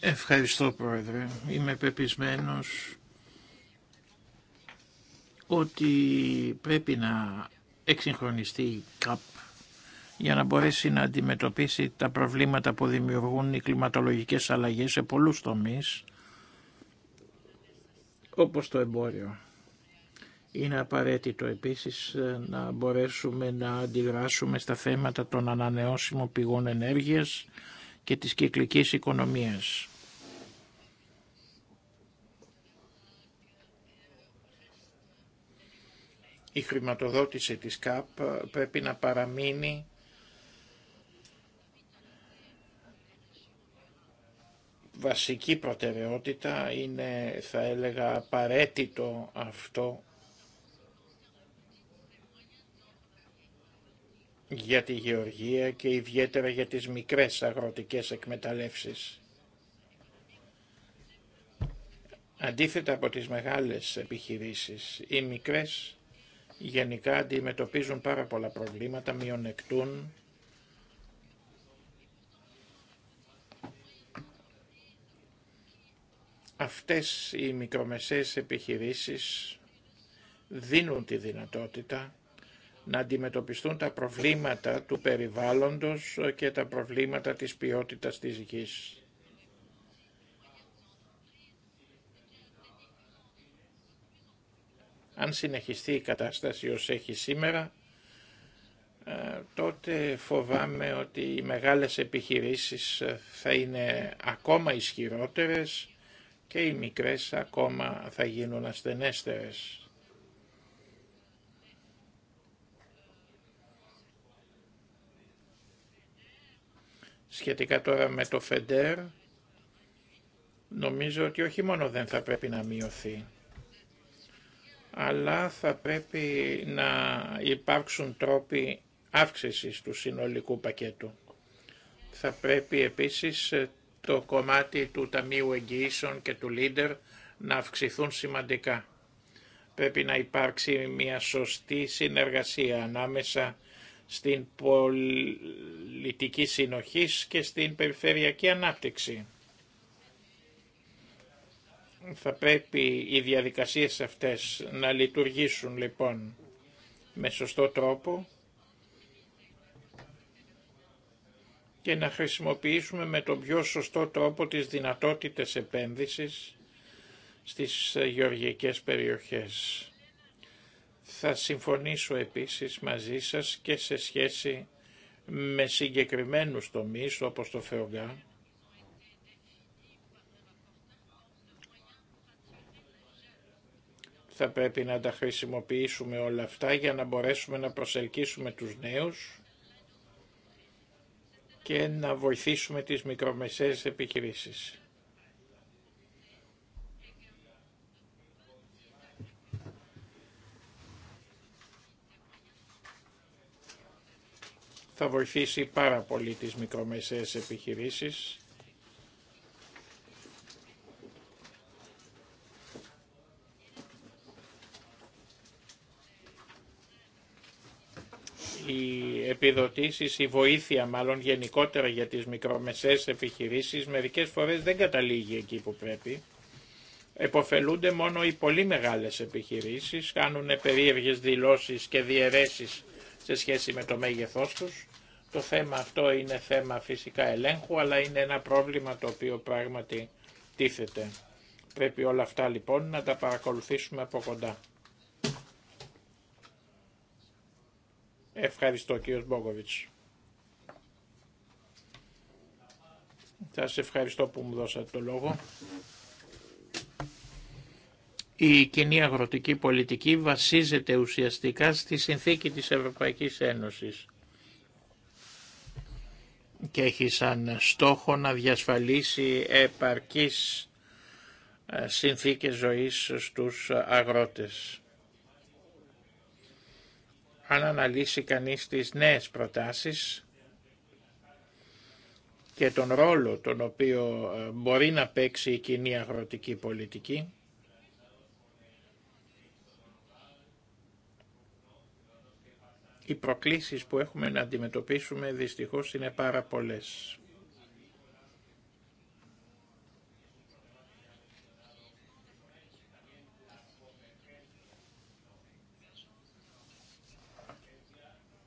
Ευχαριστώ Πρόεδρε. Είμαι πεπισμένος ότι πρέπει να εξυγχρονιστεί η ΚΑΠ για να μπορέσει να αντιμετωπίσει τα προβλήματα που δημιουργούν οι κλιματολογικές αλλαγές σε πολλούς τομείς, όπως το εμπόριο. Είναι απαραίτητο επίσης να μπορέσουμε να αντιδράσουμε στα θέματα των ανανεώσιμων πηγών ενέργειας, και της κυκλικής οικονομίας. Η χρηματοδότηση της ΚΑΠ πρέπει να παραμείνει βασική προτεραιότητα, είναι θα έλεγα απαραίτητο αυτό για τη γεωργία και ιδιαίτερα για τις μικρές αγροτικές εκμεταλλεύσεις. Αντίθετα από τις μεγάλες επιχειρήσεις, οι μικρές γενικά αντιμετωπίζουν πάρα πολλά προβλήματα, μειονεκτούν Αυτές οι μικρομεσαίες επιχειρήσεις δίνουν τη δυνατότητα να αντιμετωπιστούν τα προβλήματα του περιβάλλοντος και τα προβλήματα της ποιότητας της γης. Αν συνεχιστεί η κατάσταση ως έχει σήμερα, ε, τότε φοβάμαι ότι οι μεγάλες επιχειρήσεις θα είναι ακόμα ισχυρότερες και οι μικρές ακόμα θα γίνουν ασθενέστερες. Σχετικά τώρα με το ΦΕΝΤΕΡ, νομίζω ότι όχι μόνο δεν θα πρέπει να μειωθεί, αλλά θα πρέπει να υπάρξουν τρόποι αύξησης του συνολικού πακέτου. Θα πρέπει επίσης το κομμάτι του Ταμείου Εγγυήσεων και του Λίντερ να αυξηθούν σημαντικά. Πρέπει να υπάρξει μια σωστή συνεργασία ανάμεσα στην πολιτική συνοχή και στην περιφερειακή ανάπτυξη. Θα πρέπει οι διαδικασίες αυτές να λειτουργήσουν λοιπόν με σωστό τρόπο και να χρησιμοποιήσουμε με τον πιο σωστό τρόπο τις δυνατότητες επένδυσης στις γεωργικές περιοχές. Θα συμφωνήσω επίσης μαζί σας και σε σχέση με συγκεκριμένους τομείς όπως το ΦΕΟΓΑ, θα πρέπει να τα χρησιμοποιήσουμε όλα αυτά για να μπορέσουμε να προσελκύσουμε τους νέους και να βοηθήσουμε τις μικρομεσαίες επιχειρήσεις. θα βοηθήσει πάρα πολύ τις μικρομεσαίες επιχειρήσεις. οι επιδοτήσεις, η βοήθεια μάλλον γενικότερα για τις μικρομεσαίες επιχειρήσεις μερικές φορές δεν καταλήγει εκεί που πρέπει. Εποφελούνται μόνο οι πολύ μεγάλες επιχειρήσεις, κάνουν περίεργες δηλώσεις και διαιρέσεις σε σχέση με το μέγεθός τους. Το θέμα αυτό είναι θέμα φυσικά ελέγχου, αλλά είναι ένα πρόβλημα το οποίο πράγματι τίθεται. Πρέπει όλα αυτά λοιπόν να τα παρακολουθήσουμε από κοντά. Ευχαριστώ κύριος Μπόγκοβιτς. Σας ευχαριστώ που μου δώσατε το λόγο. Η κοινή αγροτική πολιτική βασίζεται ουσιαστικά στη συνθήκη της Ευρωπαϊκής Ένωσης και έχει σαν στόχο να διασφαλίσει επαρκείς ε, συνθήκες ζωής στους αγρότες. Αν αναλύσει κανείς τις νέες προτάσεις και τον ρόλο τον οποίο ε, μπορεί να παίξει η κοινή αγροτική πολιτική, Οι προκλήσεις που έχουμε να αντιμετωπίσουμε δυστυχώς είναι πάρα πολλές.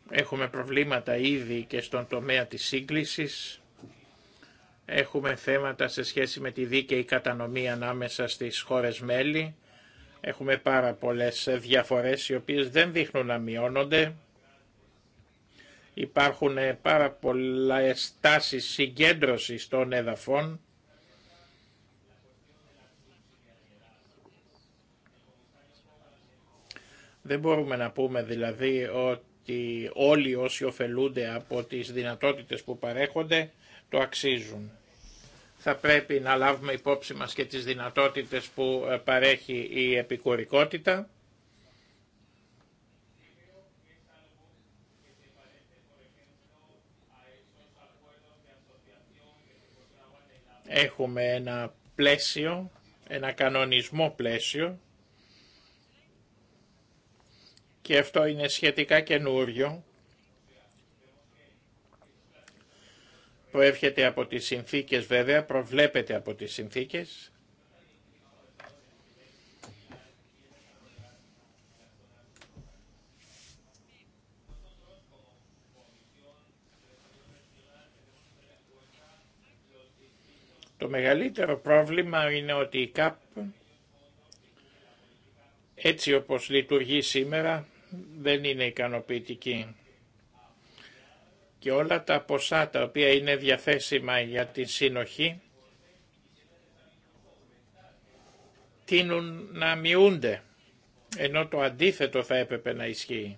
Έχουμε προβλήματα ήδη και στον τομέα της σύγκλησης. Έχουμε θέματα σε σχέση με τη δίκαιη κατανομή ανάμεσα στις χώρες μέλη. Έχουμε πάρα πολλές διαφορές οι οποίες δεν δείχνουν να μειώνονται. Υπάρχουν ε, πάρα πολλά στάσεις συγκέντρωσης των εδαφών. Δεν μπορούμε να πούμε δηλαδή ότι όλοι όσοι ωφελούνται από τις δυνατότητες που παρέχονται το αξίζουν. Θα πρέπει να λάβουμε υπόψη μας και τις δυνατότητες που ε, παρέχει η επικουρικότητα. Έχουμε ένα πλαίσιο, ένα κανονισμό πλαίσιο και αυτό είναι σχετικά καινούριο έρχεται από τις συνθήκες βέβαια, προβλέπεται από τις συνθήκες Το μεγαλύτερο πρόβλημα είναι ότι η ΚΑΠ έτσι όπως λειτουργεί σήμερα δεν είναι ικανοποιητική. Και όλα τα ποσά τα οποία είναι διαθέσιμα για τη συνοχή τείνουν να μειούνται, ενώ το αντίθετο θα έπρεπε να ισχύει.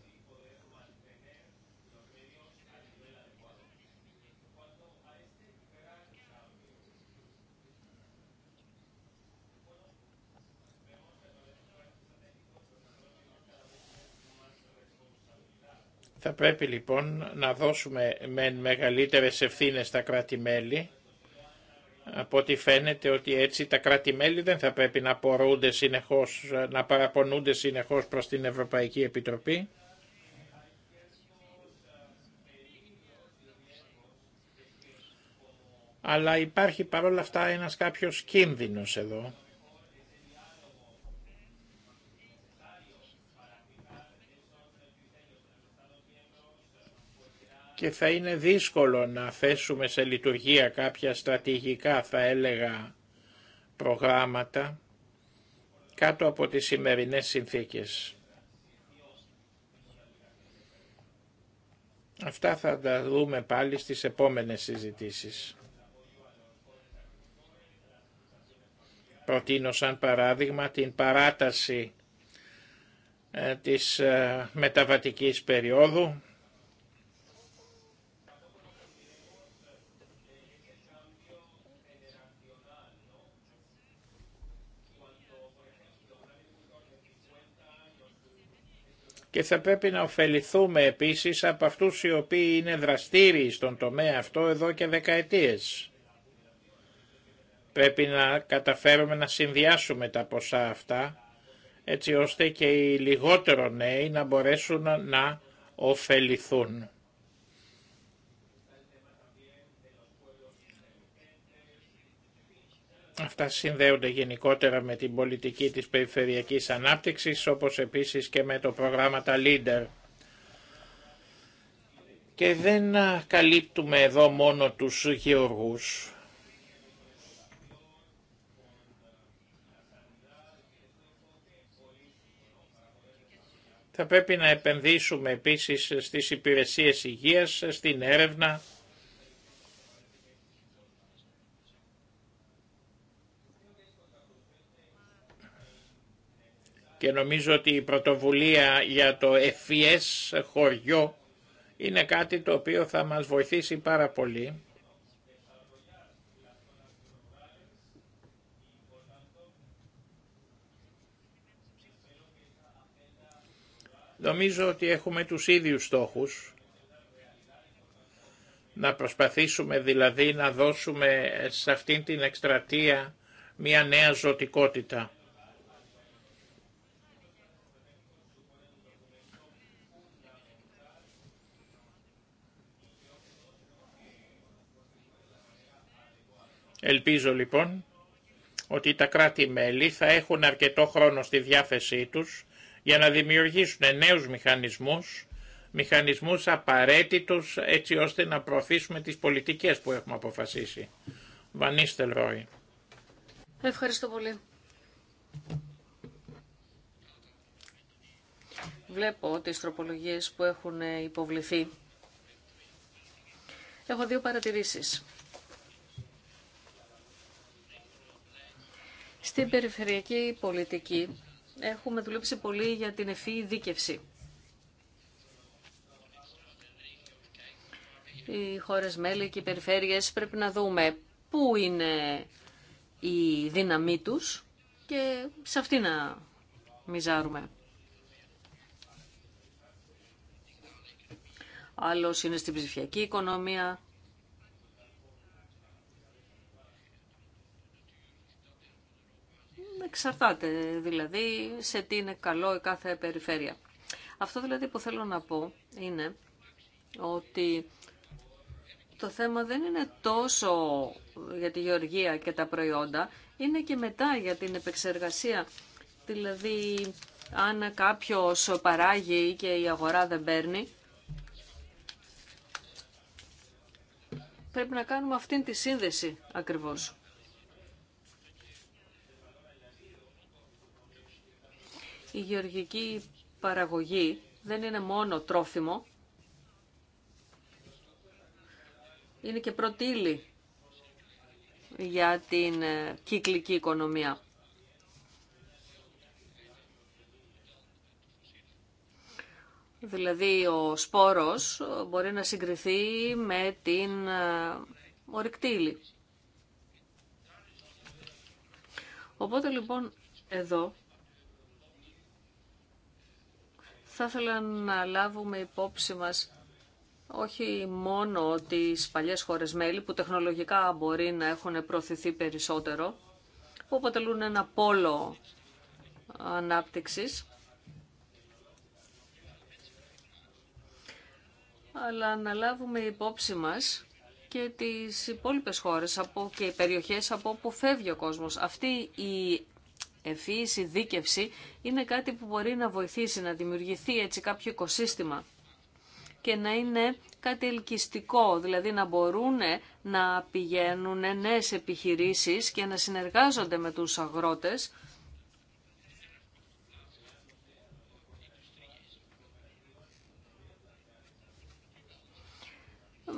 Θα πρέπει λοιπόν να δώσουμε με μεγαλύτερες ευθύνες τα κράτη-μέλη. Από ό,τι φαίνεται ότι έτσι τα κράτη-μέλη δεν θα πρέπει να, συνεχώς, να παραπονούνται συνεχώς προς την Ευρωπαϊκή Επιτροπή. Αλλά υπάρχει παρόλα αυτά ένας κάποιος κίνδυνος εδώ. και θα είναι δύσκολο να θέσουμε σε λειτουργία κάποια στρατηγικά θα έλεγα προγράμματα κάτω από τις σημερινές συνθήκες. Αυτά θα τα δούμε πάλι στις επόμενες συζητήσεις. Προτείνω σαν παράδειγμα την παράταση ε, της ε, μεταβατικής περίοδου και θα πρέπει να ωφεληθούμε επίσης από αυτούς οι οποίοι είναι δραστήριοι στον τομέα αυτό εδώ και δεκαετίες. Πρέπει να καταφέρουμε να συνδυάσουμε τα ποσά αυτά έτσι ώστε και οι λιγότερο νέοι να μπορέσουν να ωφεληθούν. Αυτά συνδέονται γενικότερα με την πολιτική της περιφερειακής ανάπτυξης, όπως επίσης και με το πρόγραμμα Τα Leader. Και δεν καλύπτουμε εδώ μόνο τους γεωργούς. Θα πρέπει να επενδύσουμε επίσης στις υπηρεσίες υγείας, στην έρευνα, και νομίζω ότι η πρωτοβουλία για το FES χωριό είναι κάτι το οποίο θα μας βοηθήσει πάρα πολύ. Νομίζω ότι έχουμε τους ίδιους στόχους. Να προσπαθήσουμε δηλαδή να δώσουμε σε αυτήν την εκστρατεία μια νέα ζωτικότητα. Ελπίζω λοιπόν ότι τα κράτη-μέλη θα έχουν αρκετό χρόνο στη διάθεσή τους για να δημιουργήσουν νέους μηχανισμούς, μηχανισμούς απαραίτητους έτσι ώστε να προωθήσουμε τις πολιτικές που έχουμε αποφασίσει. Βανίστελ Ρόι. Ευχαριστώ πολύ. Βλέπω τις τροπολογίες που έχουν υποβληθεί. Έχω δύο παρατηρήσεις. Στην περιφερειακή πολιτική έχουμε δουλέψει πολύ για την ευφύη δίκευση. Οι χώρες μέλη και οι περιφέρειες πρέπει να δούμε πού είναι η δύναμή τους και σε αυτή να μιζάρουμε. Άλλος είναι στην ψηφιακή οικονομία, Εξαρτάται δηλαδή σε τι είναι καλό η κάθε περιφέρεια. Αυτό δηλαδή που θέλω να πω είναι ότι το θέμα δεν είναι τόσο για τη γεωργία και τα προϊόντα, είναι και μετά για την επεξεργασία. Δηλαδή, αν κάποιος παράγει και η αγορά δεν παίρνει, πρέπει να κάνουμε αυτήν τη σύνδεση ακριβώς. η γεωργική παραγωγή δεν είναι μόνο τρόφιμο, είναι και πρώτη για την ε, κυκλική οικονομία. Δηλαδή ο σπόρος ε, μπορεί να συγκριθεί με την ε, ορυκτήλη. Οπότε λοιπόν εδώ θα ήθελα να λάβουμε υπόψη μας όχι μόνο τις παλιές χώρες μέλη που τεχνολογικά μπορεί να έχουν προωθηθεί περισσότερο, που αποτελούν ένα πόλο ανάπτυξης, αλλά να λάβουμε υπόψη μας και τις υπόλοιπες χώρες από, και οι περιοχές από όπου φεύγει ο κόσμος. Αυτή η ευφύης δίκευση είναι κάτι που μπορεί να βοηθήσει να δημιουργηθεί έτσι κάποιο οικοσύστημα και να είναι κάτι ελκυστικό, δηλαδή να μπορούν να πηγαίνουν νέες επιχειρήσεις και να συνεργάζονται με τους αγρότες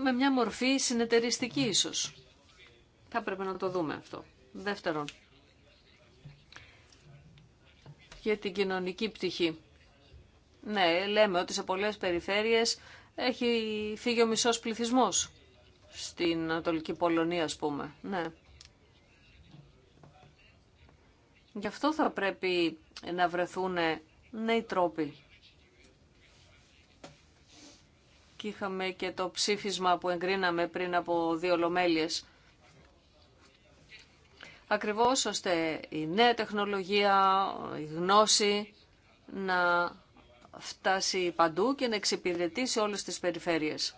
με μια μορφή συνεταιριστική ίσως. Θα πρέπει να το δούμε αυτό. Δεύτερον, για την κοινωνική πτυχή. Ναι, λέμε ότι σε πολλές περιφέρειες έχει φύγει ο μισός πληθυσμός. Στην Ανατολική Πολωνία, ας πούμε. Ναι. Γι' αυτό θα πρέπει να βρεθούν νέοι τρόποι. Και είχαμε και το ψήφισμα που εγκρίναμε πριν από δύο λομέλειες ακριβώς ώστε η νέα τεχνολογία, η γνώση να φτάσει παντού και να εξυπηρετήσει όλες τις περιφέρειες.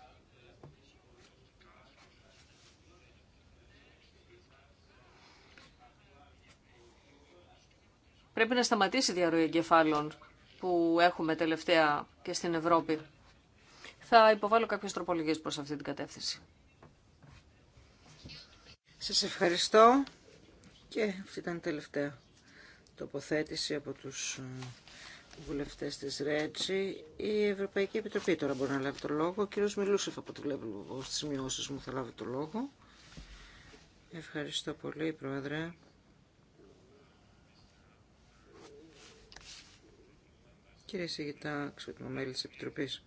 Πρέπει να σταματήσει η διαρροή εγκεφάλων που έχουμε τελευταία και στην Ευρώπη. Θα υποβάλω κάποιες τροπολογίες προς αυτή την κατεύθυνση. Σας ευχαριστώ. Και αυτή ήταν η τελευταία τοποθέτηση από τους ε, βουλευτές της Ρέτζη. Η Ευρωπαϊκή Επιτροπή τώρα μπορεί να λάβει το λόγο. Ο κύριος Μιλούσεφ από τη βλέπω στις μειώσεις μου θα λάβει το λόγο. Ευχαριστώ πολύ, Πρόεδρε. Κύριε Σιγητά, εξωτικό μέλη της Επιτροπής.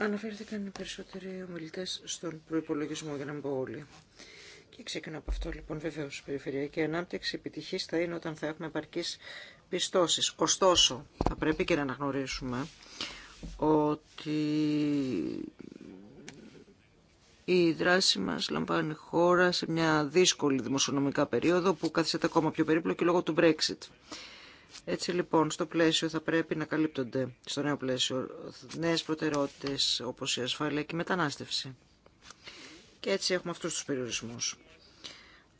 Αναφέρθηκαν οι περισσότεροι ομιλητέ στον προπολογισμό, για να μην πω όλοι. Και ξεκινώ από αυτό λοιπόν. Βεβαίω, η περιφερειακή ανάπτυξη επιτυχή θα είναι όταν θα έχουμε επαρκεί πιστώσει. Ωστόσο, θα πρέπει και να αναγνωρίσουμε ότι η δράση μας λαμβάνει χώρα σε μια δύσκολη δημοσιονομικά περίοδο που καθίσεται ακόμα πιο περίπλοκη λόγω του Brexit. Έτσι λοιπόν στο πλαίσιο θα πρέπει να καλύπτονται στο νέο πλαίσιο νέες προτεραιότητες όπως η ασφάλεια και η μετανάστευση. Και έτσι έχουμε αυτούς τους περιορισμούς.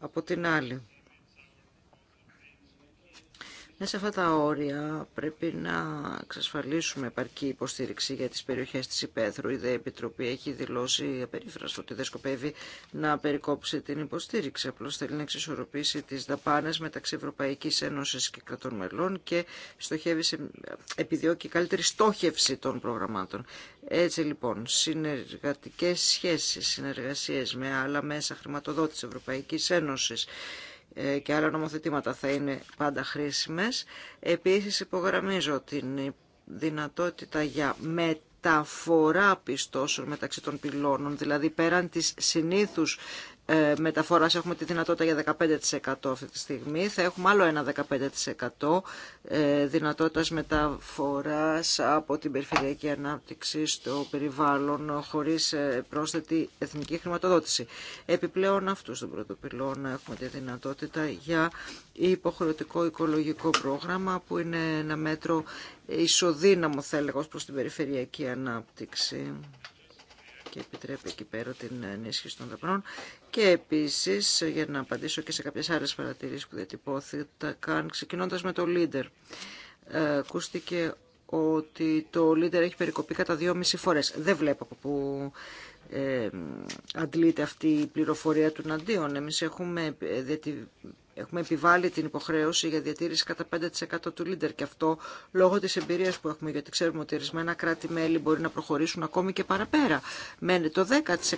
Από την άλλη, μέσα σε αυτά τα όρια πρέπει να εξασφαλίσουμε επαρκή υποστήριξη για τις περιοχές της Υπέθρου. Η ΔΕ Επιτροπή έχει δηλώσει απερίφραστο ότι δεν σκοπεύει να περικόψει την υποστήριξη. Απλώς θέλει να εξισορροπήσει τις δαπάνες μεταξύ Ευρωπαϊκής Ένωσης και κρατών μελών και στοχεύει σε, επιδιώκει καλύτερη στόχευση των προγραμμάτων. Έτσι λοιπόν, συνεργατικές σχέσεις, συνεργασίες με άλλα μέσα χρηματοδότηση Ευρωπαϊκής Ένωσης, ε, και άλλα νομοθετήματα θα είναι πάντα χρήσιμες. Επίσης υπογραμμίζω την δυνατότητα για μεταφορά πιστώσεων μεταξύ των πυλώνων, δηλαδή πέραν της συνήθους ε, μεταφοράς έχουμε τη δυνατότητα για 15% αυτή τη στιγμή. Θα έχουμε άλλο ένα 15% ε, δυνατότητας μεταφοράς από την περιφερειακή ανάπτυξη στο περιβάλλον χωρίς ε, πρόσθετη εθνική χρηματοδότηση. Επιπλέον αυτού στον πρώτο έχουμε τη δυνατότητα για υποχρεωτικό οικολογικό πρόγραμμα που είναι ένα μέτρο ισοδύναμο θα προς την περιφερειακή ανάπτυξη και επιτρέπει εκεί πέρα την ενίσχυση των δαπανών. Και επίσης, για να απαντήσω και σε κάποιες άλλες παρατηρήσει που διατυπώθηκαν, ξεκινώντας με το Leader, ε, ακούστηκε ότι το Leader έχει περικοπεί κατά δύο μισή φορές. Δεν βλέπω από πού ε, αντλείται αυτή η πληροφορία του εναντίον. Εμείς έχουμε ε, Έχουμε επιβάλει την υποχρέωση για διατήρηση κατά 5% του Λίντερ και αυτό λόγω της εμπειρίας που έχουμε, γιατί ξέρουμε ότι ορισμένα κράτη-μέλη μπορεί να προχωρήσουν ακόμη και παραπέρα. Μένει το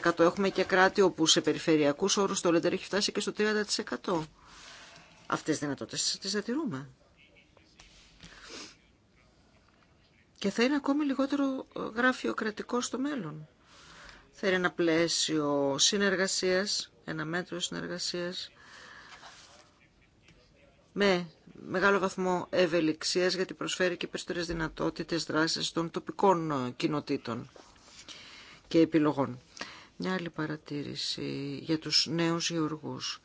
10%. Έχουμε και κράτη όπου σε περιφερειακούς όρους το Λίντερ έχει φτάσει και στο 30%. Αυτές τις δυνατότητες τις διατηρούμε. Και θα είναι ακόμη λιγότερο ε, γραφειοκρατικό στο μέλλον. Θα ένα πλαίσιο συνεργασίας, ένα μέτρο συνεργασίας με μεγάλο βαθμό ευελιξίας γιατί προσφέρει και περισσότερες δυνατότητες δράσης των τοπικών ε, κοινοτήτων και επιλογών. Μια άλλη παρατήρηση για τους νέους γεωργούς.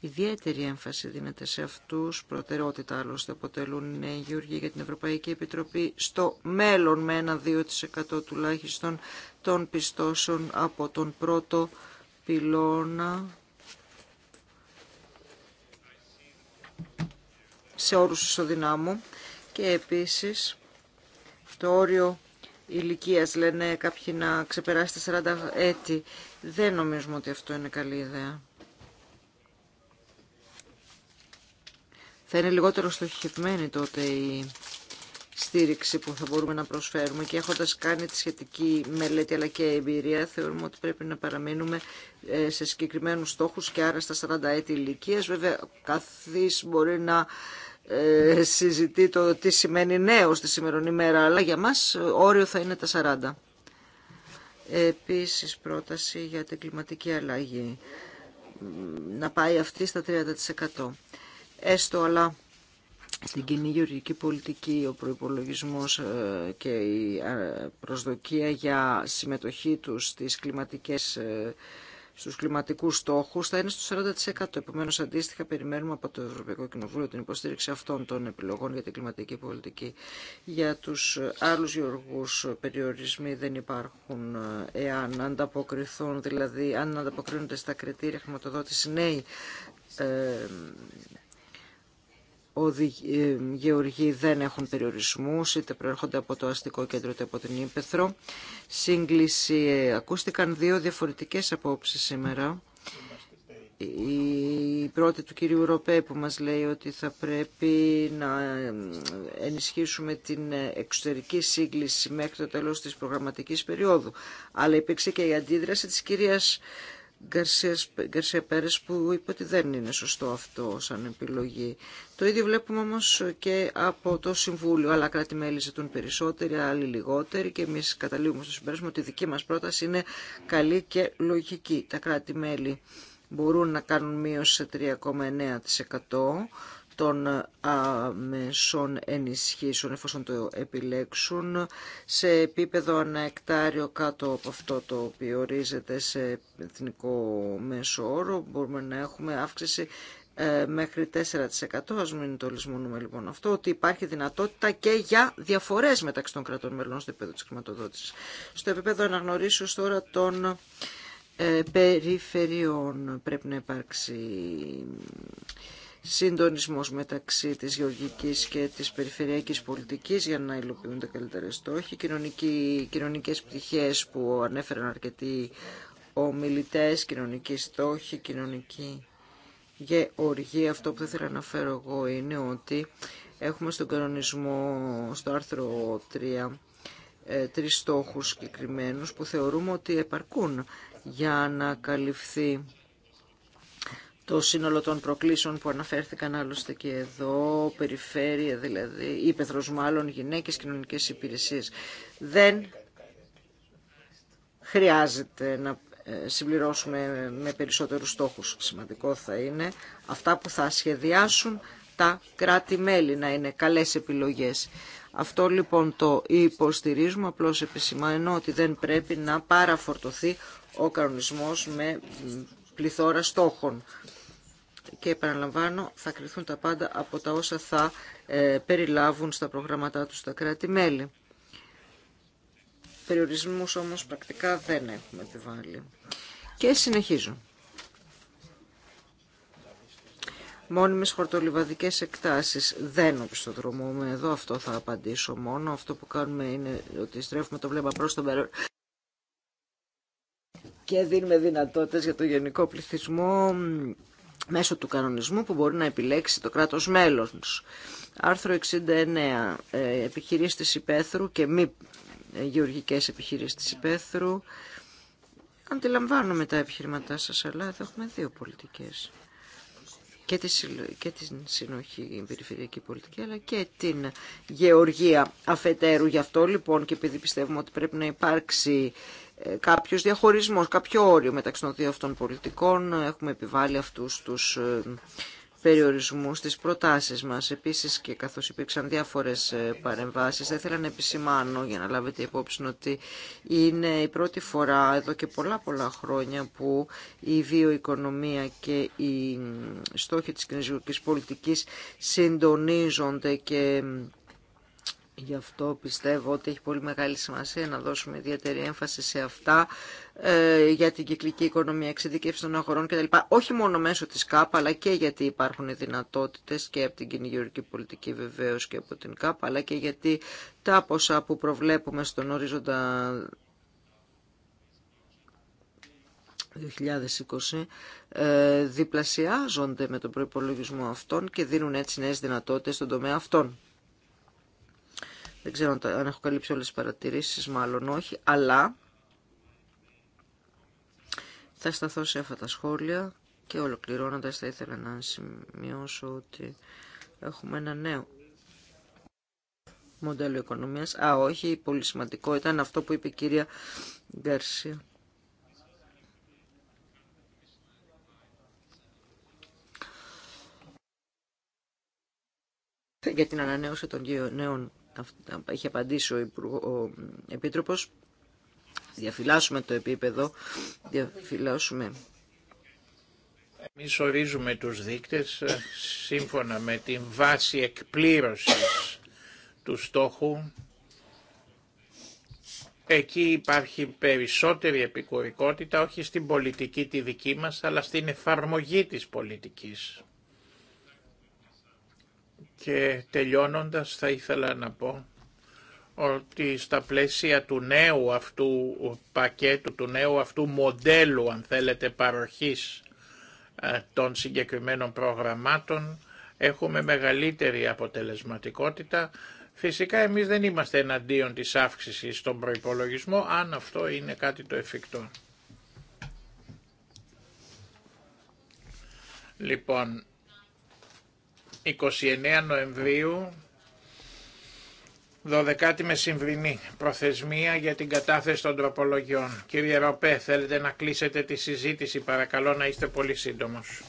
Ιδιαίτερη έμφαση δίνεται σε αυτούς, προτεραιότητα άλλωστε αποτελούν οι νέοι γεωργοί για την Ευρωπαϊκή Επιτροπή στο μέλλον με ένα 2% τουλάχιστον των πιστώσεων από τον πρώτο πυλώνα σε όρους ισοδυνάμου και επίσης το όριο ηλικία λένε κάποιοι να ξεπεράσει τα 40 έτη. Δεν νομίζουμε ότι αυτό είναι καλή ιδέα. Θα είναι λιγότερο στοχευμένη τότε η στήριξη που θα μπορούμε να προσφέρουμε και έχοντας κάνει τη σχετική μελέτη αλλά και εμπειρία θεωρούμε ότι πρέπει να παραμείνουμε ε, σε συγκεκριμένους στόχους και άρα στα 40 έτη ηλικίας. Βέβαια καθής μπορεί να ε, συζητεί το τι σημαίνει νέο στη σημερινή μέρα, αλλά για μας όριο θα είναι τα 40. Επίσης πρόταση για την κλιματική αλλαγή. Να πάει αυτή στα 30%. Έστω αλλά στην κοινή γεωργική πολιτική ο προϋπολογισμός ε, και η ε, προσδοκία για συμμετοχή τους στις κλιματικές Στου κλιματικούς στόχους θα είναι στο 40%. Επομένω αντίστοιχα, περιμένουμε από το Ευρωπαϊκό Κοινοβούλιο την υποστήριξη αυτών των επιλογών για την κλιματική πολιτική. Για τους άλλους γεωργού περιορισμοί δεν υπάρχουν ε, εάν ανταποκριθούν, δηλαδή αν ανταποκρίνονται στα κριτήρια χρηματοδότηση νέοι ε, ε, γεωργοί δεν έχουν περιορισμούς, είτε προέρχονται από το αστικό κέντρο είτε από την Ήπεθρο. Σύγκληση, ε, ακούστηκαν δύο διαφορετικές απόψεις σήμερα. Η πρώτη του κυρίου Ροπέ που μας λέει ότι θα πρέπει να ε, ενισχύσουμε την εξωτερική σύγκληση μέχρι το τέλος της προγραμματικής περίοδου. Αλλά υπήρξε και η αντίδραση της κυρίας Γκαρσία Πέρες που είπε ότι δεν είναι σωστό αυτό σαν επιλογή. Το ίδιο βλέπουμε όμως και από το Συμβούλιο. Άλλα κράτη-μέλη ζητούν περισσότεροι, άλλοι λιγότεροι και εμει καταλήγουμε στο συμπέρασμα ότι η δική μας πρόταση είναι καλή και λογική. Τα κράτη-μέλη μπορούν να κάνουν μείωση σε 3,9% των ε, αμεσών ενισχύσεων εφόσον το επιλέξουν σε επίπεδο αναεκτάριο κάτω από αυτό το οποίο ορίζεται σε εθνικό μέσο όρο μπορούμε να έχουμε αύξηση ε, μέχρι 4%. Ας μην το λησμονούμε λοιπόν αυτό, ότι υπάρχει δυνατότητα και για διαφορές μεταξύ των κρατών μελών στο επίπεδο της χρηματοδότησης. Στο επίπεδο αναγνωρίσεως τώρα των ε, περιφερειών πρέπει να υπάρξει συντονισμός μεταξύ της γεωργικής και της περιφερειακής πολιτικής για να υλοποιούνται καλύτερες στόχοι, κοινωνικές πτυχές που ανέφεραν αρκετοί ομιλητές, κοινωνική στόχοι, κοινωνική γεωργία. Αυτό που ήθελα να φέρω εγώ είναι ότι έχουμε στον κανονισμό, στο άρθρο 3, ε, τρεις στόχους συγκεκριμένους που θεωρούμε ότι επαρκούν για να καλυφθεί το σύνολο των προκλήσεων που αναφέρθηκαν άλλωστε και εδώ, περιφέρεια δηλαδή, ύπεθρος μάλλον, γυναίκες, κοινωνικές υπηρεσίες. Δεν χρειάζεται να ε, συμπληρώσουμε με περισσότερους στόχους. Σημαντικό θα είναι αυτά που θα σχεδιάσουν τα κράτη-μέλη να είναι καλές επιλογές. Αυτό λοιπόν το υποστηρίζουμε, απλώς επισημαίνω ότι δεν πρέπει να παραφορτωθεί ο κανονισμός με πληθώρα στόχων και επαναλαμβάνω θα κρυθούν τα πάντα από τα όσα θα ε, περιλάβουν στα προγράμματά τους τα κράτη-μέλη. Περιορισμούς όμως πρακτικά δεν έχουμε επιβάλει. Και συνεχίζω. Μόνιμες χορτολιβαδικές εκτάσεις δεν οπισθοδρομούμε. Εδώ αυτό θα απαντήσω μόνο. Αυτό που κάνουμε είναι ότι στρέφουμε το βλέμμα προς τον μέλλον και δίνουμε δυνατότητες για το γενικό πληθυσμό μέσω του κανονισμού που μπορεί να επιλέξει το κράτος μέλος. Άρθρο 69. Ε, επιχειρήσεις της υπαίθρου και μη ε, γεωργικές επιχειρήσεις της υπαίθρου. Αντιλαμβάνομαι τα επιχειρηματά σας, αλλά εδώ έχουμε δύο πολιτικές. Και, τη, και την συνοχή η περιφερειακή πολιτική, αλλά και την γεωργία αφετέρου. Γι' αυτό λοιπόν και επειδή πιστεύουμε ότι πρέπει να υπάρξει ε, κάποιος διαχωρισμός, κάποιο όριο μεταξύ των δύο αυτών πολιτικών. Έχουμε επιβάλει αυτούς τους ε, περιορισμούς στις προτάσεις μας. Επίσης και καθώς υπήρξαν διάφορες ε, παρεμβάσεις, θα ήθελα να επισημάνω για να λάβετε υπόψη ότι είναι η πρώτη φορά εδώ και πολλά πολλά χρόνια που η βιοοικονομία και οι στόχοι της κοινωνικής πολιτικής συντονίζονται και Γι' αυτό πιστεύω ότι έχει πολύ μεγάλη σημασία να δώσουμε ιδιαίτερη έμφαση σε αυτά ε, για την κυκλική οικονομία, εξειδικεύση των αγορών κτλ. Όχι μόνο μέσω της ΚΑΠ, αλλά και γιατί υπάρχουν δυνατότητε δυνατότητες και από την κυνηγιορική πολιτική βεβαίως και από την ΚΑΠ, αλλά και γιατί τα ποσά που προβλέπουμε στον ορίζοντα 2020 ε, διπλασιάζονται με τον προϋπολογισμό αυτών και δίνουν έτσι νέες δυνατότητες στον τομέα αυτών. Δεν ξέρω αν έχω καλύψει όλες τις παρατηρήσεις, μάλλον όχι, αλλά θα σταθώ σε αυτά τα σχόλια και ολοκληρώνοντας θα ήθελα να σημειώσω ότι έχουμε ένα νέο μοντέλο οικονομίας. Α, όχι, πολύ σημαντικό ήταν αυτό που είπε η κυρία Γκαρσία. για την ανανέωση των νέων έχει απαντήσει ο, ο Επίτροπος, διαφυλάσσουμε το επίπεδο, διαφυλάσσουμε... Εμείς ορίζουμε τους δείκτες ε, σύμφωνα με την βάση εκπλήρωσης του στόχου. Εκεί υπάρχει περισσότερη επικουρικότητα, όχι στην πολιτική τη δική μας, αλλά στην εφαρμογή της πολιτικής. Και τελειώνοντας θα ήθελα να πω ότι στα πλαίσια του νέου αυτού πακέτου, του νέου αυτού μοντέλου αν θέλετε παροχής ε, των συγκεκριμένων προγραμμάτων έχουμε μεγαλύτερη αποτελεσματικότητα. Φυσικά εμείς δεν είμαστε εναντίον της αύξησης στον προϋπολογισμό αν αυτό είναι κάτι το εφικτό. Λοιπόν, 29 Νοεμβρίου 12η μεσημβρινή προθεσμία για την κατάθεση των τροπολογιών. Κύριε Ροπέ, θέλετε να κλείσετε τη συζήτηση, παρακαλώ να είστε πολύ σύντομος.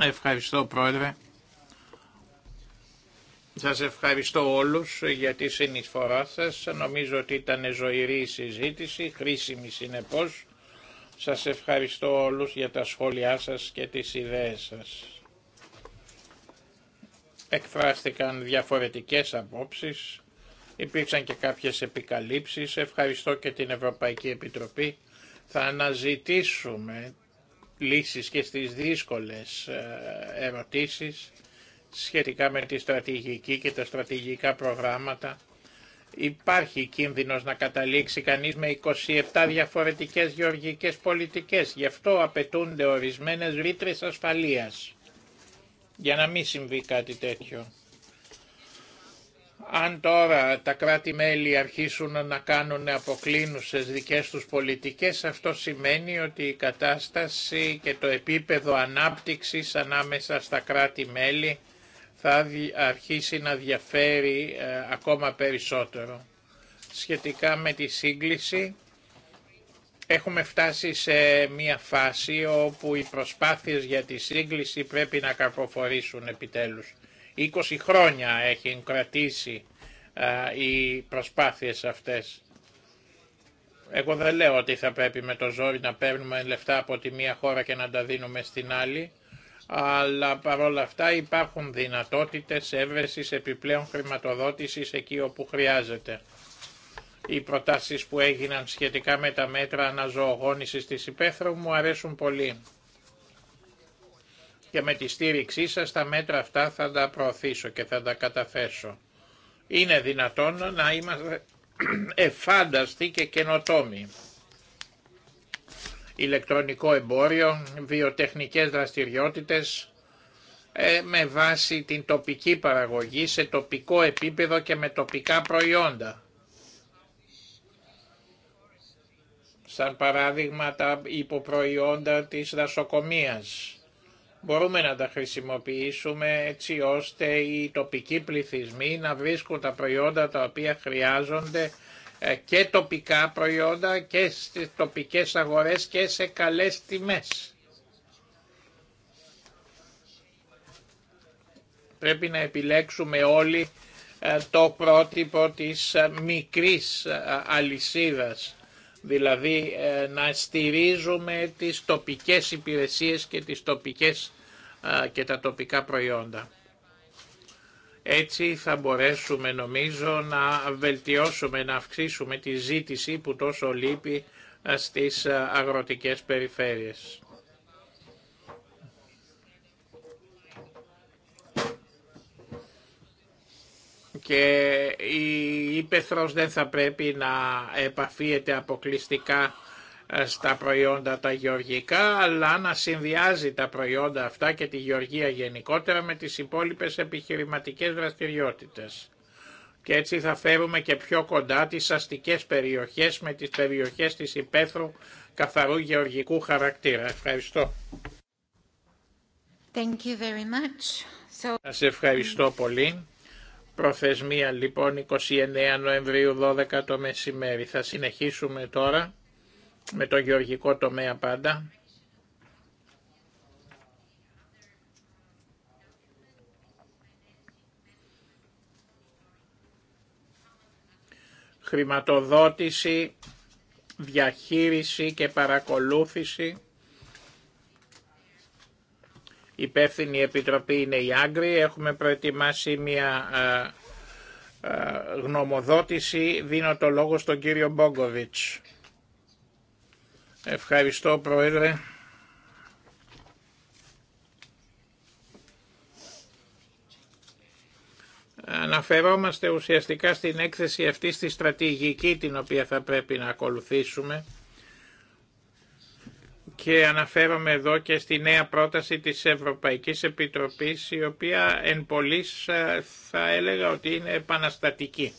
Ευχαριστώ, Πρόεδρε. Σας ευχαριστώ όλους για τη συνεισφορά σας. Νομίζω ότι ήταν ζωηρή η συζήτηση, χρήσιμη συνεπώς. Σας ευχαριστώ όλους για τα σχόλιά σας και τις ιδέες σας. Εκφράστηκαν διαφορετικές απόψεις, υπήρξαν και κάποιες επικαλύψεις. Ευχαριστώ και την Ευρωπαϊκή Επιτροπή. Θα αναζητήσουμε λύσεις και στις δύσκολες ε, ερωτήσεις σχετικά με τη στρατηγική και τα στρατηγικά προγράμματα υπάρχει κίνδυνος να καταλήξει κανείς με 27 διαφορετικές γεωργικές πολιτικές. Γι' αυτό απαιτούνται ορισμένες ρήτρες ασφαλείας για να μην συμβεί κάτι τέτοιο. Αν τώρα τα κράτη-μέλη αρχίσουν να κάνουν αποκλίνουσες δικές τους πολιτικές, αυτό σημαίνει ότι η κατάσταση και το επίπεδο ανάπτυξης ανάμεσα στα κράτη-μέλη θα αρχίσει να διαφέρει ε, ακόμα περισσότερο. Σχετικά με τη σύγκληση, έχουμε φτάσει σε μια φάση όπου οι προσπάθειες για τη σύγκληση πρέπει να καρποφορήσουν επιτέλους. 20 χρόνια έχει κρατήσει ε, οι προσπάθειες αυτές. Εγώ δεν λέω ότι θα πρέπει με το ζόρι να παίρνουμε λεφτά από τη μία χώρα και να τα δίνουμε στην άλλη αλλά παρόλα αυτά υπάρχουν δυνατότητες έβρεσης επιπλέον χρηματοδότησης εκεί όπου χρειάζεται. Οι προτάσεις που έγιναν σχετικά με τα μέτρα αναζωογόνησης της υπαίθρου μου αρέσουν πολύ. Και με τη στήριξή σας τα μέτρα αυτά θα τα προωθήσω και θα τα καταθέσω. Είναι δυνατόν να είμαστε εφάνταστοι και καινοτόμοι ηλεκτρονικό εμπόριο, βιοτεχνικές δραστηριότητες ε, με βάση την τοπική παραγωγή σε τοπικό επίπεδο και με τοπικά προϊόντα. Σαν παράδειγμα τα υποπροϊόντα της δασοκομείας. Μπορούμε να τα χρησιμοποιήσουμε έτσι ώστε οι τοπικοί πληθυσμοί να βρίσκουν τα προϊόντα τα οποία χρειάζονται ε, και τοπικά προϊόντα και στις τοπικές αγορές και σε καλές τιμές. Πρέπει να επιλέξουμε όλοι ε, το πρότυπο της ε, μικρής αλυσίδας, δηλαδή να στηρίζουμε τις τοπικές υπηρεσίες και, τις τοπικές, και τα τοπικά προϊόντα. Έτσι θα μπορέσουμε νομίζω να βελτιώσουμε, να αυξήσουμε τη ζήτηση που τόσο λείπει ε, στις ε, αγροτικές περιφέρειες. Και η ύπεθρος δεν θα πρέπει να επαφίεται αποκλειστικά ε, στα προϊόντα τα γεωργικά, αλλά να συνδυάζει τα προϊόντα αυτά και τη γεωργία γενικότερα με τις υπόλοιπες επιχειρηματικές δραστηριότητες. Και έτσι θα φέρουμε και πιο κοντά τις αστικές περιοχές με τις περιοχές της υπαίθρου καθαρού γεωργικού χαρακτήρα. Ευχαριστώ. Thank you very much. So... Σας ευχαριστώ πολύ. Προθεσμία λοιπόν 29 Νοεμβρίου 12 το μεσημέρι. Θα συνεχίσουμε τώρα με το γεωργικό τομέα πάντα. Χρηματοδότηση, διαχείριση και παρακολούθηση. Η υπεύθυνη επιτροπή είναι η Άγκρη. Έχουμε προετοιμάσει μια ε, ε, γνωμοδότηση. Δίνω το λόγο στον κύριο Μπόγκοβιτς. Ευχαριστώ Πρόεδρε. Αναφερόμαστε ουσιαστικά στην έκθεση αυτή στη στρατηγική την οποία θα πρέπει να ακολουθήσουμε και αναφέρομαι εδώ και στη νέα πρόταση της Ευρωπαϊκής Επιτροπής η οποία εν πολλής ε, θα έλεγα ότι είναι επαναστατική.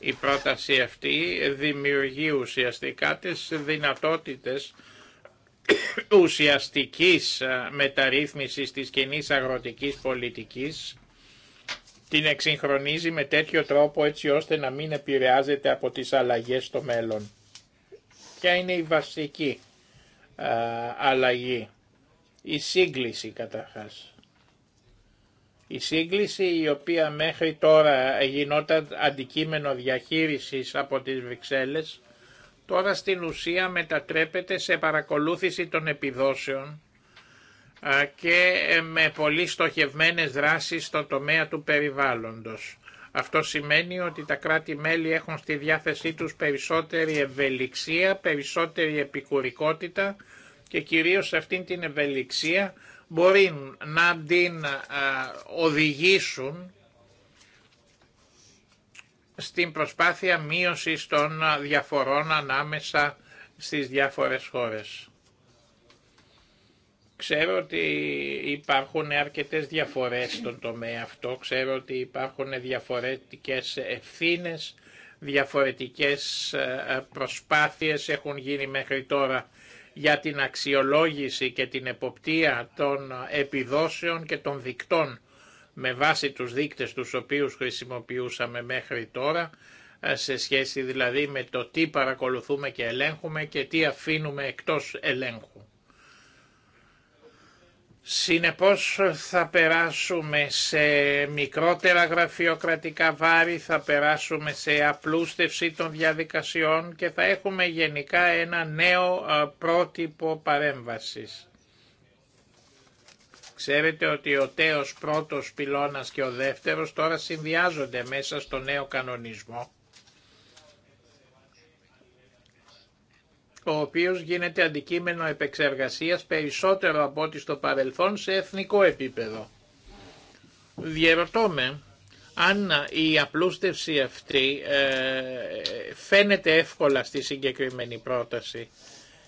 Η πρόταση αυτή δημιουργεί ουσιαστικά τις δυνατότητες ουσιαστικής μεταρρύθμισης της κοινή αγροτικής πολιτικής την εξυγχρονίζει με τέτοιο τρόπο έτσι ώστε να μην επηρεάζεται από τις αλλαγές στο μέλλον. Ποια είναι η βασική αλλαγή, η σύγκληση καταρχάς. Η σύγκληση η οποία μέχρι τώρα γινόταν αντικείμενο διαχείρισης από τις Βρυξέλλες, τώρα στην ουσία μετατρέπεται σε παρακολούθηση των επιδόσεων και ε, με πολύ στοχευμένες δράσεις στον τομέα του περιβάλλοντος. Αυτό σημαίνει ότι τα κράτη-μέλη έχουν στη διάθεσή τους περισσότερη ευελιξία, περισσότερη επικουρικότητα και κυρίως αυτήν την ευελιξία μπορεί να την ε, οδηγήσουν στην προσπάθεια μείωσης των διαφορών ανάμεσα στις διάφορες χώρες. Ξέρω ότι υπάρχουν αρκετές διαφορές στον τομέα αυτό, ξέρω ότι υπάρχουν διαφορετικές ευθύνες, διαφορετικές ε, προσπάθειες έχουν γίνει μέχρι τώρα για την αξιολόγηση και την εποπτεία των επιδόσεων και των δικτών με βάση τους δείκτες τους οποίους χρησιμοποιούσαμε μέχρι τώρα, ε, σε σχέση δηλαδή με το τι παρακολουθούμε και ελέγχουμε και τι αφήνουμε εκτός ελέγχου. Συνεπώς θα περάσουμε σε μικρότερα γραφειοκρατικά βάρη, θα περάσουμε σε απλούστευση των διαδικασιών και θα έχουμε γενικά ένα νέο πρότυπο παρέμβασης. Ξέρετε ότι ο τέος πρώτος πυλώνας και ο δεύτερος τώρα συνδυάζονται μέσα στο νέο κανονισμό ο οποίος γίνεται αντικείμενο επεξεργασίας περισσότερο από ό,τι στο παρελθόν σε εθνικό επίπεδο. Διερωτώ αν η απλούστευση αυτή ε, φαίνεται εύκολα στη συγκεκριμένη πρόταση.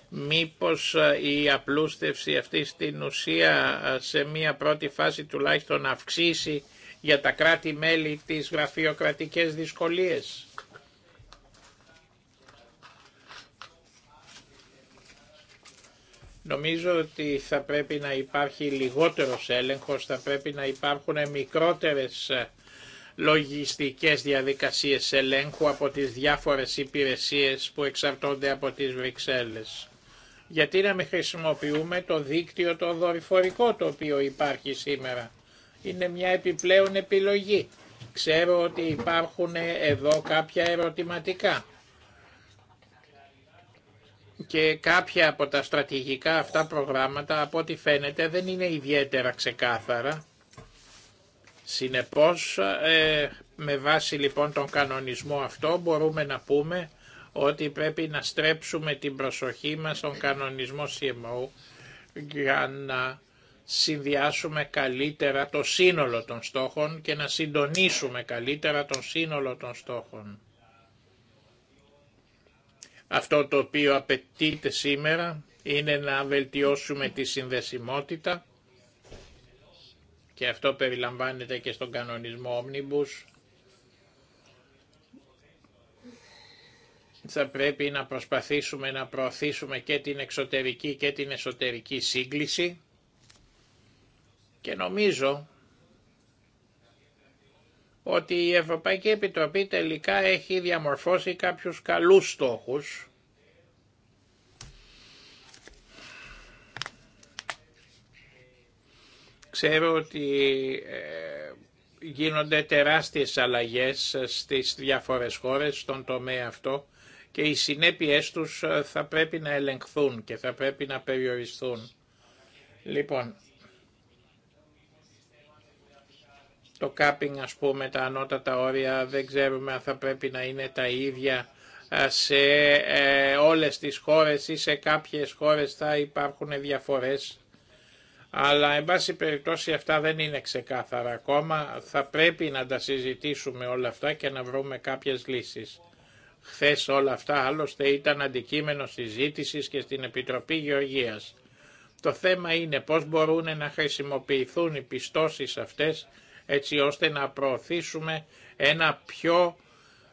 Μήπως ε, η απλούστευση αυτή στην ουσία ε, σε μία πρώτη φάση τουλάχιστον αυξήσει για τα κράτη-μέλη τις γραφειοκρατικές δυσκολίες. Νομίζω ότι θα πρέπει να υπάρχει λιγότερος έλεγχος, θα πρέπει να υπάρχουν μικρότερες ε, λογιστικές διαδικασίες ελέγχου από τις διάφορες υπηρεσίες που εξαρτώνται από τις Βρυξέλλες. Γιατί να μην χρησιμοποιούμε το δίκτυο το δορυφορικό το οποίο υπάρχει σήμερα. Είναι μια επιπλέον επιλογή. Ξέρω ότι υπάρχουν εδώ κάποια ερωτηματικά και κάποια από τα στρατηγικά αυτά προγράμματα από ό,τι φαίνεται δεν είναι ιδιαίτερα ξεκάθαρα. Συνεπώς, ε, με βάση λοιπόν τον κανονισμό αυτό μπορούμε να πούμε ότι πρέπει να στρέψουμε την προσοχή μας στον κανονισμό CMO για να συνδυάσουμε καλύτερα το σύνολο των στόχων και να συντονίσουμε καλύτερα τον σύνολο των στόχων. Αυτό το οποίο απαιτείται σήμερα είναι να βελτιώσουμε τη συνδεσιμότητα και αυτό περιλαμβάνεται και στον κανονισμό Omnibus. Θα πρέπει να προσπαθήσουμε να προωθήσουμε και την εξωτερική και την εσωτερική σύγκληση και νομίζω ότι η Ευρωπαϊκή Επιτροπή τελικά έχει διαμορφώσει κάποιους καλούς στόχους Ξέρω ότι ε, γίνονται τεράστιες αλλαγές ε, στις διάφορες χώρες στον τομέα αυτό και οι συνέπειες τους ε, θα πρέπει να ελεγχθούν και θα πρέπει να περιοριστούν. Λοιπόν, Το κάπινγκ ας πούμε τα ανώτατα όρια δεν ξέρουμε αν θα πρέπει να είναι τα ίδια ε, σε ε, όλες τις χώρες ή σε κάποιες χώρες θα υπάρχουν διαφορές. Αλλά εν πάση περιπτώσει αυτά δεν είναι ξεκάθαρα ακόμα. Θα πρέπει να τα συζητήσουμε όλα αυτά και να βρούμε κάποιες λύσεις. Χθε όλα αυτά άλλωστε ήταν αντικείμενο συζήτηση και στην Επιτροπή Γεωργίας. Το θέμα είναι πώς μπορούν να χρησιμοποιηθούν οι πιστώσεις αυτές έτσι ώστε να προωθήσουμε ένα πιο,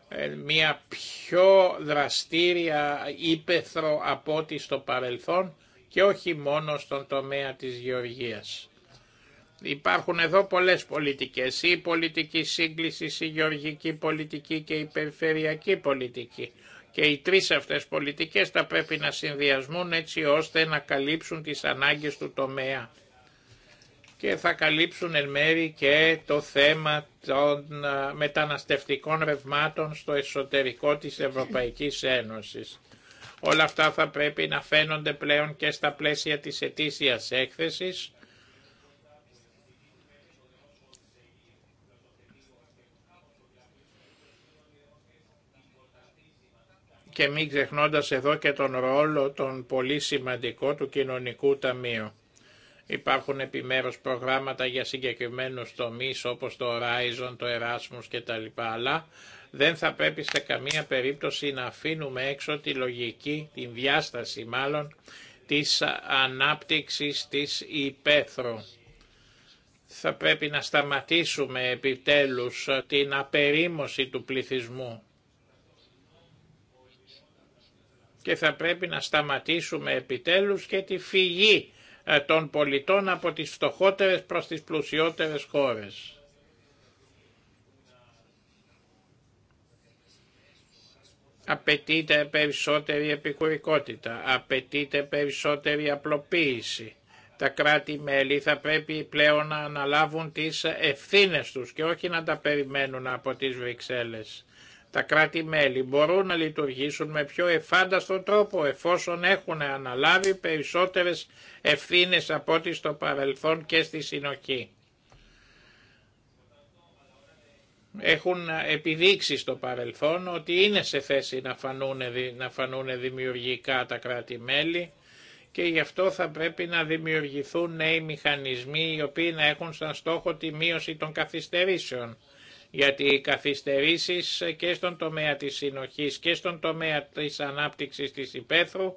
ε, μια πιο δραστήρια ύπεθρο από ό,τι στο παρελθόν και όχι μόνο στον τομέα της γεωργίας. Υπάρχουν εδώ πολλές πολιτικές, η πολιτική σύγκληση, η γεωργική πολιτική και η περιφερειακή πολιτική. Και οι τρεις αυτές πολιτικές θα πρέπει να συνδυασμούν έτσι ώστε να καλύψουν τις ανάγκες του τομέα και θα καλύψουν εν μέρη και το θέμα των μεταναστευτικών ρευμάτων στο εσωτερικό της Ευρωπαϊκής Ένωσης. Όλα αυτά θα πρέπει να φαίνονται πλέον και στα πλαίσια της ετήσιας έκθεσης και μην ξεχνώντας εδώ και τον ρόλο τον πολύ σημαντικό του Κοινωνικού Ταμείου. Υπάρχουν επιμέρους προγράμματα για συγκεκριμένους τομείς όπως το Horizon, το Erasmus κτλ. Αλλά δεν θα πρέπει σε καμία περίπτωση να αφήνουμε έξω τη λογική, την διάσταση μάλλον, της ανάπτυξης της υπαίθρου. Θα πρέπει να σταματήσουμε επιτέλους την απερίμωση του πληθυσμού και θα πρέπει να σταματήσουμε επιτέλους και τη φυγή ε, των πολιτών από τις φτωχότερες προς τις πλουσιότερες χώρες. Απαιτείται περισσότερη επικουρικότητα, απαιτείται περισσότερη απλοποίηση. Τα κράτη-μέλη θα πρέπει πλέον να αναλάβουν τις ευθύνες τους και όχι να τα περιμένουν από τις Βρυξέλλες. Τα κράτη-μέλη μπορούν να λειτουργήσουν με πιο εφάνταστο τρόπο εφόσον έχουν αναλάβει περισσότερες ευθύνες από ό,τι στο παρελθόν και στη συνοχή. Έχουν επιδείξει στο παρελθόν ότι είναι σε θέση να φανούν, να φανούν δημιουργικά τα κράτη-μέλη και γι' αυτό θα πρέπει να δημιουργηθούν νέοι μηχανισμοί οι οποίοι να έχουν σαν στόχο τη μείωση των καθυστερήσεων γιατί οι καθυστερήσεις και στον τομέα της συνοχής και στον τομέα της ανάπτυξης της υπαίθρου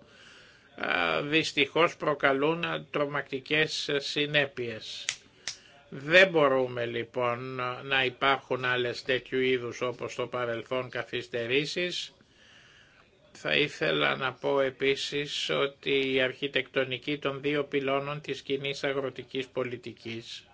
δυστυχώς προκαλούν τρομακτικές συνέπειες. Δεν μπορούμε λοιπόν να υπάρχουν άλλες τέτοιου είδους όπως το παρελθόν καθυστερήσεις. Θα ήθελα να πω επίσης ότι η αρχιτεκτονική των δύο πυλώνων της κοινή αγροτικής πολιτικής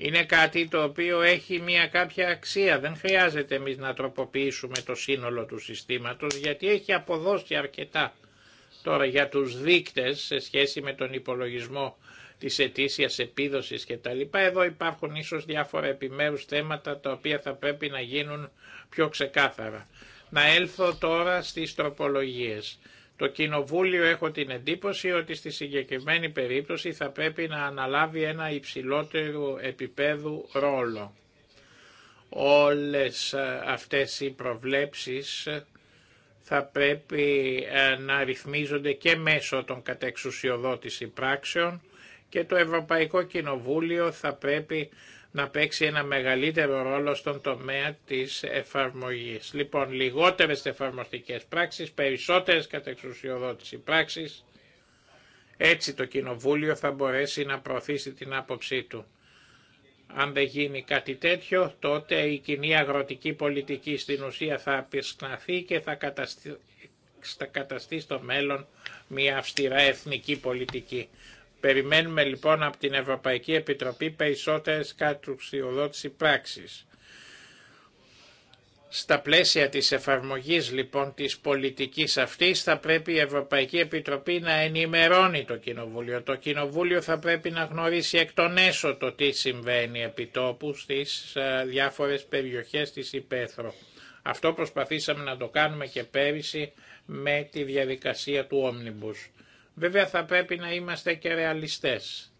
Είναι κάτι το οποίο έχει μια κάποια αξία. Δεν χρειάζεται εμεί να τροποποιήσουμε το σύνολο του συστήματος γιατί έχει αποδώσει αρκετά. Τώρα για τους δείκτες σε σχέση με τον υπολογισμό της ετήσιας επίδοσης και τα λοιπά, εδώ υπάρχουν ίσως διάφορα επιμέρους θέματα τα οποία θα πρέπει να γίνουν πιο ξεκάθαρα. Να έλθω τώρα στις τροπολογίες. Το Κοινοβούλιο έχω την εντύπωση ότι στη συγκεκριμένη περίπτωση θα πρέπει να αναλάβει ένα υψηλότερο επίπεδου ρόλο. Όλες ε, αυτές οι προβλέψεις ε, θα πρέπει ε, να ρυθμίζονται και μέσω των κατεξουσιοδότηση πράξεων και το Ευρωπαϊκό Κοινοβούλιο θα πρέπει να παίξει ένα μεγαλύτερο ρόλο στον τομέα της εφαρμογής. Λοιπόν, λιγότερες εφαρμοστικές πράξεις, περισσότερες κατεξουσιοδότηση πράξεις, έτσι το Κοινοβούλιο θα μπορέσει να προωθήσει την άποψή του. Αν δεν γίνει κάτι τέτοιο, τότε η κοινή αγροτική πολιτική στην ουσία θα απεισχναθεί και θα καταστεί, θα καταστεί στο μέλλον μια αυστηρά εθνική πολιτική. Περιμένουμε λοιπόν από την Ευρωπαϊκή Επιτροπή περισσότερες κατουσιοδότηση πράξεις. Στα πλαίσια της εφαρμογής λοιπόν της πολιτικής αυτής θα πρέπει η Ευρωπαϊκή Επιτροπή να ενημερώνει το Κοινοβούλιο. Το Κοινοβούλιο θα πρέπει να γνωρίσει εκ των έσω το τι συμβαίνει επί τόπου στις ε, διάφορες περιοχές της Υπέθρο. Αυτό προσπαθήσαμε να το κάνουμε και πέρυσι με τη διαδικασία του Omnibus. Βέβαια θα πρέπει να είμαστε και ρεαλιστές.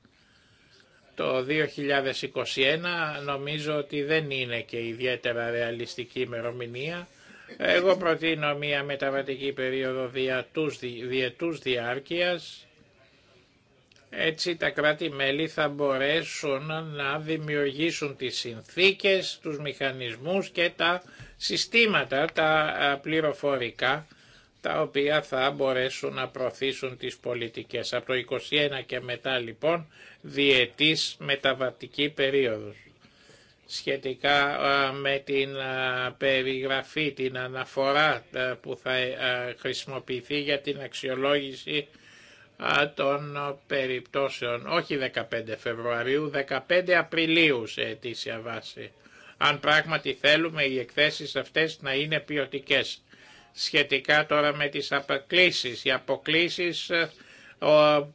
Το 2021 νομίζω ότι δεν είναι και ιδιαίτερα ρεαλιστική ημερομηνία. Εγώ προτείνω μια μεταβατική περίοδο διατούς, διετούς διάρκειας. Έτσι τα κράτη-μέλη θα μπορέσουν να δημιουργήσουν τις συνθήκες, τους μηχανισμούς και τα συστήματα, τα πληροφορικά, τα οποία θα μπορέσουν να προωθήσουν τις πολιτικές. Από το 21 και μετά λοιπόν διετής μεταβατική περίοδος. Σχετικά με την περιγραφή, την αναφορά που θα ε, χρησιμοποιηθεί για την αξιολόγηση των περιπτώσεων, όχι 15 Φεβρουαρίου, 15 Απριλίου σε αιτήσια βάση. Αν πράγματι θέλουμε οι εκθέσεις αυτές να είναι ποιοτικές σχετικά τώρα με τις αποκλήσεις. Οι αποκλήσεις ε,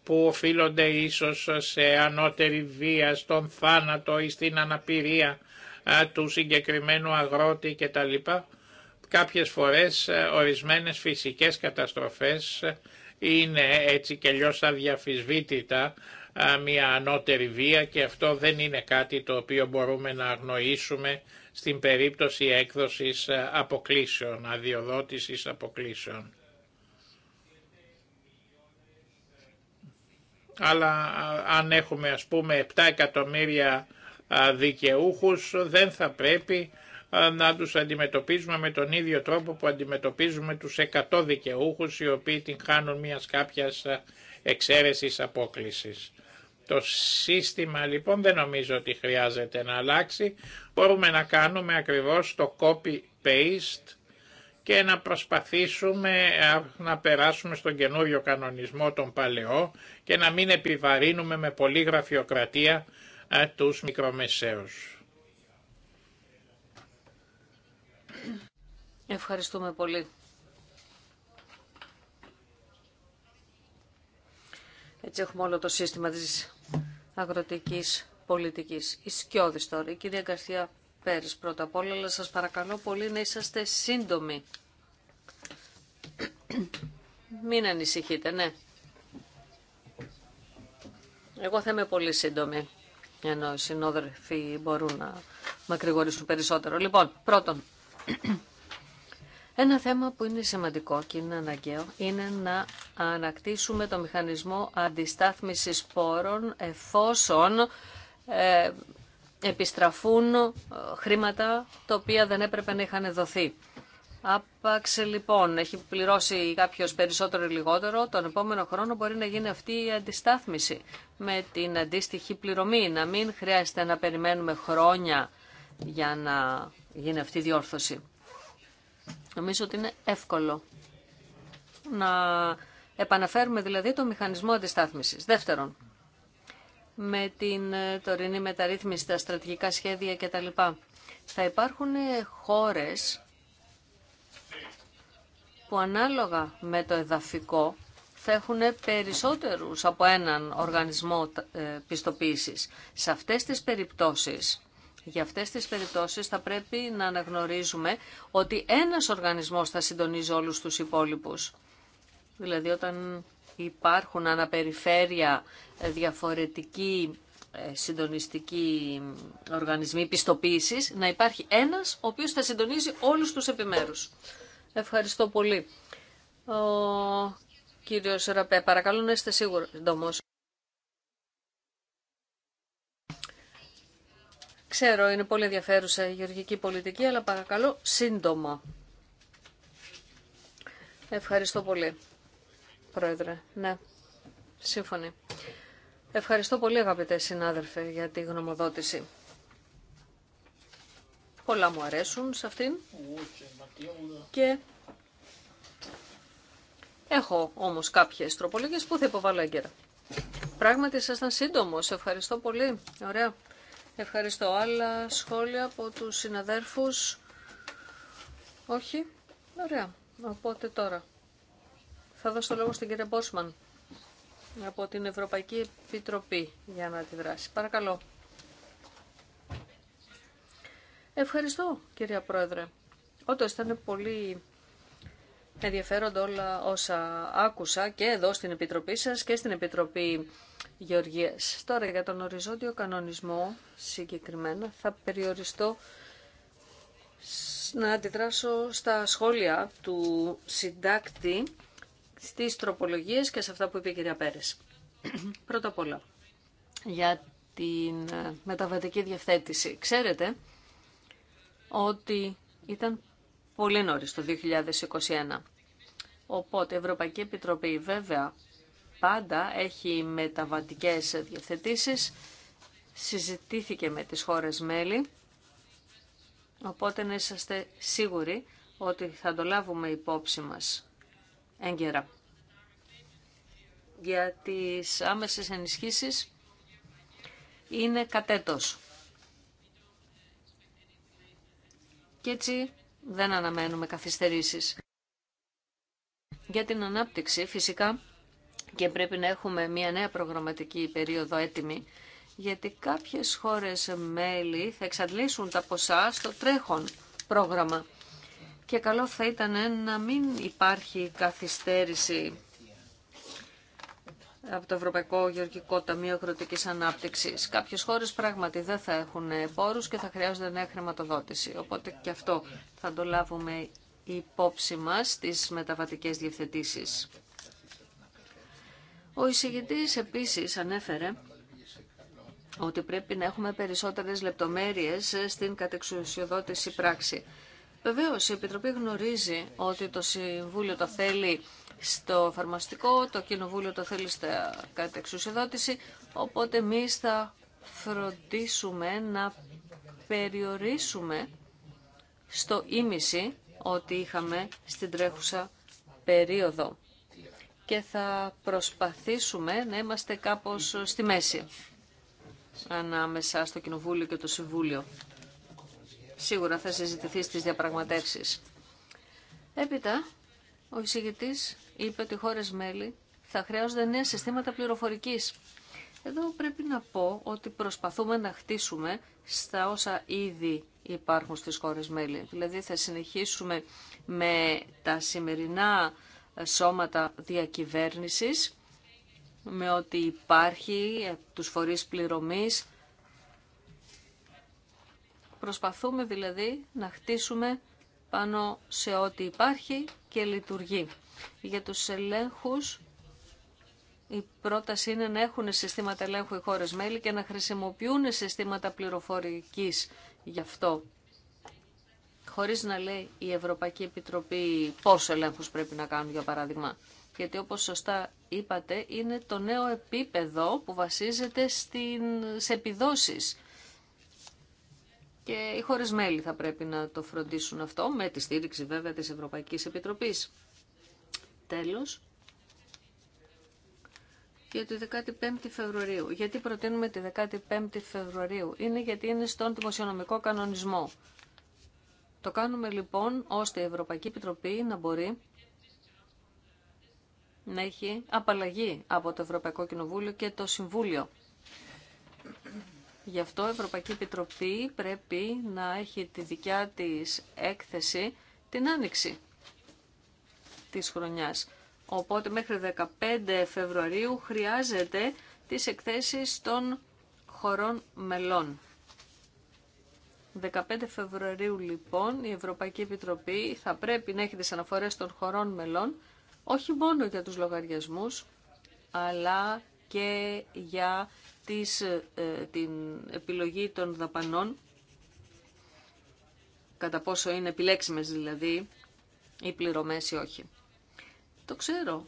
που οφείλονται ίσως σε ανώτερη βία, στον θάνατο ή στην αναπηρία ε, του συγκεκριμένου αγρότη κτλ. Κάποιες φορές ε, ορισμένες φυσικές καταστροφές είναι έτσι και λιώς αδιαφυσβήτητα μια ανώτερη βία και αυτό δεν είναι κάτι το οποίο μπορούμε να αγνοήσουμε στην περίπτωση έκδοσης ε, αποκλήσεων, αδειοδότησης αποκλήσεων. Αλλά αν έχουμε ας πούμε 7 εκατομμύρια δικαιούχους δεν θα πρέπει να τους αντιμετωπίζουμε με τον ίδιο τρόπο που αντιμετωπίζουμε τους 100 δικαιούχους οι οποίοι την χάνουν μιας κάποιας εξαίρεσης απόκλησης. Το σύστημα λοιπόν δεν νομίζω ότι χρειάζεται να αλλάξει. Μπορούμε να κάνουμε ακριβώς το copy-paste και να προσπαθήσουμε να περάσουμε στον καινούριο κανονισμό τον παλαιό και να μην επιβαρύνουμε με πολλή γραφειοκρατία τους μικρομεσαίους. Ευχαριστούμε πολύ. Έτσι έχουμε όλο το σύστημα της αγροτικής πολιτικής. Η Σκιώδης τώρα, η κυρία Γκαρθία πρώτα απ' όλα, αλλά σας παρακαλώ πολύ να είσαστε σύντομοι. Μην ανησυχείτε, ναι. Εγώ θα είμαι πολύ σύντομη, ενώ οι συνόδελφοι μπορούν να μακρηγορήσουν περισσότερο. Λοιπόν, πρώτον, ένα θέμα που είναι σημαντικό και είναι αναγκαίο είναι να ανακτήσουμε το μηχανισμό αντιστάθμισης πόρων εφόσον ε, επιστραφούν ε, χρήματα τα οποία δεν έπρεπε να είχαν δοθεί. Άπαξ λοιπόν έχει πληρώσει κάποιος περισσότερο ή λιγότερο, τον επόμενο χρόνο μπορεί να γίνει αυτή η αντιστάθμιση με την αντίστοιχη πληρωμή, να μην χρειάζεται να περιμένουμε χρόνια για να γίνει αυτή η διόρθωση. Νομίζω ότι είναι εύκολο να επαναφέρουμε δηλαδή το μηχανισμό αντιστάθμισης. Δεύτερον, με την ε, τωρινή μεταρρύθμιση, τα στρατηγικά σχέδια κτλ. Θα υπάρχουν ε, χώρες που ανάλογα με το εδαφικό θα έχουν ε, περισσότερους από έναν οργανισμό πιστοποίησης. Σε αυτές τις περιπτώσεις για αυτές τις περιπτώσεις θα πρέπει να αναγνωρίζουμε ότι ένας οργανισμός θα συντονίζει όλους τους υπόλοιπους. Δηλαδή όταν υπάρχουν αναπεριφέρεια ε, διαφορετικοί ε, συντονιστικοί οργανισμοί πιστοποίησης, να υπάρχει ένας ο οποίος θα συντονίζει όλους τους επιμέρους. Ευχαριστώ πολύ. Ο κύριος Ραπέ, παρακαλώ να είστε σίγουροι. Ξέρω, είναι πολύ ενδιαφέρουσα η γεωργική πολιτική, αλλά παρακαλώ σύντομα. Ευχαριστώ πολύ, Πρόεδρε. Ναι, σύμφωνοι. Ευχαριστώ πολύ, αγαπητέ συνάδελφε, για τη γνωμοδότηση. Πολλά μου αρέσουν σε αυτήν. Και έχω όμως κάποιες τροπολογίες που θα υποβάλω έγκαιρα. Πράγματι, ήσασταν σύντομο. Ευχαριστώ πολύ. Ωραία. Ευχαριστώ. Άλλα σχόλια από τους συναδέρφους. Όχι. Ωραία. Οπότε τώρα θα δώσω το λόγο στην κυρία Μπόσμαν από την Ευρωπαϊκή Επιτροπή για να τη δράσει. Παρακαλώ. Ευχαριστώ κυρία Πρόεδρε. Όντω ήταν πολύ Ενδιαφέρονται όλα όσα άκουσα και εδώ στην Επιτροπή σας και στην Επιτροπή Γεωργίας. Τώρα για τον οριζόντιο κανονισμό συγκεκριμένα θα περιοριστώ να αντιδράσω στα σχόλια του συντάκτη στις τροπολογίες και σε αυτά που είπε η κυρία Πέρες. Πρώτα απ' όλα, για την μεταβατική διευθέτηση. Ξέρετε ότι ήταν πολύ νωρίς το 2021. Οπότε η Ευρωπαϊκή Επιτροπή βέβαια πάντα έχει μεταβατικές διευθετήσεις, συζητήθηκε με τις χώρες μέλη, οπότε να είσαστε σίγουροι ότι θα το λάβουμε υπόψη μας έγκαιρα. Για τις άμεσες ενισχύσεις είναι κατέτος. Και έτσι δεν αναμένουμε καθυστερήσεις. Για την ανάπτυξη φυσικά και πρέπει να έχουμε μια νέα προγραμματική περίοδο έτοιμη, γιατί κάποιες χώρες μέλη θα εξαντλήσουν τα ποσά στο τρέχον πρόγραμμα. Και καλό θα ήταν να μην υπάρχει καθυστέρηση από το Ευρωπαϊκό Γεωργικό Ταμείο Αγροτική Ανάπτυξη. Κάποιε χώρε πράγματι δεν θα έχουν πόρου και θα χρειάζονται νέα χρηματοδότηση. Οπότε και αυτό θα το λάβουμε υπόψη μας τις μεταβατικές διευθετήσεις. Ο εισηγητής επίσης ανέφερε ότι πρέπει να έχουμε περισσότερες λεπτομέρειες στην κατεξουσιοδότηση πράξη. Βεβαίω, η Επιτροπή γνωρίζει ότι το Συμβούλιο το θέλει στο φαρμαστικό, το Κοινοβούλιο το θέλει στα κατεξουσιοδότηση, οπότε εμεί θα φροντίσουμε να περιορίσουμε στο ίμιση ότι είχαμε στην τρέχουσα περίοδο και θα προσπαθήσουμε να είμαστε κάπως στη μέση ανάμεσα στο Κοινοβούλιο και το Συμβούλιο. Σίγουρα θα συζητηθεί στις διαπραγματεύσεις. Έπειτα, ο εισηγητής είπε ότι οι χώρες μέλη θα χρειάζονται νέα συστήματα πληροφορικής. Εδώ πρέπει να πω ότι προσπαθούμε να χτίσουμε στα όσα ήδη υπάρχουν στις χώρες μέλη. Δηλαδή θα συνεχίσουμε με τα σημερινά σώματα διακυβέρνησης, με ό,τι υπάρχει, τους φορείς πληρωμής. Προσπαθούμε δηλαδή να χτίσουμε πάνω σε ό,τι υπάρχει και λειτουργεί. Για τους ελέγχους η πρόταση είναι να έχουν συστήματα ελέγχου οι χώρες μέλη και να χρησιμοποιούν συστήματα πληροφορικής γι' αυτό. Χωρίς να λέει η Ευρωπαϊκή Επιτροπή πόσο ελέγχους πρέπει να κάνουν, για παράδειγμα. Γιατί όπως σωστά είπατε, είναι το νέο επίπεδο που βασίζεται στην... σε επιδόσεις. Και οι χώρες μέλη θα πρέπει να το φροντίσουν αυτό, με τη στήριξη βέβαια της Ευρωπαϊκής Επιτροπής. Τέλος, και τη 15η Φεβρουαρίου. Γιατί προτείνουμε τη 15η Φεβρουαρίου. Είναι γιατί είναι στον δημοσιονομικό κανονισμό. Το κάνουμε λοιπόν ώστε η Ευρωπαϊκή Επιτροπή να μπορεί να έχει απαλλαγή από το Ευρωπαϊκό Κοινοβούλιο και το Συμβούλιο. Γι' αυτό η Ευρωπαϊκή Επιτροπή πρέπει να έχει τη δικιά της έκθεση την άνοιξη της χρονιάς. Οπότε μέχρι 15 Φεβρουαρίου χρειάζεται τις εκθέσεις των χωρών μελών. 15 Φεβρουαρίου λοιπόν η Ευρωπαϊκή Επιτροπή θα πρέπει να έχει τις αναφορές των χωρών μελών όχι μόνο για τους λογαριασμούς αλλά και για τις, ε, την επιλογή των δαπανών κατά πόσο είναι επιλέξιμες δηλαδή οι πληρωμές ή όχι. Το ξέρω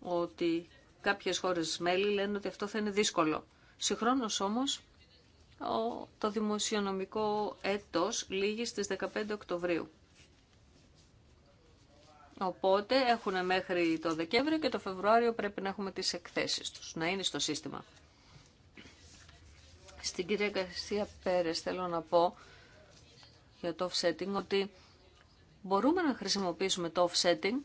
ότι κάποιες χώρες μέλη λένε ότι αυτό θα είναι δύσκολο. Συγχρόνως όμως το δημοσιονομικό έτος λήγει στις 15 Οκτωβρίου. Οπότε έχουν μέχρι το Δεκέμβριο και το Φεβρουάριο πρέπει να έχουμε τις εκθέσεις τους, να είναι στο σύστημα. Στην κυρία Καρσία Πέρες θέλω να πω για το offsetting ότι μπορούμε να χρησιμοποιήσουμε το offsetting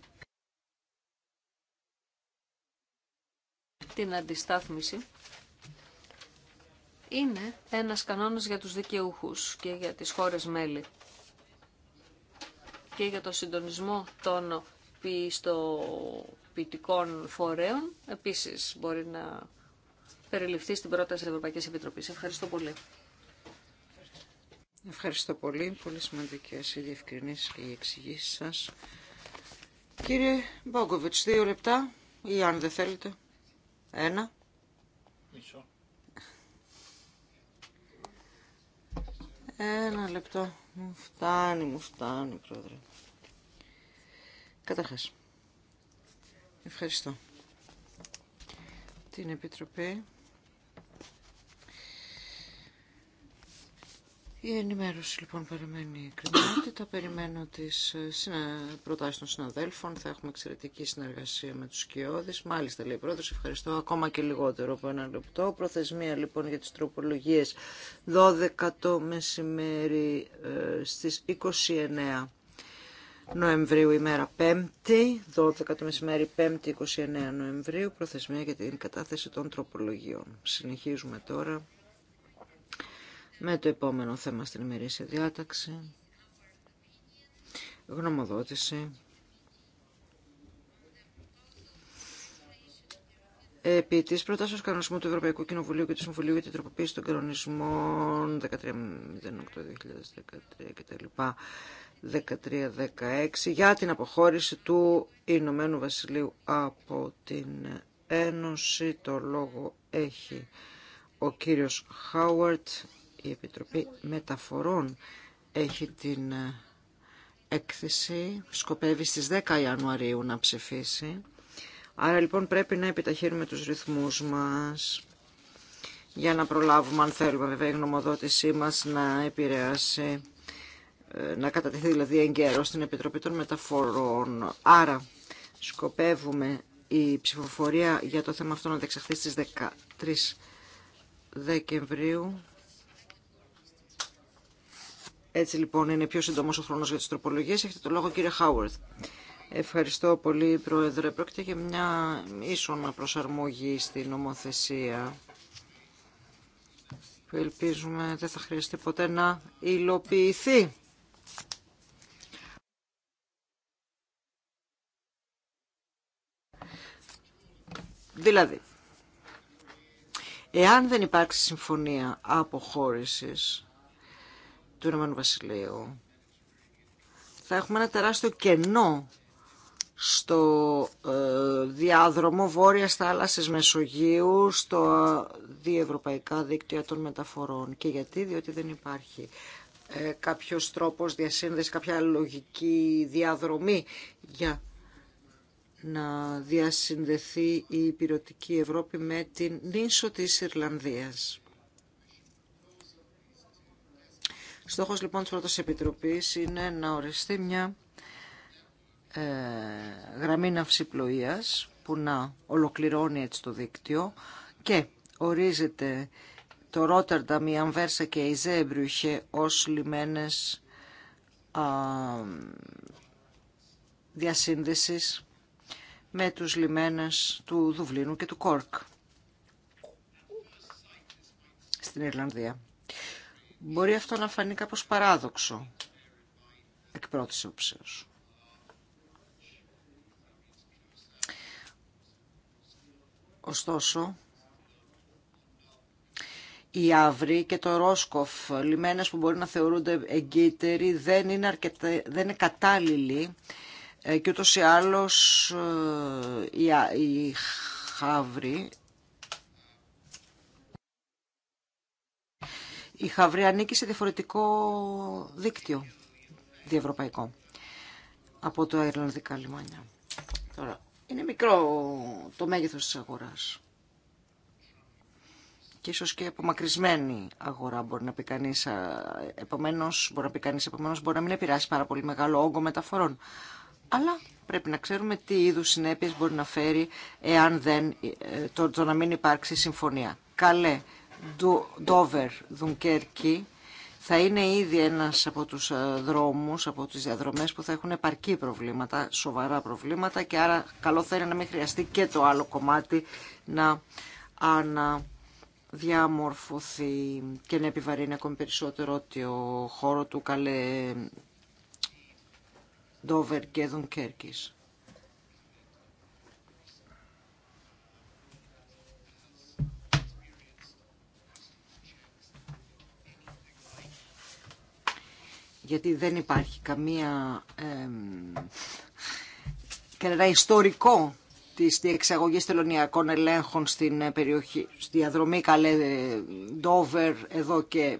την αντιστάθμιση είναι ένας κανόνας για τους δικαιούχους και για τις χώρες μέλη και για το συντονισμό των πιστοποιητικών φορέων επίσης μπορεί να περιληφθεί στην πρόταση της Ευρωπαϊκής Επιτροπής. Ευχαριστώ πολύ. Ευχαριστώ πολύ. Πολύ σημαντικές οι διευκρινήσεις και οι εξηγήσεις σας. Κύριε Μπόγκοβιτς, δύο λεπτά ή αν δεν θέλετε. Ένα. Μισό. Ένα λεπτό. Μου φτάνει, μου φτάνει, πρόεδρε. Καταρχάς, ευχαριστώ την Επιτροπή. Η ενημέρωση λοιπόν περιμένει Τα περιμένω τι ε, προτάσει των συναδέλφων, θα έχουμε εξαιρετική συνεργασία με του σκιώδεις. Μάλιστα λέει η πρόεδρο, ευχαριστώ ακόμα και λιγότερο από ένα λεπτό. Προθεσμία λοιπόν για τι τροπολογίε 12 το μεσημέρι ε, στις 29. Νοεμβρίου, ημέρα 5η, 12 το μεσημέρι, 5η, 29 Νοεμβρίου, προθεσμία για την κατάθεση των τροπολογιών. Συνεχίζουμε τώρα με το επόμενο θέμα στην ημερήσια διάταξη. Γνωμοδότηση. Επί τη προτάσεω κανονισμού του Ευρωπαϊκού Κοινοβουλίου και του Συμβουλίου για την τροποποίηση των κανονισμων 13.08.2013 και τα λοιπά 13.16 για την αποχώρηση του Ηνωμένου Βασιλείου από την Ένωση. Το λόγο έχει ο κύριος Χάουαρτ η Επιτροπή Μεταφορών έχει την ε, έκθεση, σκοπεύει στις 10 Ιανουαρίου να ψηφίσει. Άρα λοιπόν πρέπει να επιταχύνουμε τους ρυθμούς μας για να προλάβουμε αν θέλουμε βέβαια η γνωμοδότησή μας να επηρεάσει, ε, να κατατεθεί δηλαδή καιρό στην Επιτροπή των Μεταφορών. Άρα σκοπεύουμε η ψηφοφορία για το θέμα αυτό να δεξαχθεί στις 13 Δεκεμβρίου έτσι λοιπόν είναι πιο σύντομο ο χρόνος για τι τροπολογίε Έχετε το λόγο κύριε Χάουερθ. Ευχαριστώ πολύ Πρόεδρε. Πρόκειται για μια ίσονα προσαρμογή στην νομοθεσία που ελπίζουμε δεν θα χρειαστεί ποτέ να υλοποιηθεί. Δηλαδή, εάν δεν υπάρξει συμφωνία αποχώρησης, του Ηνωμένου Βασιλείου θα έχουμε ένα τεράστιο κενό στο ε, διάδρομο βόρειας θάλασσης Μεσογείου στο διευρωπαϊκά δίκτυα των μεταφορών. Και γιατί, διότι δεν υπάρχει ε, κάποιος τρόπος διασύνδεσης, κάποια λογική διαδρομή για να διασυνδεθεί η υπηρετική Ευρώπη με την νήσο της Ιρλανδίας. Στόχος λοιπόν της πρώτης επιτροπής είναι να οριστεί μια ε, γραμμή ναυσιπλοείας που να ολοκληρώνει έτσι το δίκτυο και ορίζεται το Ρότερνταμ, η Αμβέρσα και η Ζέμπρουχε ως λιμένες α, διασύνδεσης με τους λιμένες του Δουβλίνου και του Κόρκ στην Ιρλανδία. Μπορεί αυτό να φανεί κάπως παράδοξο εκ πρώτης όψεως. Ωστόσο, οι Αύροι και το Ρόσκοφ, λιμένες που μπορεί να θεωρούνται εγκύτεροι, δεν είναι, δεν είναι κατάλληλοι ε, και ούτως ή άλλως ε, οι, οι η Χαβρή ανήκει σε διαφορετικό δίκτυο διευρωπαϊκό από το Ιρλανδικά λιμάνια. Τώρα, είναι μικρό το μέγεθος της αγοράς. Και ίσως και απομακρυσμένη αγορά μπορεί να πει κανείς, επομένως, μπορεί να πει κανείς, επομένως μπορεί να μην επηρεάσει πάρα πολύ μεγάλο όγκο μεταφορών. Αλλά πρέπει να ξέρουμε τι είδους συνέπειες μπορεί να φέρει εάν δεν, ε, το, να μην υπάρξει συμφωνία. Καλέ Ντόβερ Δουνκέρκη θα είναι ήδη ένας από τους ε, δρόμους, από τις διαδρομές που θα έχουν επαρκή προβλήματα, σοβαρά προβλήματα και άρα καλό θα είναι να μην χρειαστεί και το άλλο κομμάτι να αναδιαμορφωθεί και να επιβαρύνει ακόμη περισσότερο ότι ο χώρο του καλέ Ντόβερ και Δουνκέρκης. γιατί δεν υπάρχει καμία, κανένα ιστορικό της διεξαγωγής τελωνιακών ελέγχων στην ε, περιοχή, στη διαδρομή Καλέ ε, Ντόβερ εδώ και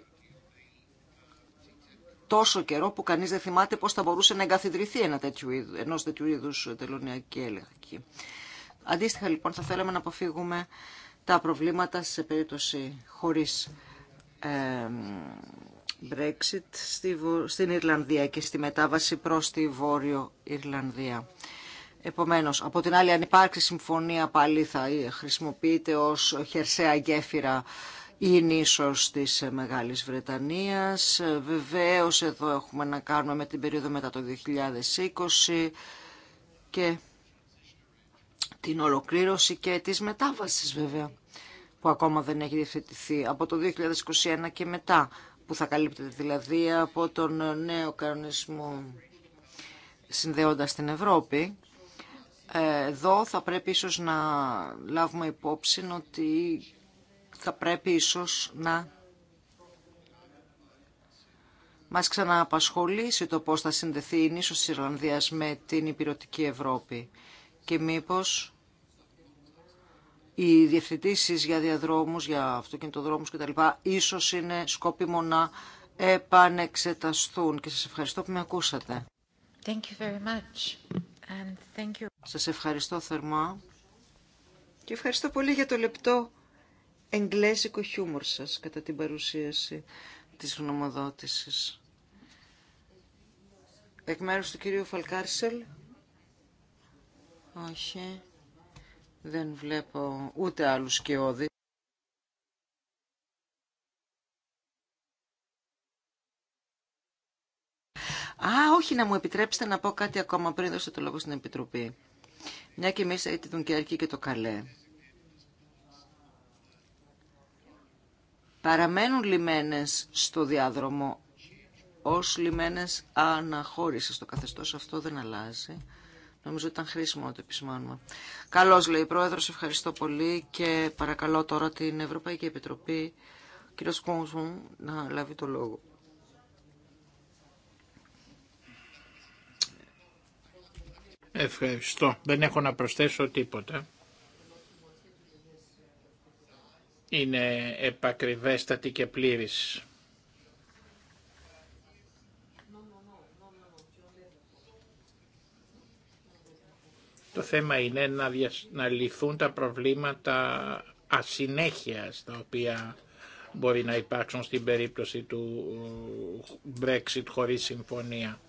τόσο καιρό που κανείς δεν θυμάται πώς θα μπορούσε να εγκαθιδρυθεί ένα τέτοιου είδου, ενός τέτοιου είδους τελωνιακή έλεγχη. Αντίστοιχα λοιπόν θα θέλαμε να αποφύγουμε τα προβλήματα σε περίπτωση χωρίς ε, Brexit στην Ιρλανδία και στη μετάβαση προς τη Βόρειο Ιρλανδία. Επομένως, από την άλλη, αν υπάρξει συμφωνία πάλι θα ε, χρησιμοποιείται ως χερσαία γέφυρα ή νήσος της ε, Μεγάλης Βρετανίας. Ε, βεβαίως, εδώ έχουμε να κάνουμε με την περίοδο μετά το 2020 και την ολοκλήρωση και της μετάβασης βέβαια που ακόμα δεν έχει διευθετηθεί από το 2021 και μετά που θα καλύπτεται δηλαδή από τον νέο κανονισμό συνδέοντας την Ευρώπη. Εδώ θα πρέπει ίσως να λάβουμε υπόψη ότι θα πρέπει ίσως να μας ξανααπασχολήσει το πώς θα συνδεθεί η νήσος της Ιρλανδίας με την υπηρετική Ευρώπη και μήπως οι διευθυντήσει για διαδρόμους, για αυτοκινητοδρόμους κτλ. ίσως είναι σκόπιμο να επανεξεταστούν. Και σας ευχαριστώ που με ακούσατε. Thank you Σας ευχαριστώ θερμά. Και ευχαριστώ πολύ για το λεπτό εγγλέζικο χιούμορ σας κατά την παρουσίαση της γνωμοδότησης. Εκ μέρους του κυρίου Φαλκάρσελ. Όχι. Δεν βλέπω ούτε άλλους σκιώδη. Α, όχι, να μου επιτρέψετε να πω κάτι ακόμα πριν δώσω το λόγο στην Επιτροπή. Μια και εμείς έτσι ε, τον Κέρκη και το Καλέ. Παραμένουν λιμένες στο διάδρομο ως λιμένες αναχώρησης. Το καθεστώς αυτό δεν αλλάζει. Νομίζω ότι ήταν χρήσιμο το επισημάνουμε. Καλώ λέει η Πρόεδρο, ευχαριστώ πολύ και παρακαλώ τώρα την Ευρωπαϊκή Επιτροπή, κύριο Κόμσμου, να λάβει το λόγο. Ευχαριστώ. Δεν έχω να προσθέσω τίποτα. Είναι επακριβέστατη και πλήρης Το θέμα είναι να, λυθούν τα προβλήματα ασυνέχειας τα οποία μπορεί να υπάρξουν στην περίπτωση του ε, Brexit χωρίς συμφωνία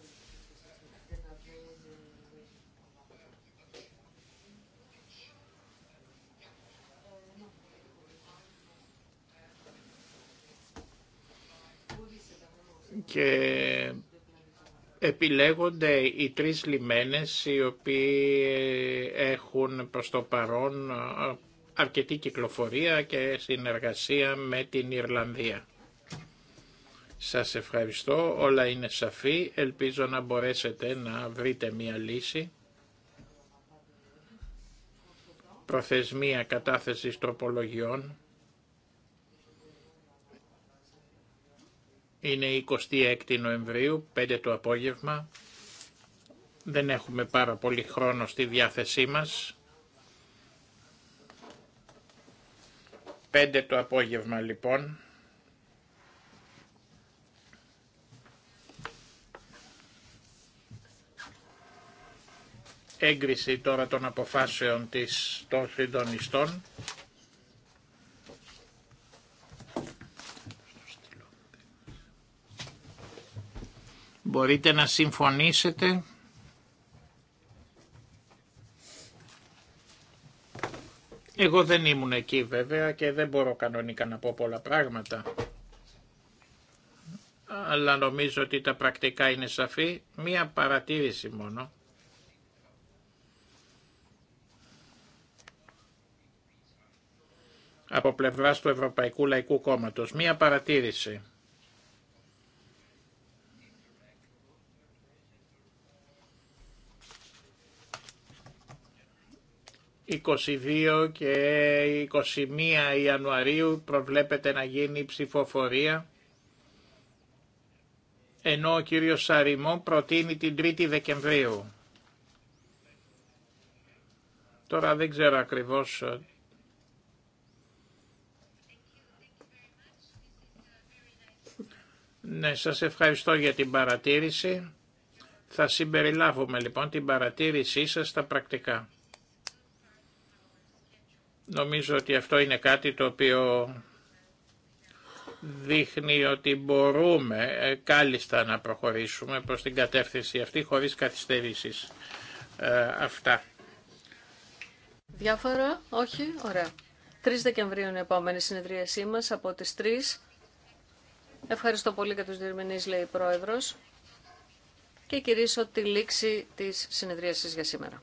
επιλέγονται οι τρεις λιμένες οι οποίοι έχουν προς το παρόν ε, αρκετή κυκλοφορία και συνεργασία με την Ιρλανδία. Σας ευχαριστώ, όλα είναι σαφή, ελπίζω να μπορέσετε να βρείτε μία λύση. Προθεσμία κατάθεσης τροπολογιών Είναι 26 Νοεμβρίου, 5 το απόγευμα. Δεν έχουμε πάρα πολύ χρόνο στη διάθεσή μας. 5 το απόγευμα λοιπόν. Έγκριση τώρα των αποφάσεων της, των συντονιστών. Μπορείτε να συμφωνήσετε. Εγώ δεν ήμουν εκεί βέβαια και δεν μπορώ κανονικά να πω πολλά πράγματα. Αλλά νομίζω ότι τα πρακτικά είναι σαφή. Μία παρατήρηση μόνο. Από πλευράς του Ευρωπαϊκού Λαϊκού Κόμματος. Μία παρατήρηση. 22 και 21 Ιανουαρίου προβλέπεται να γίνει ψηφοφορία ενώ ο κύριος Σαριμό προτείνει την 3η Δεκεμβρίου. Τώρα δεν ξέρω ακριβώς ε, Ναι, σας ευχαριστώ για την παρατήρηση. Θα συμπεριλάβουμε λοιπόν την παρατήρησή σας στα πρακτικά. Νομίζω ότι αυτό είναι κάτι το οποίο δείχνει ότι μπορούμε ε, κάλλιστα να προχωρήσουμε προς την κατεύθυνση αυτή χωρίς καθυστερήσεις. Ε, αυτά. Διάφορα, όχι, ωραία. 3 Δεκεμβρίου είναι η επόμενη συνεδρίασή μας από τις 3. Ευχαριστώ πολύ για τους διερμηνείς, λέει η Πρόεδρος. Και κυρίσω τη λήξη της συνεδρίασης για σήμερα.